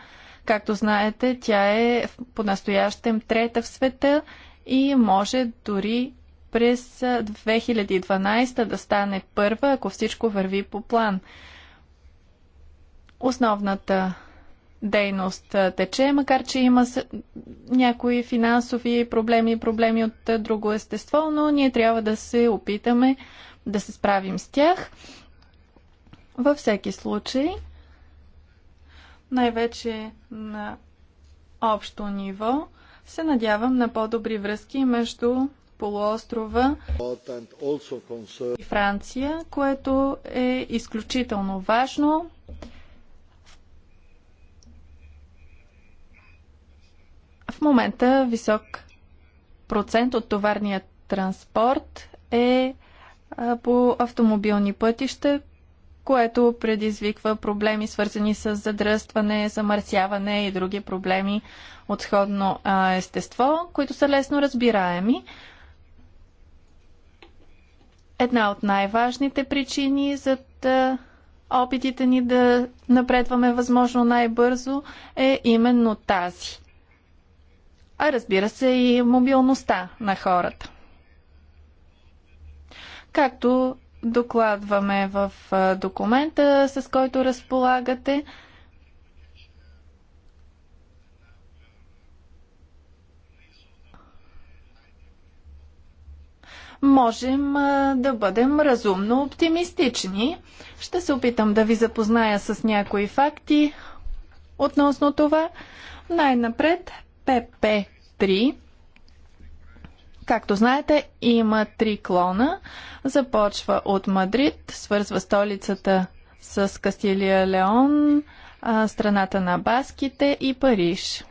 Както знаете, тя е по-настоящем трета в света и може дори през 2012 да стане първа, ако всичко върви по план. Основната дейност тече, макар че има някои финансови проблеми, проблеми от друго естество, но ние трябва да се опитаме да се справим с тях. Във всеки случай, най-вече на общо ниво, се надявам на по-добри връзки между полуострова и Франция, което е изключително важно В момента висок процент от товарния транспорт е по автомобилни пътища, което предизвиква проблеми, свързани с задръстване, замърсяване и други проблеми от сходно естество, които са лесно разбираеми. Една от най-важните причини за опитите ни да напредваме възможно най-бързо е именно тази а разбира се и мобилността на хората. Както докладваме в документа, с който разполагате, можем да бъдем разумно оптимистични. Ще се опитам да ви запозная с някои факти относно това. Най-напред PP3. Както знаете, има три клона. Започва от Мадрид, свързва столицата с Кастилия Леон, страната на Баските и Париж.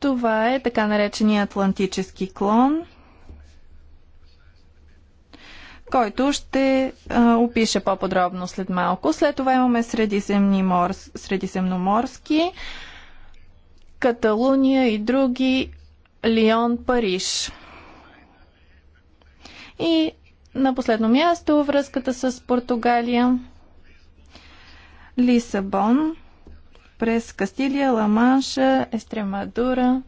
Това е така наречения Атлантически клон, който ще а, опиша по-подробно след малко. След това имаме средиземноморски, Каталуния и други, Лион, Париж. И на последно място връзката с Португалия. Лисабон през Кастилия, Ламанша, Естремадура,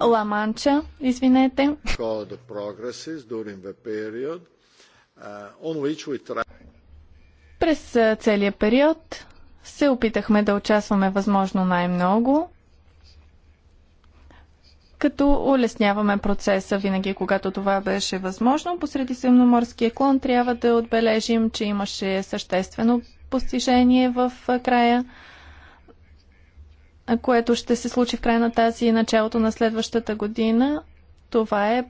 Ламанча, извинете. Uh, през uh, целия период се опитахме да участваме възможно най-много, като улесняваме процеса винаги, когато това беше възможно. Посреди Средиземноморския клон трябва да отбележим, че имаше съществено постижение в края, което ще се случи в края на тази и началото на следващата година. Това е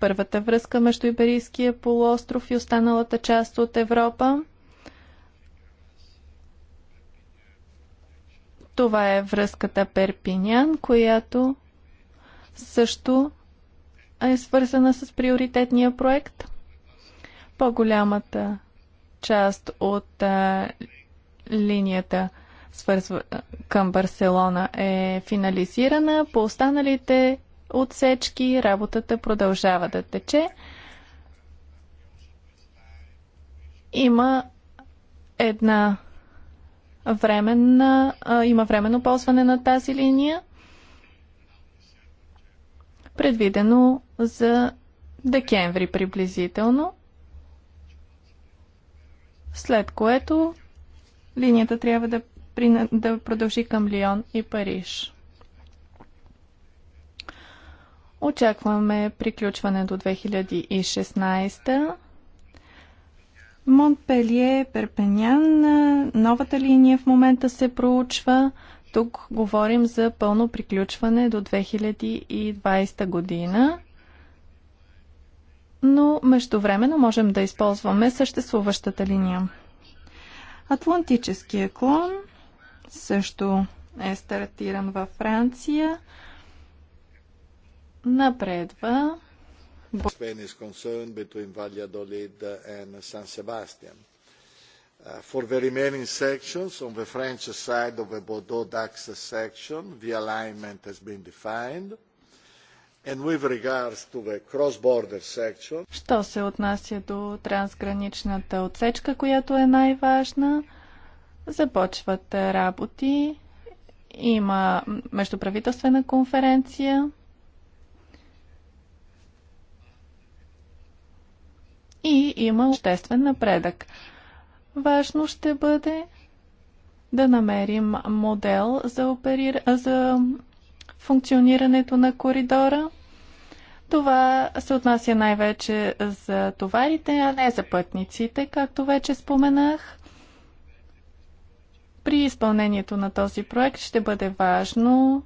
първата връзка между Иберийския полуостров и останалата част от Европа. Това е връзката Перпинян, която също е свързана с приоритетния проект. По-голямата част от а, линията свързва, към Барселона е финализирана. По останалите отсечки работата продължава да тече. Има една временна, има временно ползване на тази линия, предвидено за декември приблизително, след което линията трябва да, да продължи към Лион и Париж. Очакваме приключване до 2016 Монпелие, Перпенян, новата линия в момента се проучва. Тук говорим за пълно приключване до 2020 година. Но междувременно можем да използваме съществуващата линия. Атлантическия клон също е стартиран във Франция. Напредва Spain is concerned between Valladolid and San Sebastian. for the remaining sections, on the French side of the Bordeaux-Dax section, the alignment has been defined. And with regards to the cross-border section... Що се отнася до трансграничната отсечка, която е най-важна, започват работи, има междуправителствена конференция, и има обществен напредък. Важно ще бъде да намерим модел за, оперир... за функционирането на коридора. Това се отнася най-вече за товарите, а не за пътниците, както вече споменах. При изпълнението на този проект ще бъде важно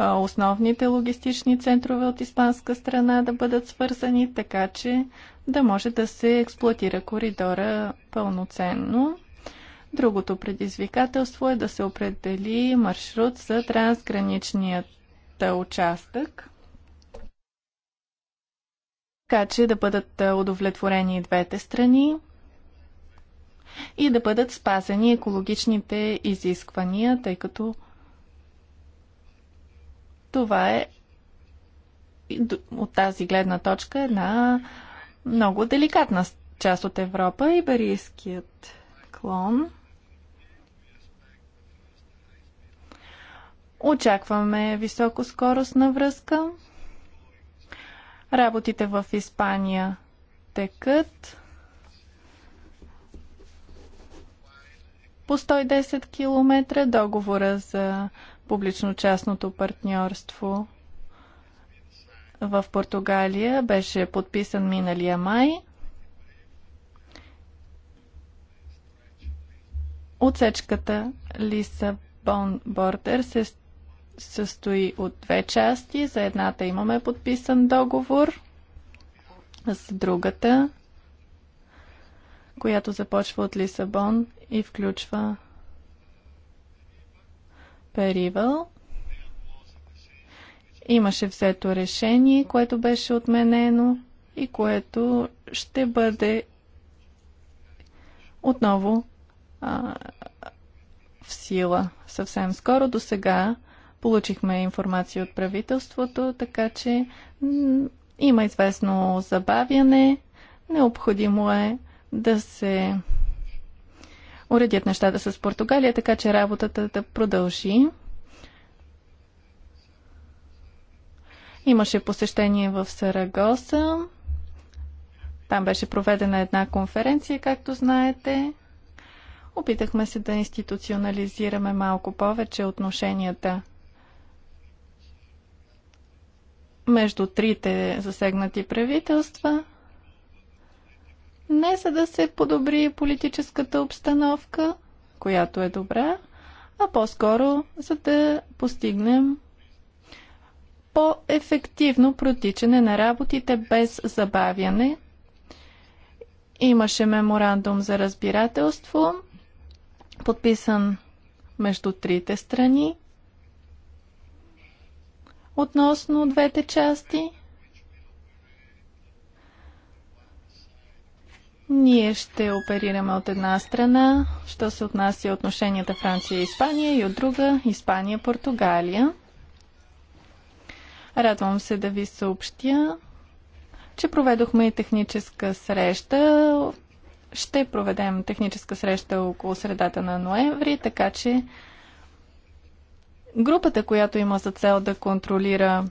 основните логистични центрове от испанска страна да бъдат свързани, така че да може да се експлуатира коридора пълноценно. Другото предизвикателство е да се определи маршрут за трансграничният участък, така че да бъдат удовлетворени двете страни и да бъдат спазени екологичните изисквания, тъй като това е от тази гледна точка една много деликатна част от Европа. берийският клон. Очакваме високо скорост на връзка. Работите в Испания текат по 110 км. Договора за публично-частното партньорство в Португалия беше подписан миналия май. Отсечката Лисабон Бордер се състои от две части. За едната имаме подписан договор, с другата, която започва от Лисабон и включва Перивал. Имаше взето решение, което беше отменено и което ще бъде отново а, в сила съвсем скоро. До сега получихме информация от правителството, така че има известно забавяне. Необходимо е да се уредят нещата с Португалия, така че работата да продължи. Имаше посещение в Сарагоса. Там беше проведена една конференция, както знаете. Опитахме се да институционализираме малко повече отношенията между трите засегнати правителства не за да се подобри политическата обстановка, която е добра, а по-скоро за да постигнем по-ефективно протичане на работите без забавяне. Имаше меморандум за разбирателство, подписан между трите страни относно двете части – Ние ще оперираме от една страна, що се отнася отношенията Франция и Испания и от друга Испания Португалия. Радвам се да ви съобщя, че проведохме и техническа среща. Ще проведем техническа среща около средата на ноември, така че групата, която има за цел да контролира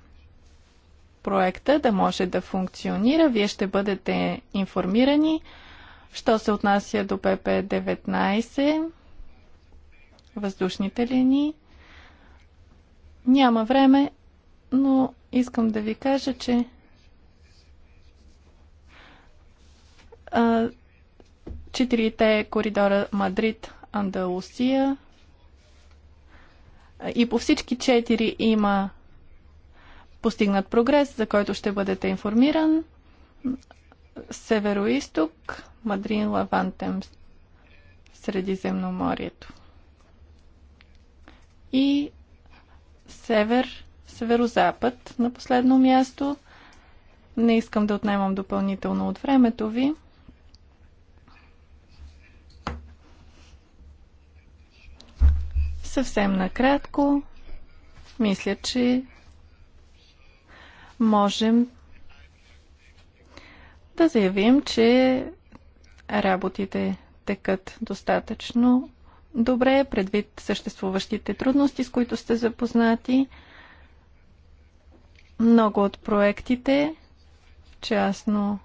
проекта да може да функционира. Вие ще бъдете информирани Що се отнася до ПП-19, въздушните линии, няма време, но искам да ви кажа, че четирите коридора Мадрид, Андалусия и по всички четири има постигнат прогрес, за който ще бъдете информиран. Северо-исток, Мадрин Лавантем Средиземноморието. И север, северо-запад на последно място. Не искам да отнемам допълнително от времето ви. Съвсем накратко, мисля, че можем да заявим, че работите текат достатъчно добре, предвид съществуващите трудности, с които сте запознати. Много от проектите, частно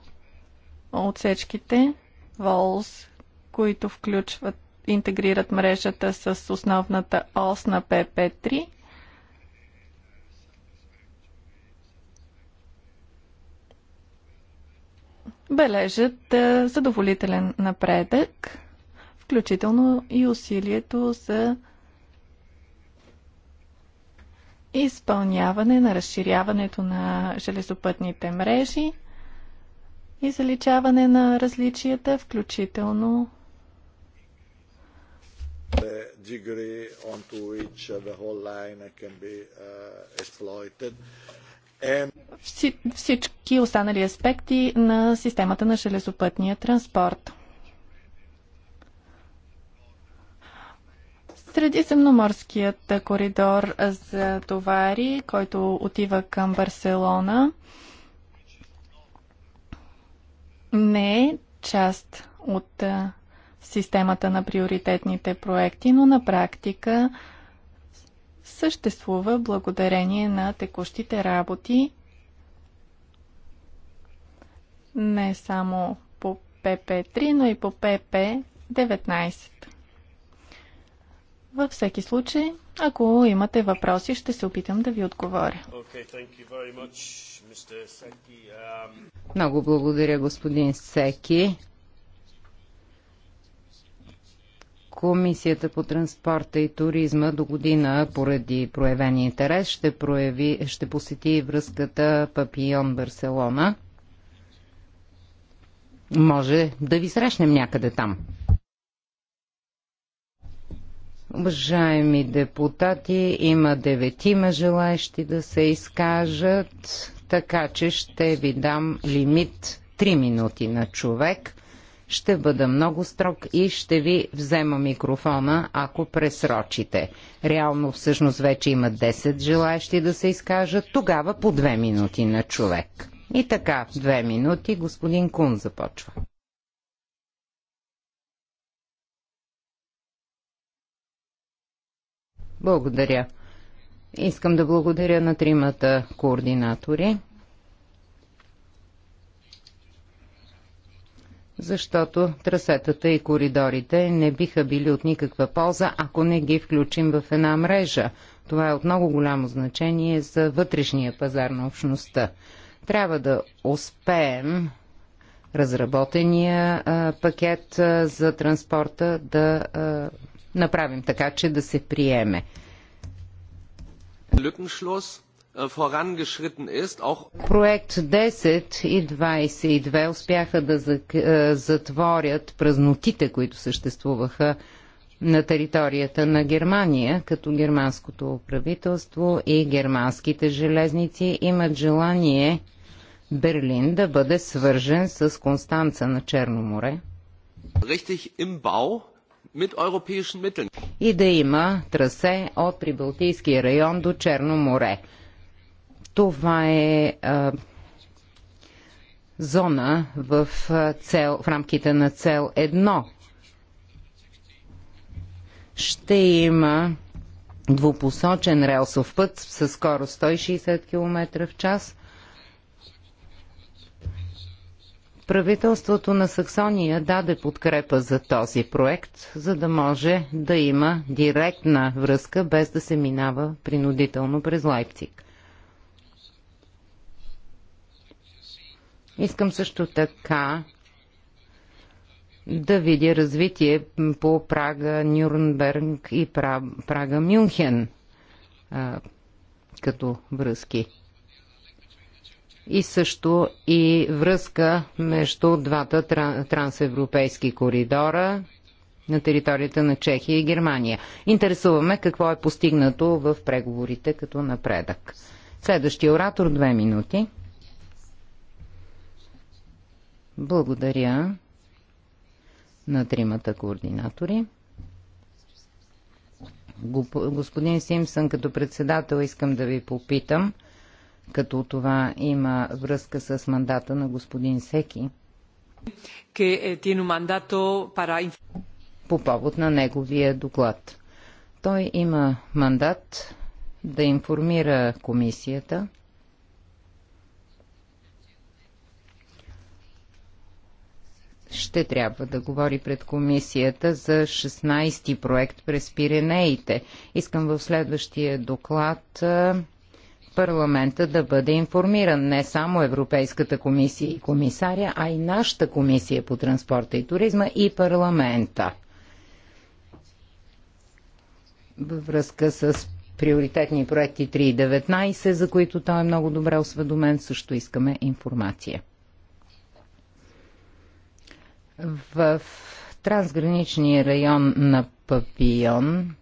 отсечките, ВОЛС, които включват, интегрират мрежата с основната ОС на ПП3, бележат задоволителен напредък, включително и усилието за изпълняване на разширяването на железопътните мрежи и заличаване на различията, включително the degree onto which the whole line can be uh, exploited. Uh, всички останали аспекти на системата на железопътния транспорт. Средиземноморският коридор за товари, който отива към Барселона, не е част от системата на приоритетните проекти, но на практика съществува благодарение на текущите работи не само по ПП3, но и по ПП19. Във всеки случай, ако имате въпроси, ще се опитам да ви отговоря. Okay, much, um... Много благодаря, господин Секи. Комисията по транспорта и туризма до година, поради проявени интерес, ще, прояви, ще посети връзката Папион Барселона. Може да ви срещнем някъде там. Уважаеми депутати, има деветима желаещи да се изкажат, така че ще ви дам лимит 3 минути на човек – ще бъда много строг и ще ви взема микрофона, ако пресрочите. Реално всъщност вече има 10 желаящи да се изкажат, тогава по 2 минути на човек. И така, в 2 минути господин Кун започва. Благодаря. Искам да благодаря на тримата координатори. защото трасетата и коридорите не биха били от никаква полза, ако не ги включим в една мрежа. Това е от много голямо значение за вътрешния пазар на общността. Трябва да успеем разработения а, пакет а, за транспорта да а, направим така, че да се приеме. Лютеншлос vorangeschritten е, ist. Auch Проект 10 и 22 успяха да е, затворят празнотите, които съществуваха на територията на Германия, като германското правителство и германските железници имат желание Берлин да бъде свържен с Констанца на Черно море. И да има трасе от Прибалтийския район до Черно море. Това е а, зона в, цел, в рамките на цел 1. Ще има двупосочен релсов път със скорост 160 км в час. Правителството на Саксония даде подкрепа за този проект, за да може да има директна връзка без да се минава принудително през Лайпциг. Искам също така да видя развитие по Прага, Нюрнберг и Прага, Мюнхен като връзки. И също и връзка между двата трансевропейски коридора на територията на Чехия и Германия. Интересуваме какво е постигнато в преговорите като напредък. Следващия оратор две минути. Благодаря на тримата координатори. Господин Симсън, като председател искам да ви попитам, като това има връзка с мандата на господин Секи. Е, по повод на неговия доклад. Той има мандат да информира комисията ще трябва да говори пред комисията за 16-ти проект през Пиренеите. Искам в следващия доклад парламента да бъде информиран не само Европейската комисия и комисаря, а и нашата комисия по транспорта и туризма и парламента. Във връзка с приоритетни проекти 3 и 19, за които той е много добре осведомен, също искаме информация. В трансграничния район на Папион,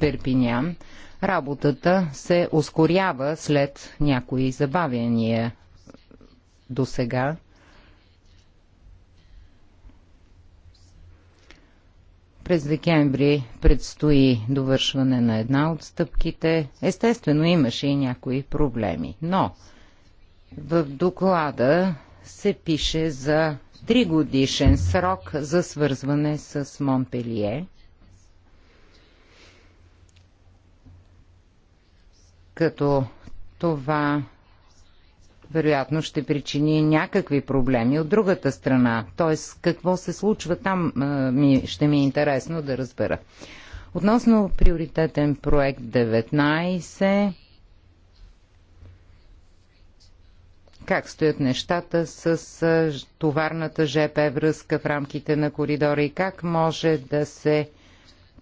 Перпинян, работата се ускорява след някои забавяния до сега. През декември предстои довършване на една от стъпките. Естествено имаше и някои проблеми, но в доклада се пише за тригодишен срок за свързване с Монпелие. Като това вероятно ще причини някакви проблеми от другата страна. Т.е. какво се случва там, ще ми е интересно да разбера. Относно приоритетен проект 19, как стоят нещата с товарната ЖП връзка в рамките на коридора и как може да се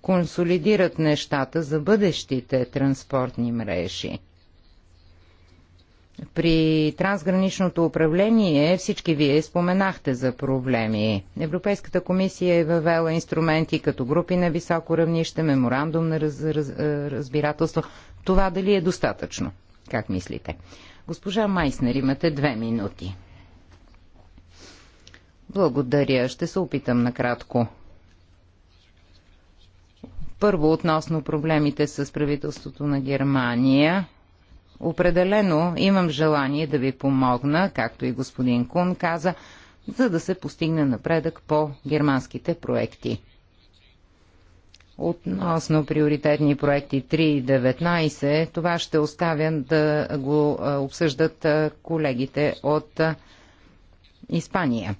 консолидират нещата за бъдещите транспортни мрежи. При трансграничното управление всички вие споменахте за проблеми. Европейската комисия е въвела инструменти като групи на високо равнище, меморандум на раз, раз, разбирателство. Това дали е достатъчно? Как мислите? Госпожа Майснер, имате две минути. Благодаря. Ще се опитам накратко. Първо, относно проблемите с правителството на Германия. Определено имам желание да ви помогна, както и господин Кун каза, за да се постигне напредък по германските проекти. Относно приоритетни проекти 3 и 19, това ще оставя да го обсъждат колегите от Испания.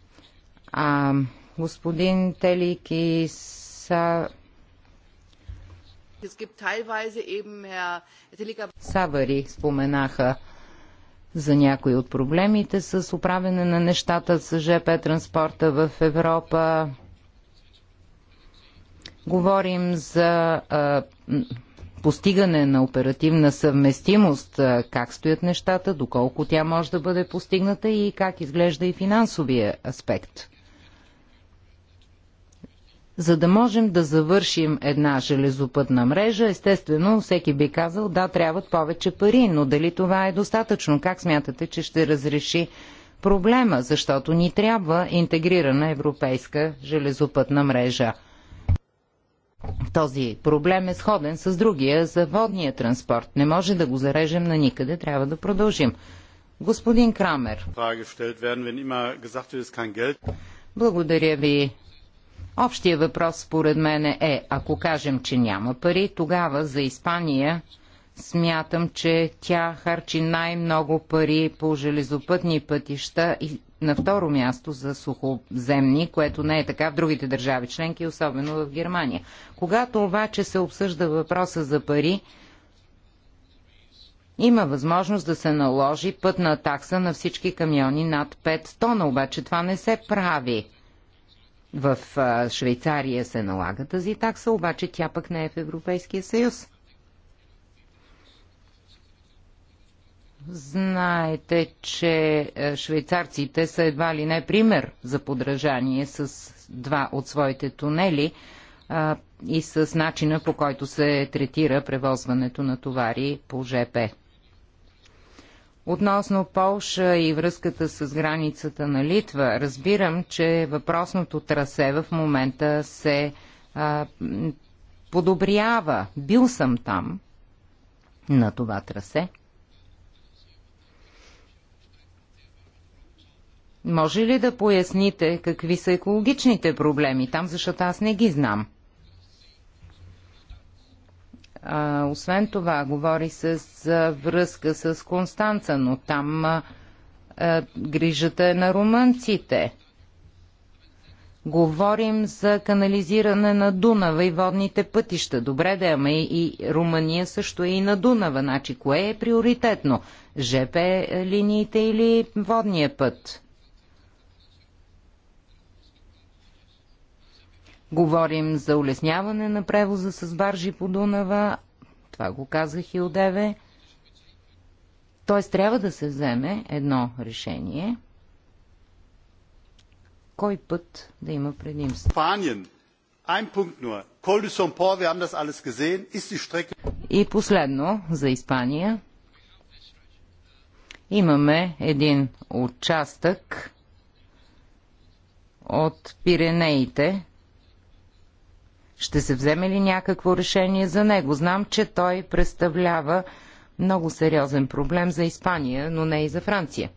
А, господин Телик и Са... Савари споменаха за някои от проблемите с управене на нещата с ЖП транспорта в Европа Говорим за а, постигане на оперативна съвместимост, а, как стоят нещата, доколко тя може да бъде постигната и как изглежда и финансовия аспект. За да можем да завършим една железопътна мрежа, естествено, всеки би казал, да, трябват повече пари, но дали това е достатъчно? Как смятате, че ще разреши проблема? Защото ни трябва интегрирана европейска железопътна мрежа. Този проблем е сходен с другия за водния транспорт. Не може да го зарежем на никъде, трябва да продължим. Господин Крамер. Благодаря ви. Общия въпрос според мен е, ако кажем, че няма пари, тогава за Испания смятам, че тя харчи най-много пари по железопътни пътища и на второ място за сухоземни, което не е така в другите държави членки, особено в Германия. Когато обаче се обсъжда въпроса за пари, има възможност да се наложи пътна такса на всички камиони над 5 тона, обаче това не се прави. В Швейцария се налага тази такса, обаче тя пък не е в Европейския съюз. Знаете, че е, швейцарците са едва ли не пример за подражание с два от своите тунели а, и с начина по който се третира превозването на товари по ЖП. Относно Полша и връзката с границата на Литва, разбирам, че въпросното трасе в момента се а, подобрява. Бил съм там на това трасе. Може ли да поясните какви са екологичните проблеми там, защото аз не ги знам? А, освен това, говори се за връзка с Констанца, но там а, а, грижата е на румънците. Говорим за канализиране на Дунава и водните пътища. Добре да има и, и Румъния също е и на Дунава. Значи, кое е приоритетно? ЖП линиите или водния път? Говорим за улесняване на превоза с баржи по Дунава. Това го казах и Деве. Т.е. трябва да се вземе едно решение. Кой път да има предимство? Ein Punkt nur. Col du wir haben das alles gesehen, ist die Strecke... И последно за Испания. Имаме един участък от Пиренеите, ще се вземе ли някакво решение за него? Знам, че той представлява много сериозен проблем за Испания, но не и за Франция.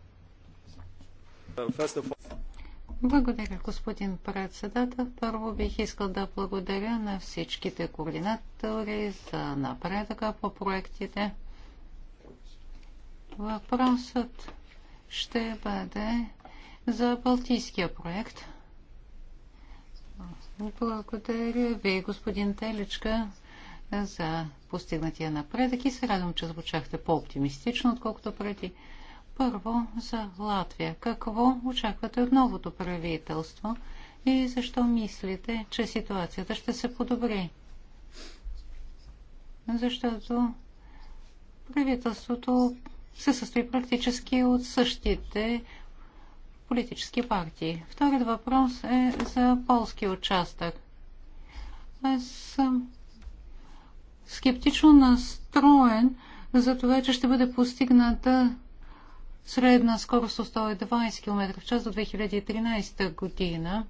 Благодаря, господин председател. Първо бих искал да благодаря на всичките координатори за напредъка по проектите. Въпросът ще бъде за Балтийския проект. Благодаря ви, господин Теличка, за постигнатия напредък и се радвам, че звучахте по-оптимистично, отколкото преди. Първо за Латвия. Какво очаквате от новото правителство и защо мислите, че ситуацията ще се подобри? Защото правителството се състои практически от същите политически партии. Вторият въпрос е за полски участък. Аз съм скептично настроен за това, че ще бъде постигната средна скорост от 120 км в час до 2013 година.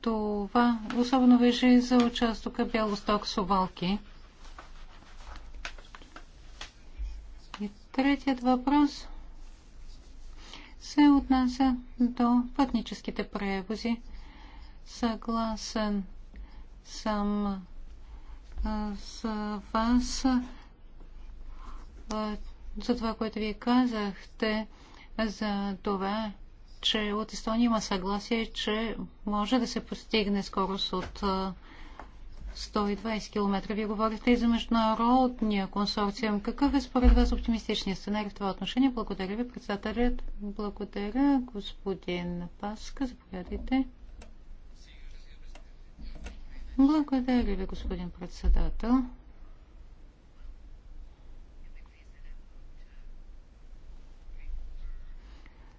Това особено вижи за участъка Бялосток-Сувалки. И третият въпрос се отнася до пътническите превози. Съгласен съм с вас за това, което вие казахте, за това, че от Естония има съгласие, че може да се постигне скорост от 120 км. Вие говорите и за международния консорциум. Какъв е според вас оптимистичният сценарий в това отношение? Благодаря ви, председателят. Благодаря, господин Паска. Заповядайте. Благодаря ви, господин председател.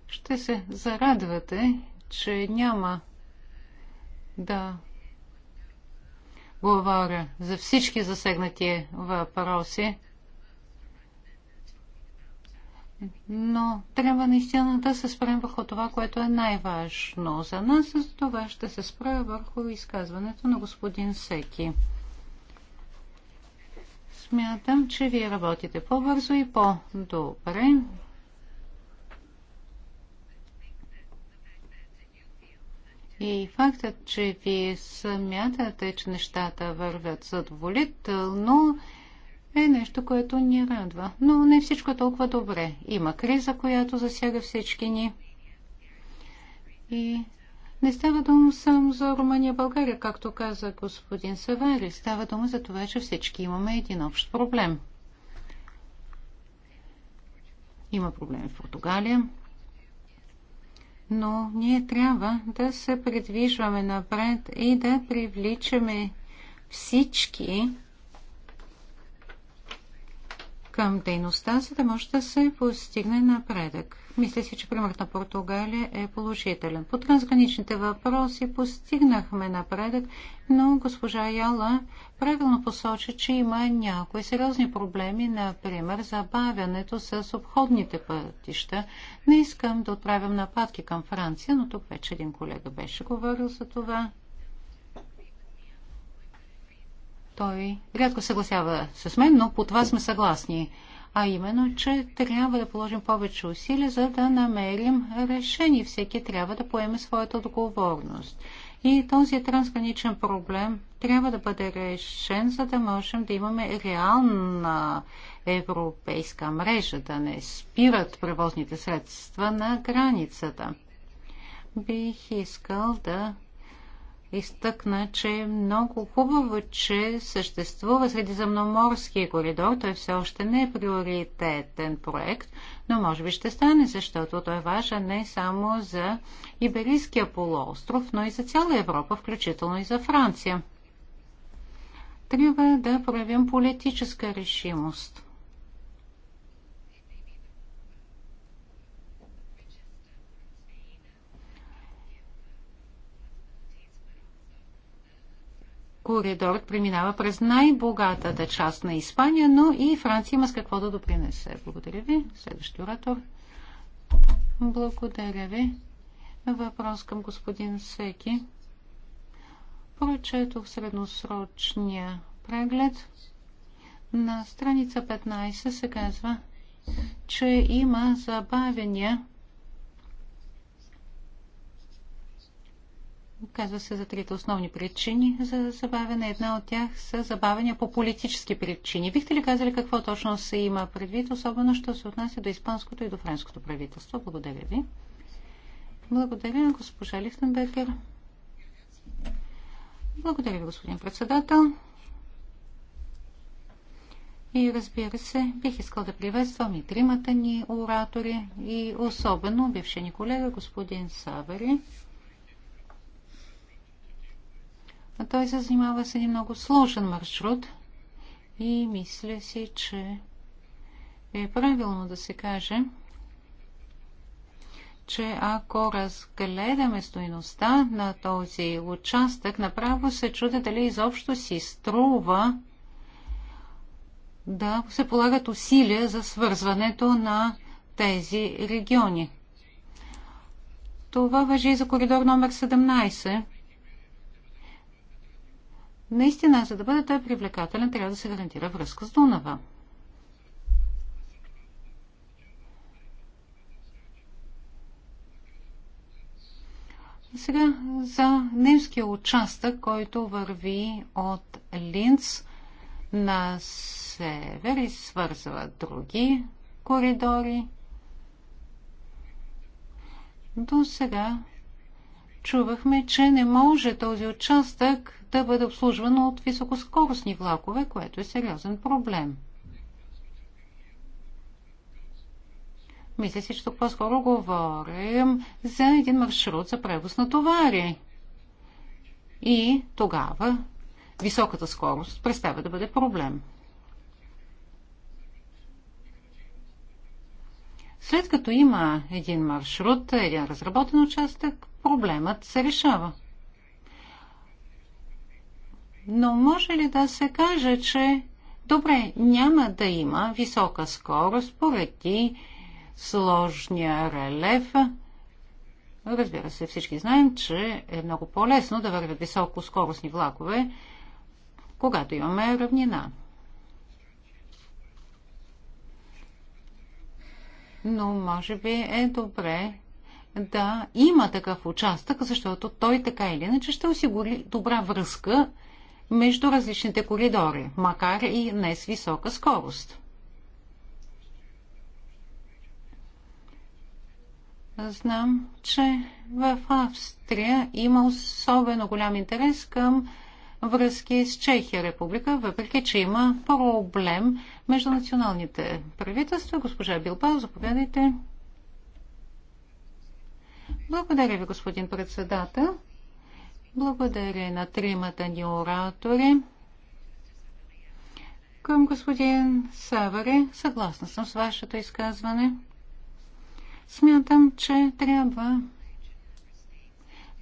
Ще се зарадвате, че няма да говоря за всички засегнати въпроси, но трябва наистина да се спрем върху това, което е най-важно за нас. За това ще се спра върху изказването на господин Секи. Смятам, че вие работите по-бързо и по-добре. И фактът, че ви смятате, че нещата вървят задоволително, е нещо, което ни радва. Но не всичко е толкова добре. Има криза, която засяга всички ни. И не става дума само за Румъния България, както каза господин Савари. Става дума за това, че всички имаме един общ проблем. Има проблеми в Португалия, но ние трябва да се придвижваме напред и да привличаме всички към дейността, за да може да се постигне напредък. Мисля си, че примерът на Португалия е положителен. По трансграничните въпроси постигнахме напредък, но госпожа Яла правилно посочи, че има някои сериозни проблеми, например забавянето с обходните пътища. Не искам да отправям нападки към Франция, но тук вече един колега беше говорил за това. Той рядко съгласява с мен, но по това сме съгласни. А именно, че трябва да положим повече усилия, за да намерим решение. Всеки трябва да поеме своята отговорност. И този трансграничен проблем трябва да бъде решен, за да можем да имаме реална европейска мрежа, да не спират превозните средства на границата. Бих искал да изтъкна, че е много хубаво, че съществува Средиземноморския коридор. Той все още не е приоритетен проект, но може би ще стане, защото той е важен не само за Иберийския полуостров, но и за цяла Европа, включително и за Франция. Трябва да проявим политическа решимост. коридорът преминава през най-богатата част на Испания, но и Франция има с какво да допринесе. Благодаря ви. Следващи оратор. Благодаря ви. Въпрос към господин Секи. прочето в средносрочния преглед. На страница 15 се казва, че има забавения Казва се за трите основни причини за забавяне. Една от тях са забавяния по политически причини. Бихте ли казали какво точно се има предвид, особено що се отнася до испанското и до френското правителство? Благодаря ви. Благодаря, госпожа Лихтенбергер. Благодаря ви, господин председател. И разбира се, бих искал да приветствам и тримата ни оратори, и особено бившия ни колега господин Савери. Той се занимава с един много сложен маршрут и мисля си, че е правилно да се каже, че ако разгледаме стоиността на този участък, направо се чуде дали изобщо си струва да се полагат усилия за свързването на тези региони. Това въжи и за коридор номер 17. Наистина, за да бъде той привлекателен, трябва да се гарантира връзка с Дунава. Сега за немския участък, който върви от Линц на север и свързва други коридори. До сега чувахме, че не може този участък да бъде обслужван от високоскоростни влакове, което е сериозен проблем. Мисля си, че тук по-скоро говорим за един маршрут за превоз на товари. И тогава високата скорост представя да бъде проблем. След като има един маршрут, един разработен участък, проблемът се решава. Но може ли да се каже, че добре, няма да има висока скорост поради сложния релеф? Разбира се, всички знаем, че е много по-лесно да вървят високоскоростни влакове, когато имаме равнина. но може би е добре да има такъв участък, защото той така или иначе ще осигури добра връзка между различните коридори, макар и не с висока скорост. Знам, че в Австрия има особено голям интерес към връзки с Чехия република, въпреки че има проблем между националните правителства. Госпожа Билбао, заповядайте. Благодаря ви, господин председател. Благодаря на тримата ни оратори. Към господин Савари, съгласна съм с вашето изказване. Смятам, че трябва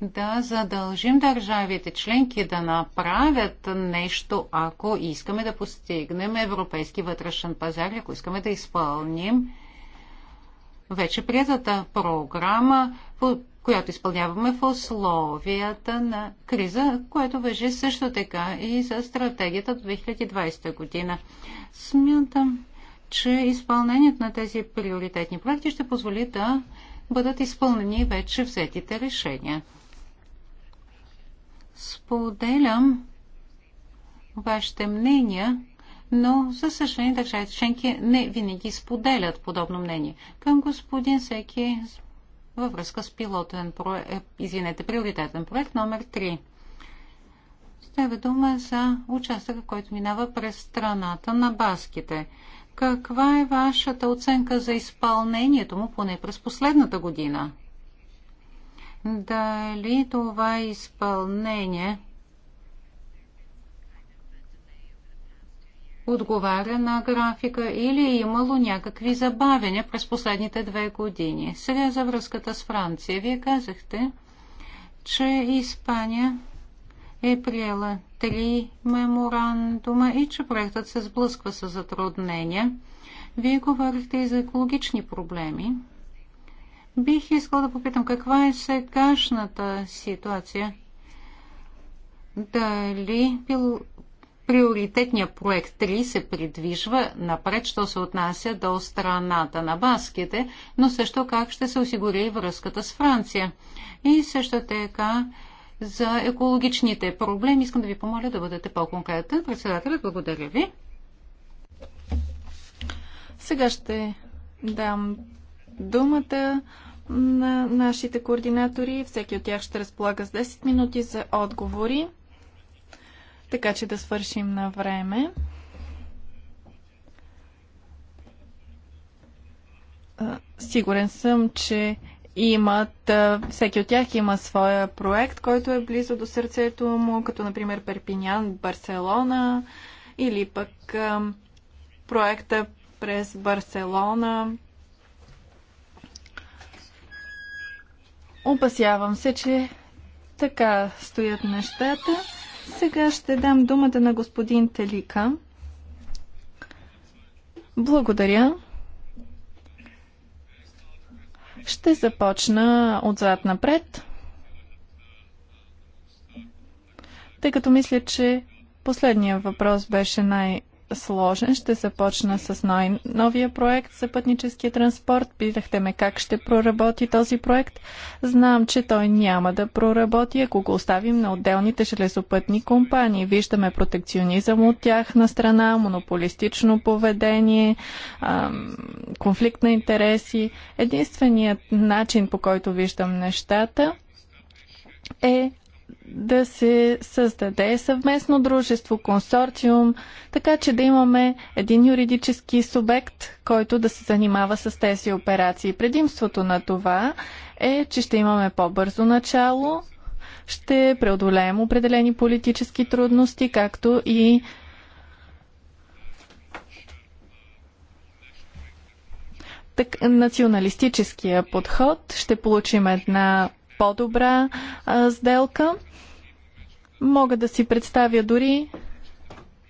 да задължим държавите членки да направят нещо, ако искаме да постигнем европейски вътрешен пазар, ако искаме да изпълним вече приятата програма, която изпълняваме в условията на криза, което въжи също така и за стратегията от 2020 година. Смятам, че изпълнението на тези приоритетни проекти ще позволи да бъдат изпълнени вече взетите решения. Споделям вашите мнения, но за съжаление държавите членки не винаги споделят подобно мнение. Към господин Секи във връзка с пилотен проект, е, извинете, приоритетен проект номер 3. Става дума за участъка, който минава през страната на баските. Каква е вашата оценка за изпълнението му поне през последната година? дали това е изпълнение отговаря на графика или е имало някакви забавения през последните две години. Сега за връзката с Франция. Вие казахте, че Испания е приела три меморандума и че проектът се сблъсква с затруднения. Вие говорихте и за екологични проблеми. Бих искал да попитам каква е сегашната ситуация. Дали пил... приоритетният проект 3 се придвижва напред, що се отнася до страната на баските, но също как ще се осигури връзката с Франция. И също така за екологичните проблеми. Искам да ви помоля да бъдете по-конкретен. Председателят, благодаря ви. Сега ще дам думата на нашите координатори. Всеки от тях ще разполага с 10 минути за отговори, така че да свършим на време. Сигурен съм, че имат, всеки от тях има своя проект, който е близо до сърцето му, като например Перпинян, Барселона или пък проекта през Барселона Опасявам се, че така стоят нещата. Сега ще дам думата на господин Телика. Благодаря. Ще започна отзад напред, тъй като мисля, че последният въпрос беше най- сложен. Ще започна с най-новия проект за пътническия транспорт. Питахте ме как ще проработи този проект. Знам, че той няма да проработи, ако го оставим на отделните железопътни компании. Виждаме протекционизъм от тях на страна, монополистично поведение, конфликт на интереси. Единственият начин, по който виждам нещата, е да се създаде съвместно дружество, консорциум, така че да имаме един юридически субект, който да се занимава с тези операции. Предимството на това е, че ще имаме по-бързо начало, ще преодолеем определени политически трудности, както и так, националистическия подход. Ще получим една по-добра сделка. Мога да си представя дори,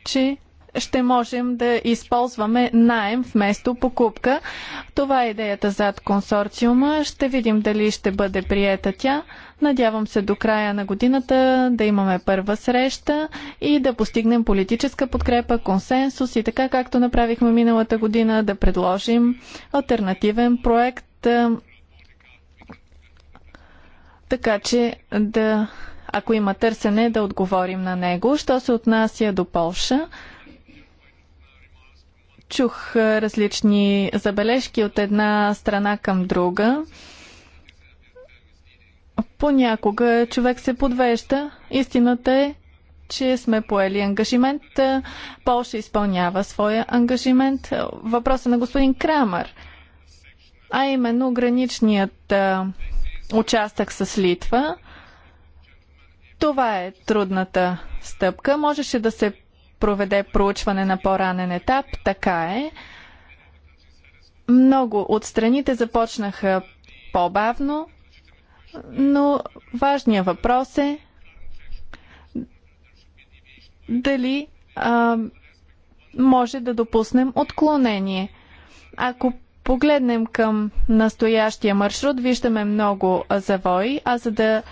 че ще можем да използваме найем вместо покупка. Това е идеята зад консорциума. Ще видим дали ще бъде приета тя. Надявам се до края на годината да имаме първа среща и да постигнем политическа подкрепа, консенсус и така както направихме миналата година да предложим альтернативен проект така че да, ако има търсене, да отговорим на него. Що се отнася до Полша, чух различни забележки от една страна към друга. Понякога човек се подвежда. Истината е, че сме поели ангажимент. Полша изпълнява своя ангажимент. Въпросът на господин Крамър, а именно граничният участък с Литва. Това е трудната стъпка. Можеше да се проведе проучване на по-ранен етап, така е. Много от страните започнаха по-бавно, но важният въпрос е дали а, може да допуснем отклонение. Ако погледнем към настоящия маршрут, виждаме много завои, а за да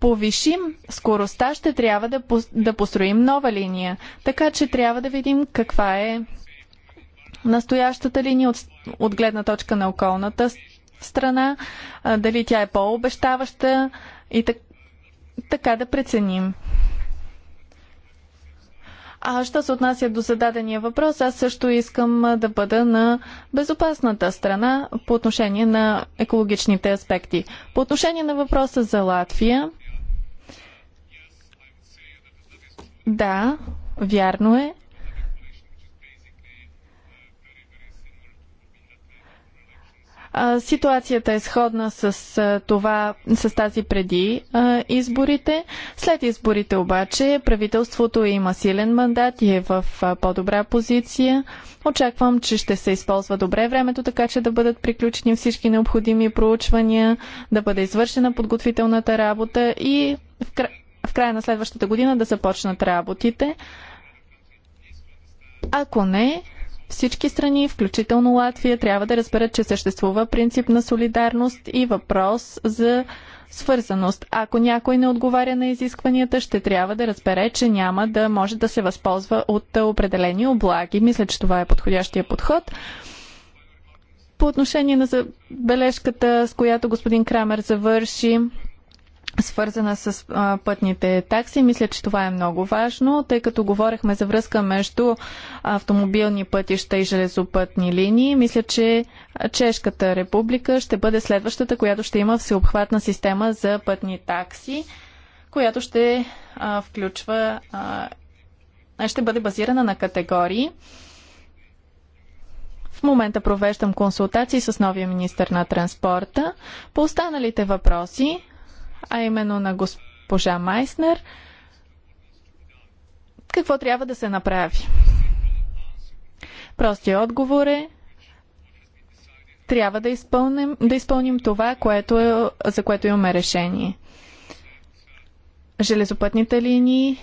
повишим скоростта, ще трябва да, да построим нова линия. Така че трябва да видим каква е настоящата линия от, от гледна точка на околната страна, дали тя е по-обещаваща и так, така да преценим а що се отнася до зададения въпрос, аз също искам да бъда на безопасната страна по отношение на екологичните аспекти. По отношение на въпроса за Латвия, да, вярно е, Ситуацията е сходна с, това, с тази преди изборите. След изборите обаче правителството има силен мандат и е в по-добра позиция. Очаквам, че ще се използва добре времето, така че да бъдат приключени всички необходими проучвания, да бъде извършена подготвителната работа и в, кра... в края на следващата година да започнат работите. Ако не, всички страни, включително Латвия, трябва да разберат, че съществува принцип на солидарност и въпрос за свързаност. Ако някой не отговаря на изискванията, ще трябва да разбере, че няма да може да се възползва от определени облаги. Мисля, че това е подходящия подход. По отношение на забележката, с която господин Крамер завърши, свързана с а, пътните такси. Мисля, че това е много важно, тъй като говорихме за връзка между автомобилни пътища и железопътни линии. Мисля, че Чешката република ще бъде следващата, която ще има всеобхватна система за пътни такси, която ще а, включва. А, ще бъде базирана на категории. В момента провеждам консултации с новия министр на транспорта. По останалите въпроси а именно на госпожа Майснер, какво трябва да се направи? Простият отговор е трябва да изпълним, да изпълним това, което е, за което имаме решение. Железопътните линии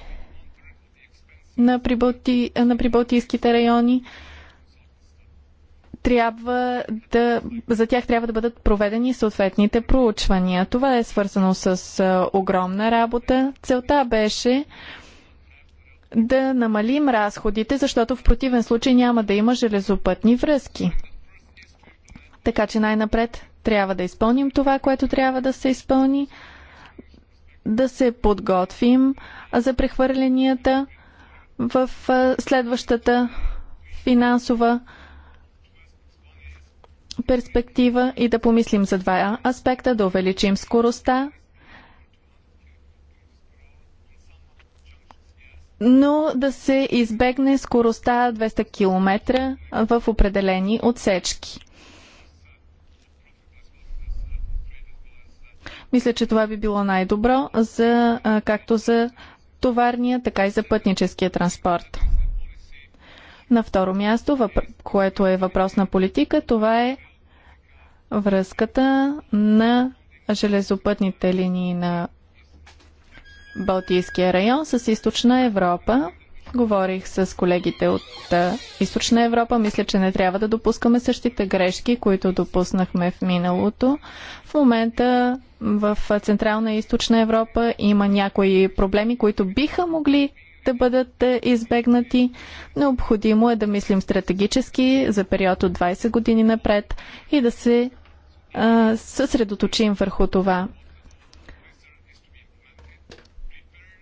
на, прибалти, на прибалтийските райони – трябва да, за тях трябва да бъдат проведени съответните проучвания. Това е свързано с огромна работа. Целта беше да намалим разходите, защото в противен случай няма да има железопътни връзки. Така че най-напред трябва да изпълним това, което трябва да се изпълни, да се подготвим за прехвърленията в следващата финансова перспектива и да помислим за два аспекта, да увеличим скоростта, но да се избегне скоростта 200 км в определени отсечки. Мисля, че това би било най-добро за, както за товарния, така и за пътническия транспорт. На второ място, което е въпрос на политика, това е връзката на железопътните линии на Балтийския район с Източна Европа. Говорих с колегите от Източна Европа. Мисля, че не трябва да допускаме същите грешки, които допуснахме в миналото. В момента в Централна и Източна Европа има някои проблеми, които биха могли да бъдат избегнати. Необходимо е да мислим стратегически за период от 20 години напред и да се съсредоточим върху това.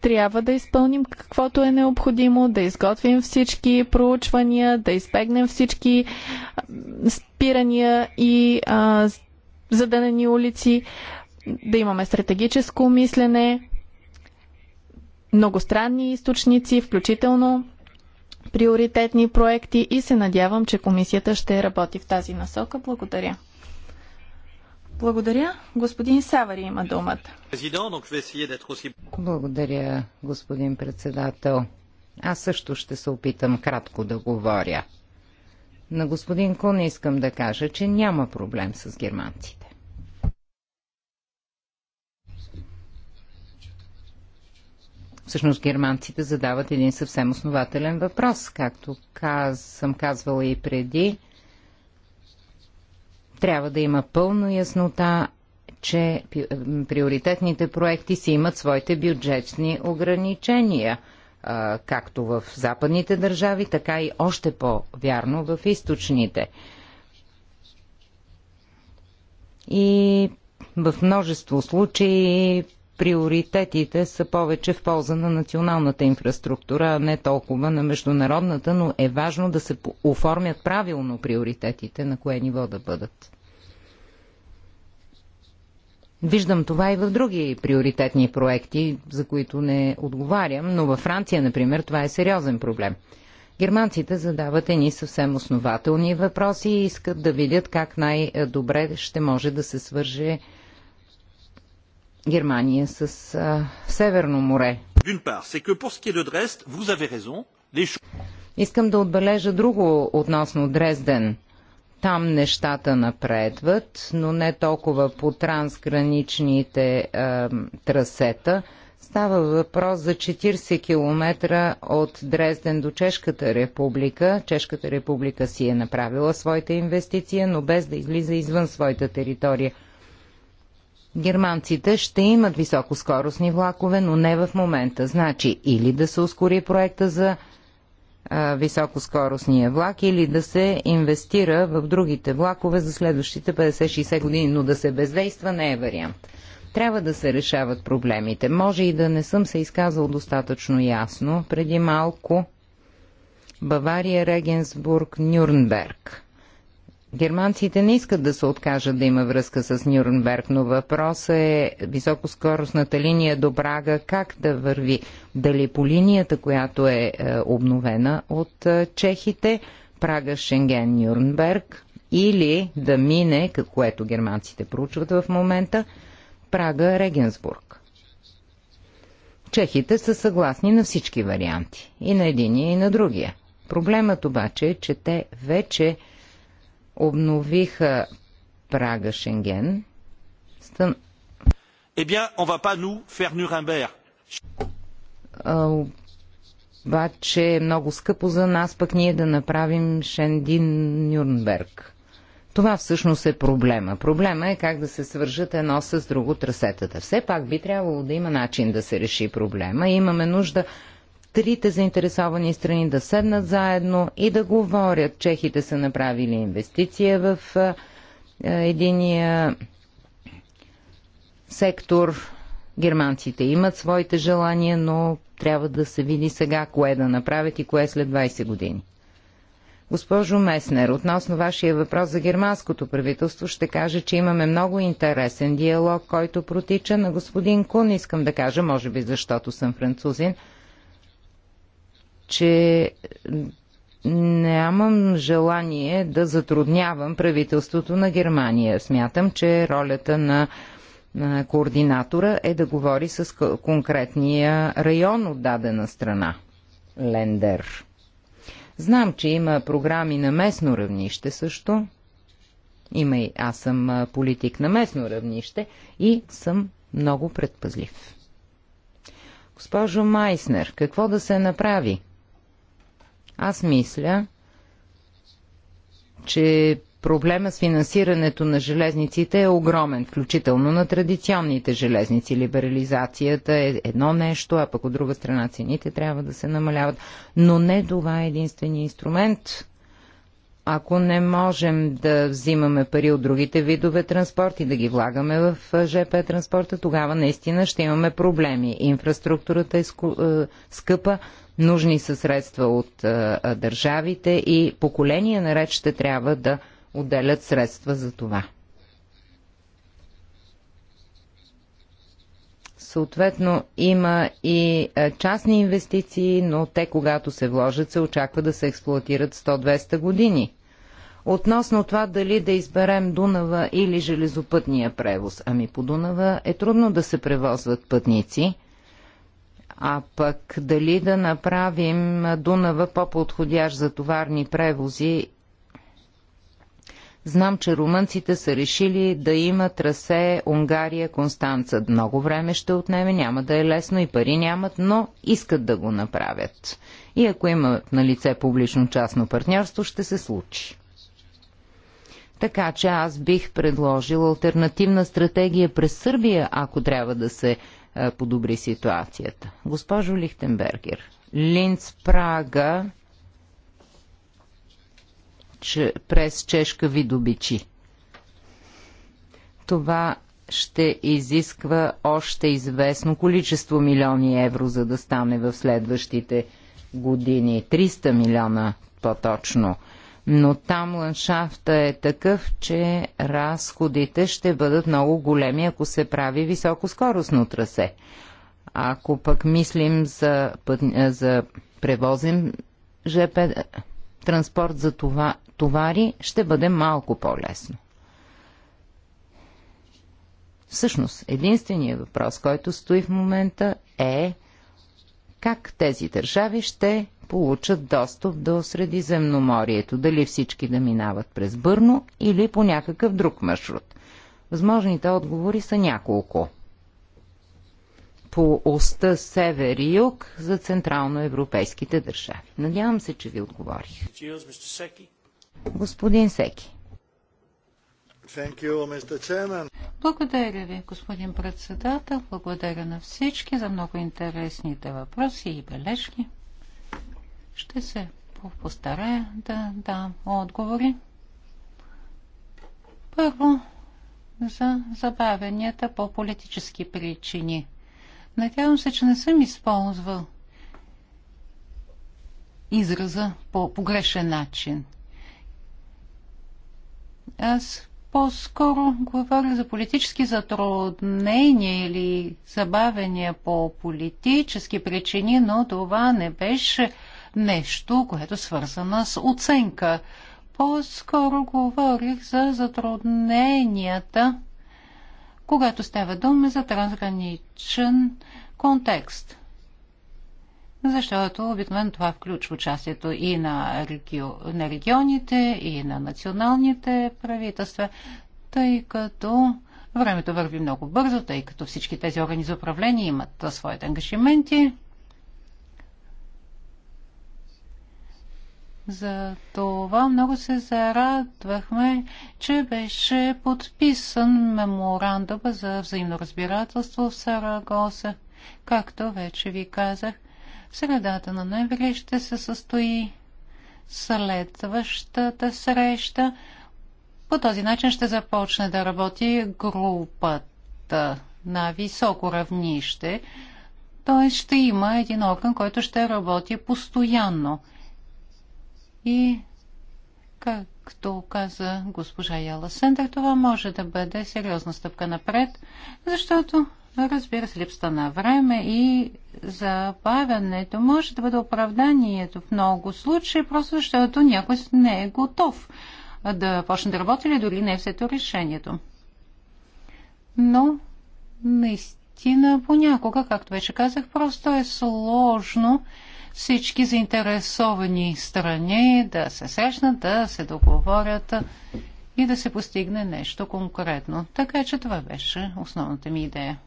Трябва да изпълним каквото е необходимо, да изготвим всички проучвания, да избегнем всички спирания и а, задънени улици, да имаме стратегическо мислене, многостранни източници, включително приоритетни проекти и се надявам, че комисията ще работи в тази насока. Благодаря. Благодаря. Господин Савари има думата. Благодаря, господин председател. Аз също ще се опитам кратко да говоря. На господин Кун искам да кажа, че няма проблем с германците. Всъщност германците задават един съвсем основателен въпрос, както каз, съм казвала и преди – трябва да има пълна яснота, че приоритетните проекти си имат своите бюджетни ограничения, както в западните държави, така и още по-вярно в източните. И в множество случаи приоритетите са повече в полза на националната инфраструктура, а не толкова на международната, но е важно да се оформят правилно приоритетите, на кое ниво да бъдат. Виждам това и в други приоритетни проекти, за които не отговарям, но във Франция, например, това е сериозен проблем. Германците задават едни съвсем основателни въпроси и искат да видят как най-добре ще може да се свърже Германия с а, Северно море. Искам да отбележа друго относно Дрезден. Там нещата напредват, но не толкова по трансграничните а, трасета. Става въпрос за 40 км от Дрезден до Чешката република. Чешката република си е направила своите инвестиция, но без да излиза извън своята територия – германците ще имат високоскоростни влакове, но не в момента. Значи или да се ускори проекта за а, високоскоростния влак, или да се инвестира в другите влакове за следващите 50-60 години, но да се бездейства не е вариант. Трябва да се решават проблемите. Може и да не съм се изказал достатъчно ясно. Преди малко Бавария, Регенсбург, Нюрнберг – Германците не искат да се откажат да има връзка с Нюрнберг, но въпросът е високоскоростната линия до Брага как да върви. Дали по линията, която е, е обновена от е, чехите, Прага, Шенген, Нюрнберг, или да мине, което германците проучват в момента, Прага, Регенсбург. Чехите са съгласни на всички варианти. И на единия, и на другия. Проблемът обаче е, че те вече обновиха прага Шенген. Стън... Eh bien, on va pas nous faire Nuremberg. Обаче е много скъпо за нас пък ние да направим Шендин Нюрнберг. Това всъщност е проблема. Проблема е как да се свържат едно с друго трасетата. Все пак би трябвало да има начин да се реши проблема. Имаме нужда трите заинтересовани страни да седнат заедно и да говорят. Чехите са направили инвестиция в единия сектор. Германците имат своите желания, но трябва да се види сега кое да направят и кое след 20 години. Госпожо Меснер, относно вашия въпрос за германското правителство, ще кажа, че имаме много интересен диалог, който протича на господин Кун, искам да кажа, може би защото съм французин, че нямам желание да затруднявам правителството на Германия. Смятам, че ролята на координатора е да говори с конкретния район от дадена страна. Лендер. Знам, че има програми на местно равнище също. Има и аз съм политик на местно равнище и съм много предпазлив. Госпожо Майснер, какво да се направи? Аз мисля, че проблема с финансирането на железниците е огромен, включително на традиционните железници. Либерализацията е едно нещо, а пък от друга страна цените трябва да се намаляват. Но не това е единствения инструмент. Ако не можем да взимаме пари от другите видове транспорт и да ги влагаме в ЖП транспорта, тогава наистина ще имаме проблеми. Инфраструктурата е, е скъпа, Нужни са средства от а, а, държавите и поколения наред ще трябва да отделят средства за това. Съответно, има и частни инвестиции, но те, когато се вложат, се очаква да се експлуатират 100-200 години. Относно това дали да изберем Дунава или железопътния превоз, ами по Дунава е трудно да се превозват пътници – а пък дали да направим Дунава по-подходящ за товарни превози Знам, че румънците са решили да има трасе Унгария-Констанца. Много време ще отнеме, няма да е лесно и пари нямат, но искат да го направят. И ако имат на лице публично-частно партньорство, ще се случи. Така че аз бих предложил альтернативна стратегия през Сърбия, ако трябва да се е, подобри ситуацията. Госпожо Лихтенбергер, Линц Прага че, през Чешка ви добичи. Това ще изисква още известно количество милиони евро, за да стане в следващите години. 300 милиона по-точно но там ландшафта е такъв, че разходите ще бъдат много големи, ако се прави високоскоростно трасе. Ако пък мислим за, път, е, за превозен ЖП транспорт за това, товари, ще бъде малко по-лесно. Всъщност, единственият въпрос, който стои в момента е как тези държави ще получат достъп до Средиземноморието, дали всички да минават през Бърно или по някакъв друг маршрут. Възможните отговори са няколко. По оста север и юг за централноевропейските държави. Надявам се, че ви отговорих. Господин Секи. Благодаря ви, господин председател. Благодаря на всички за много интересните въпроси и бележки. Ще се постарая да дам отговори. Първо, за забавенията по политически причини. Надявам се, че не съм използвал израза по погрешен начин. Аз по-скоро говоря за политически затруднения или забавения по политически причини, но това не беше нещо, което е свързано с оценка. По-скоро говорих за затрудненията, когато става дума за трансграничен контекст. Защото обикновено това включва участието и на, регио, на регионите, и на националните правителства, тъй като времето върви много бързо, тъй като всички тези органи за управление имат своите ангажименти. За това много се зарадвахме, че беше подписан меморандум за взаимно разбирателство в Сарагоса. Както вече ви казах, в средата на ноември ще се състои следващата среща. По този начин ще започне да работи групата на високо равнище. Т.е. ще има един орган, който ще работи постоянно – и както каза госпожа Яла Сендер, това може да бъде сериозна стъпка напред, защото разбира се, липста на време и забавянето може да бъде оправданието в много случаи, просто защото някой не е готов да почне да работи или дори не е взето решението. Но, наистина, понякога, както вече казах, просто е сложно всички заинтересовани страни да се срещнат, да се договорят и да се постигне нещо конкретно. Така че това беше основната ми идея.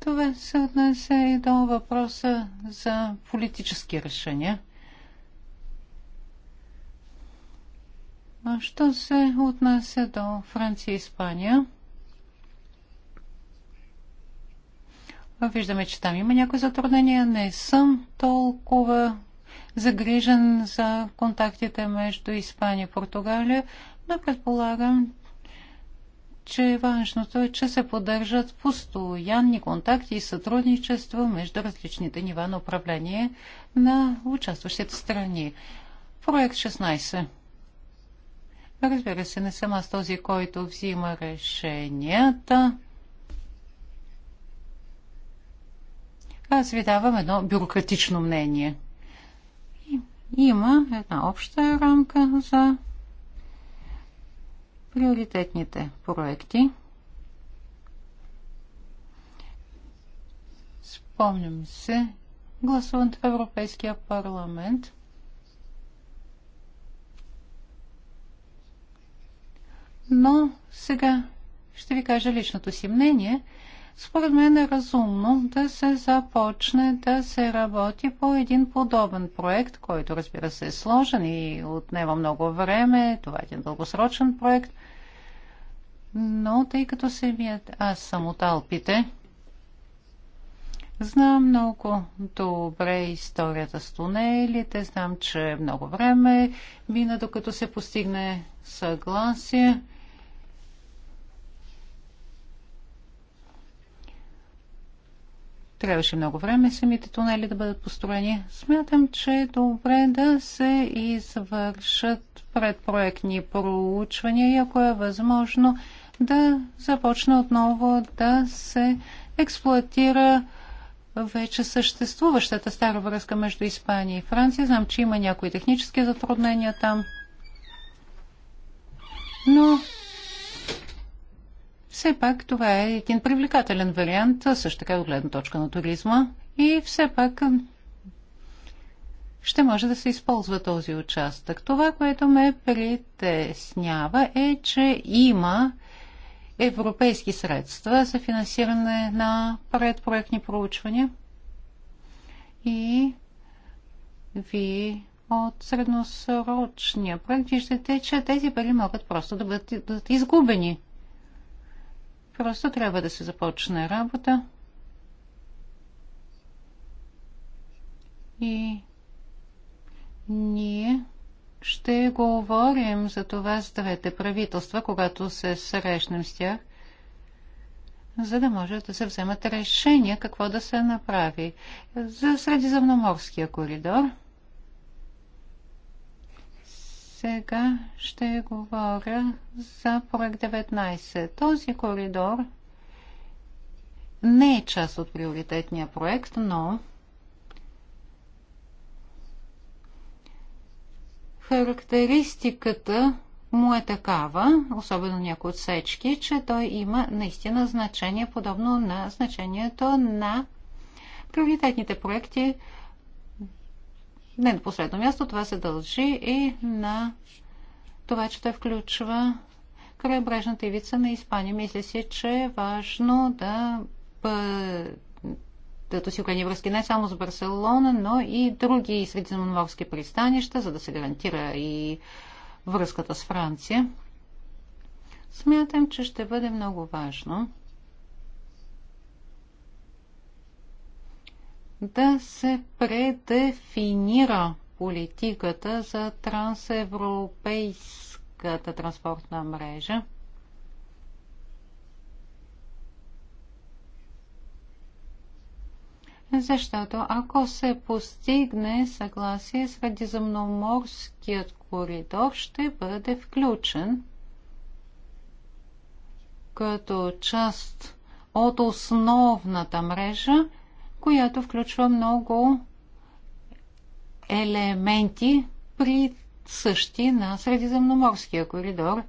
Това се отнесе и до въпроса за политически решения. А що се отнася до Франция и Испания? Виждаме, че там има някои затруднения. Не съм толкова загрижен за контактите между Испания и Португалия, но предполагам, че важното е, че се поддържат постоянни контакти и сътрудничество между различните нива на управление на участващите страни. Проект 16. Разбира се, не съм аз този, който взима решенията. аз ви давам едно бюрократично мнение. И, има една обща рамка за приоритетните проекти. Спомням се гласуването в Европейския парламент. Но сега ще ви кажа личното си мнение – според мен е разумно да се започне да се работи по един подобен проект, който разбира се е сложен и отнема много време. Това е един дългосрочен проект. Но тъй като вият, е- аз съм от Алпите, Знам много добре историята с тунелите. Знам, че много време мина, докато се постигне съгласие. Трябваше много време самите тунели да бъдат построени. Смятам, че е добре да се извършат предпроектни проучвания и ако е възможно да започне отново да се експлуатира вече съществуващата стара връзка между Испания и Франция. Знам, че има някои технически затруднения там. Но все пак това е един привлекателен вариант, също така от гледна точка на туризма. И все пак ще може да се използва този участък. Това, което ме притеснява е, че има европейски средства за финансиране на предпроектни проучвания и ви от средносрочния проект виждате, че тези пари могат просто да бъдат, да бъдат изгубени. Просто трябва да се започне работа. И ние ще говорим за това с двете правителства, когато се срещнем с тях, за да може да се вземат решения какво да се направи за Средиземноморския коридор – сега ще говоря за проект 19. Този коридор не е част от приоритетния проект, но характеристиката му е такава, особено някои отсечки, че той има наистина значение, подобно на значението на приоритетните проекти не на последно място, това се дължи и на това, че той включва крайбрежната ивица на Испания. Мисля си, че е важно да си осигурени връзки не само с Барселона, но и други средиземноморски пристанища, за да се гарантира и връзката с Франция. Смятам, че ще бъде много важно да се предефинира политиката за трансевропейската транспортна мрежа. Защото ако се постигне съгласие, средиземноморският коридор ще бъде включен като част от основната мрежа която включва много елементи при същи на Средиземноморския коридор,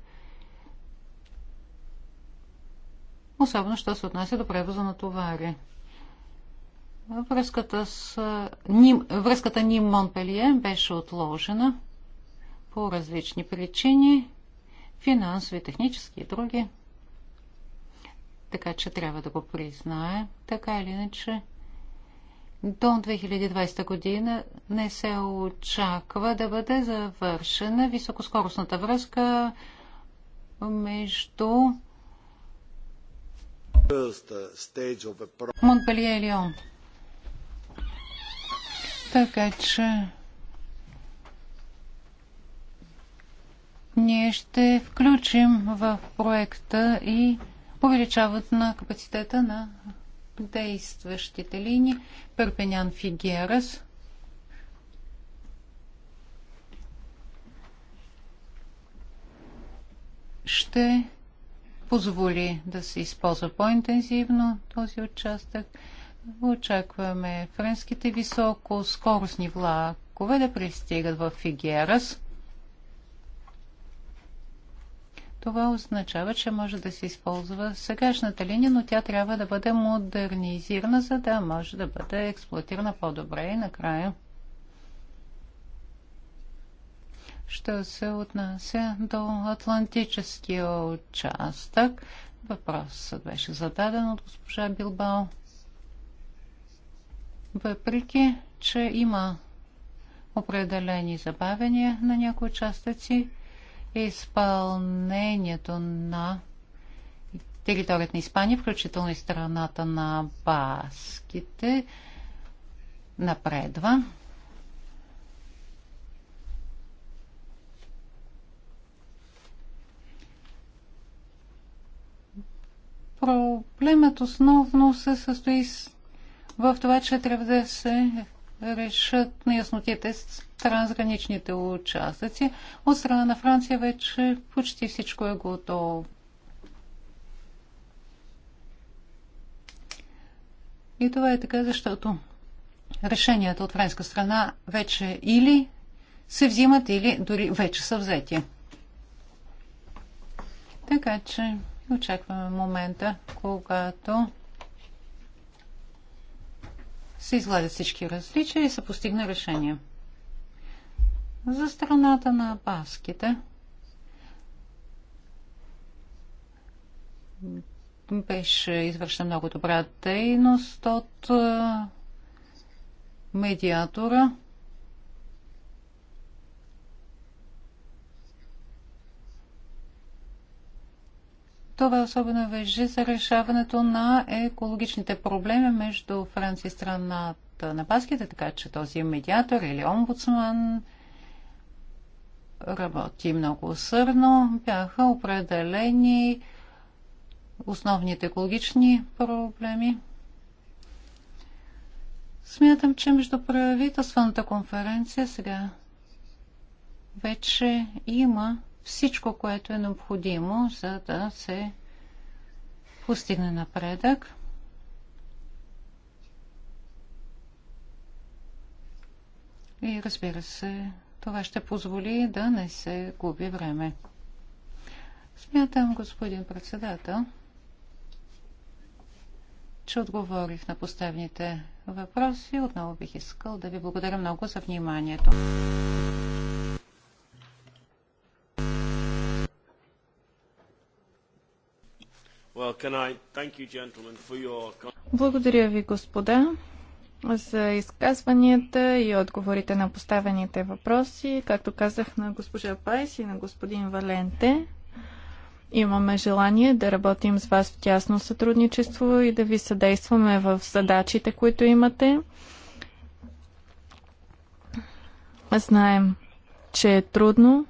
особено що се отнася до превоза на товари. Връзката, с, Ним, връзката Ним Монпелие беше отложена по различни причини, финансови, технически и други. Така че трябва да го признае, така или иначе до 2020 година не се очаква да бъде завършена високоскоростната връзка между Монпелие и Лион. Така че ние ще включим в проекта и увеличават на капацитета на действащите линии Перпенян Фигерас. ще позволи да се използва по-интензивно този участък. Очакваме френските високо скоростни влакове да пристигат в Фигерас – Това означава, че може да се използва сегашната линия, но тя трябва да бъде модернизирана, за да може да бъде експлуатирана по-добре и накрая. Що се отнася до Атлантическия участък, въпросът беше зададен от госпожа Билбао. Въпреки, че има определени забавения на някои участъци, изпълнението на територията на Испания, включително и страната на Баските, напредва. Проблемът основно се състои в това, че трябва да се решат неяснотите с трансграничните участъци. От страна на Франция вече почти всичко е готово. И това е така, защото решенията от френска страна вече или се взимат, или дори вече са взети. Така че очакваме момента, когато се изгладят всички различия и се постигне решение. За страната на Паските беше извършена много добра дейност от медиатора – Това особено въжи за решаването на екологичните проблеми между Франция и страната на Паските, така че този медиатор или омбудсман работи много усърно. Бяха определени основните екологични проблеми. Смятам, че между правителствената конференция сега вече има всичко, което е необходимо, за да се постигне напредък. И разбира се, това ще позволи да не се губи време. Смятам, господин председател, че отговорих на поставените въпроси. Отново бих искал да ви благодаря много за вниманието. Благодаря ви, господа, за изказванията и отговорите на поставените въпроси. Както казах на госпожа Пайс и на господин Валенте, имаме желание да работим с вас в тясно сътрудничество и да ви съдействаме в задачите, които имате. Знаем, че е трудно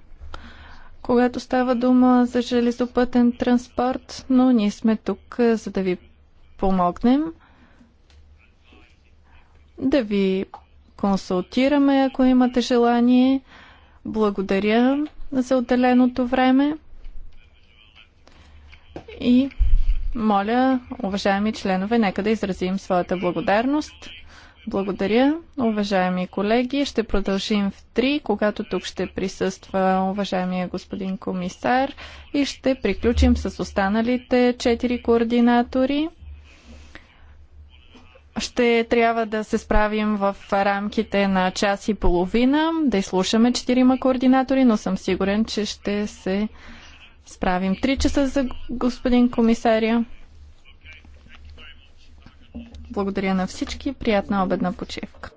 когато става дума за железопътен транспорт, но ние сме тук, е, за да ви помогнем, да ви консултираме, ако имате желание. Благодаря за отделеното време. И моля, уважаеми членове, нека да изразим своята благодарност. Благодаря, уважаеми колеги. Ще продължим в 3, когато тук ще присъства уважаемия господин комисар и ще приключим с останалите 4 координатори. Ще трябва да се справим в рамките на час и половина, да изслушаме 4 координатори, но съм сигурен, че ще се справим. 3 часа за господин комисаря. Благодаря на всички. Приятна обедна почивка.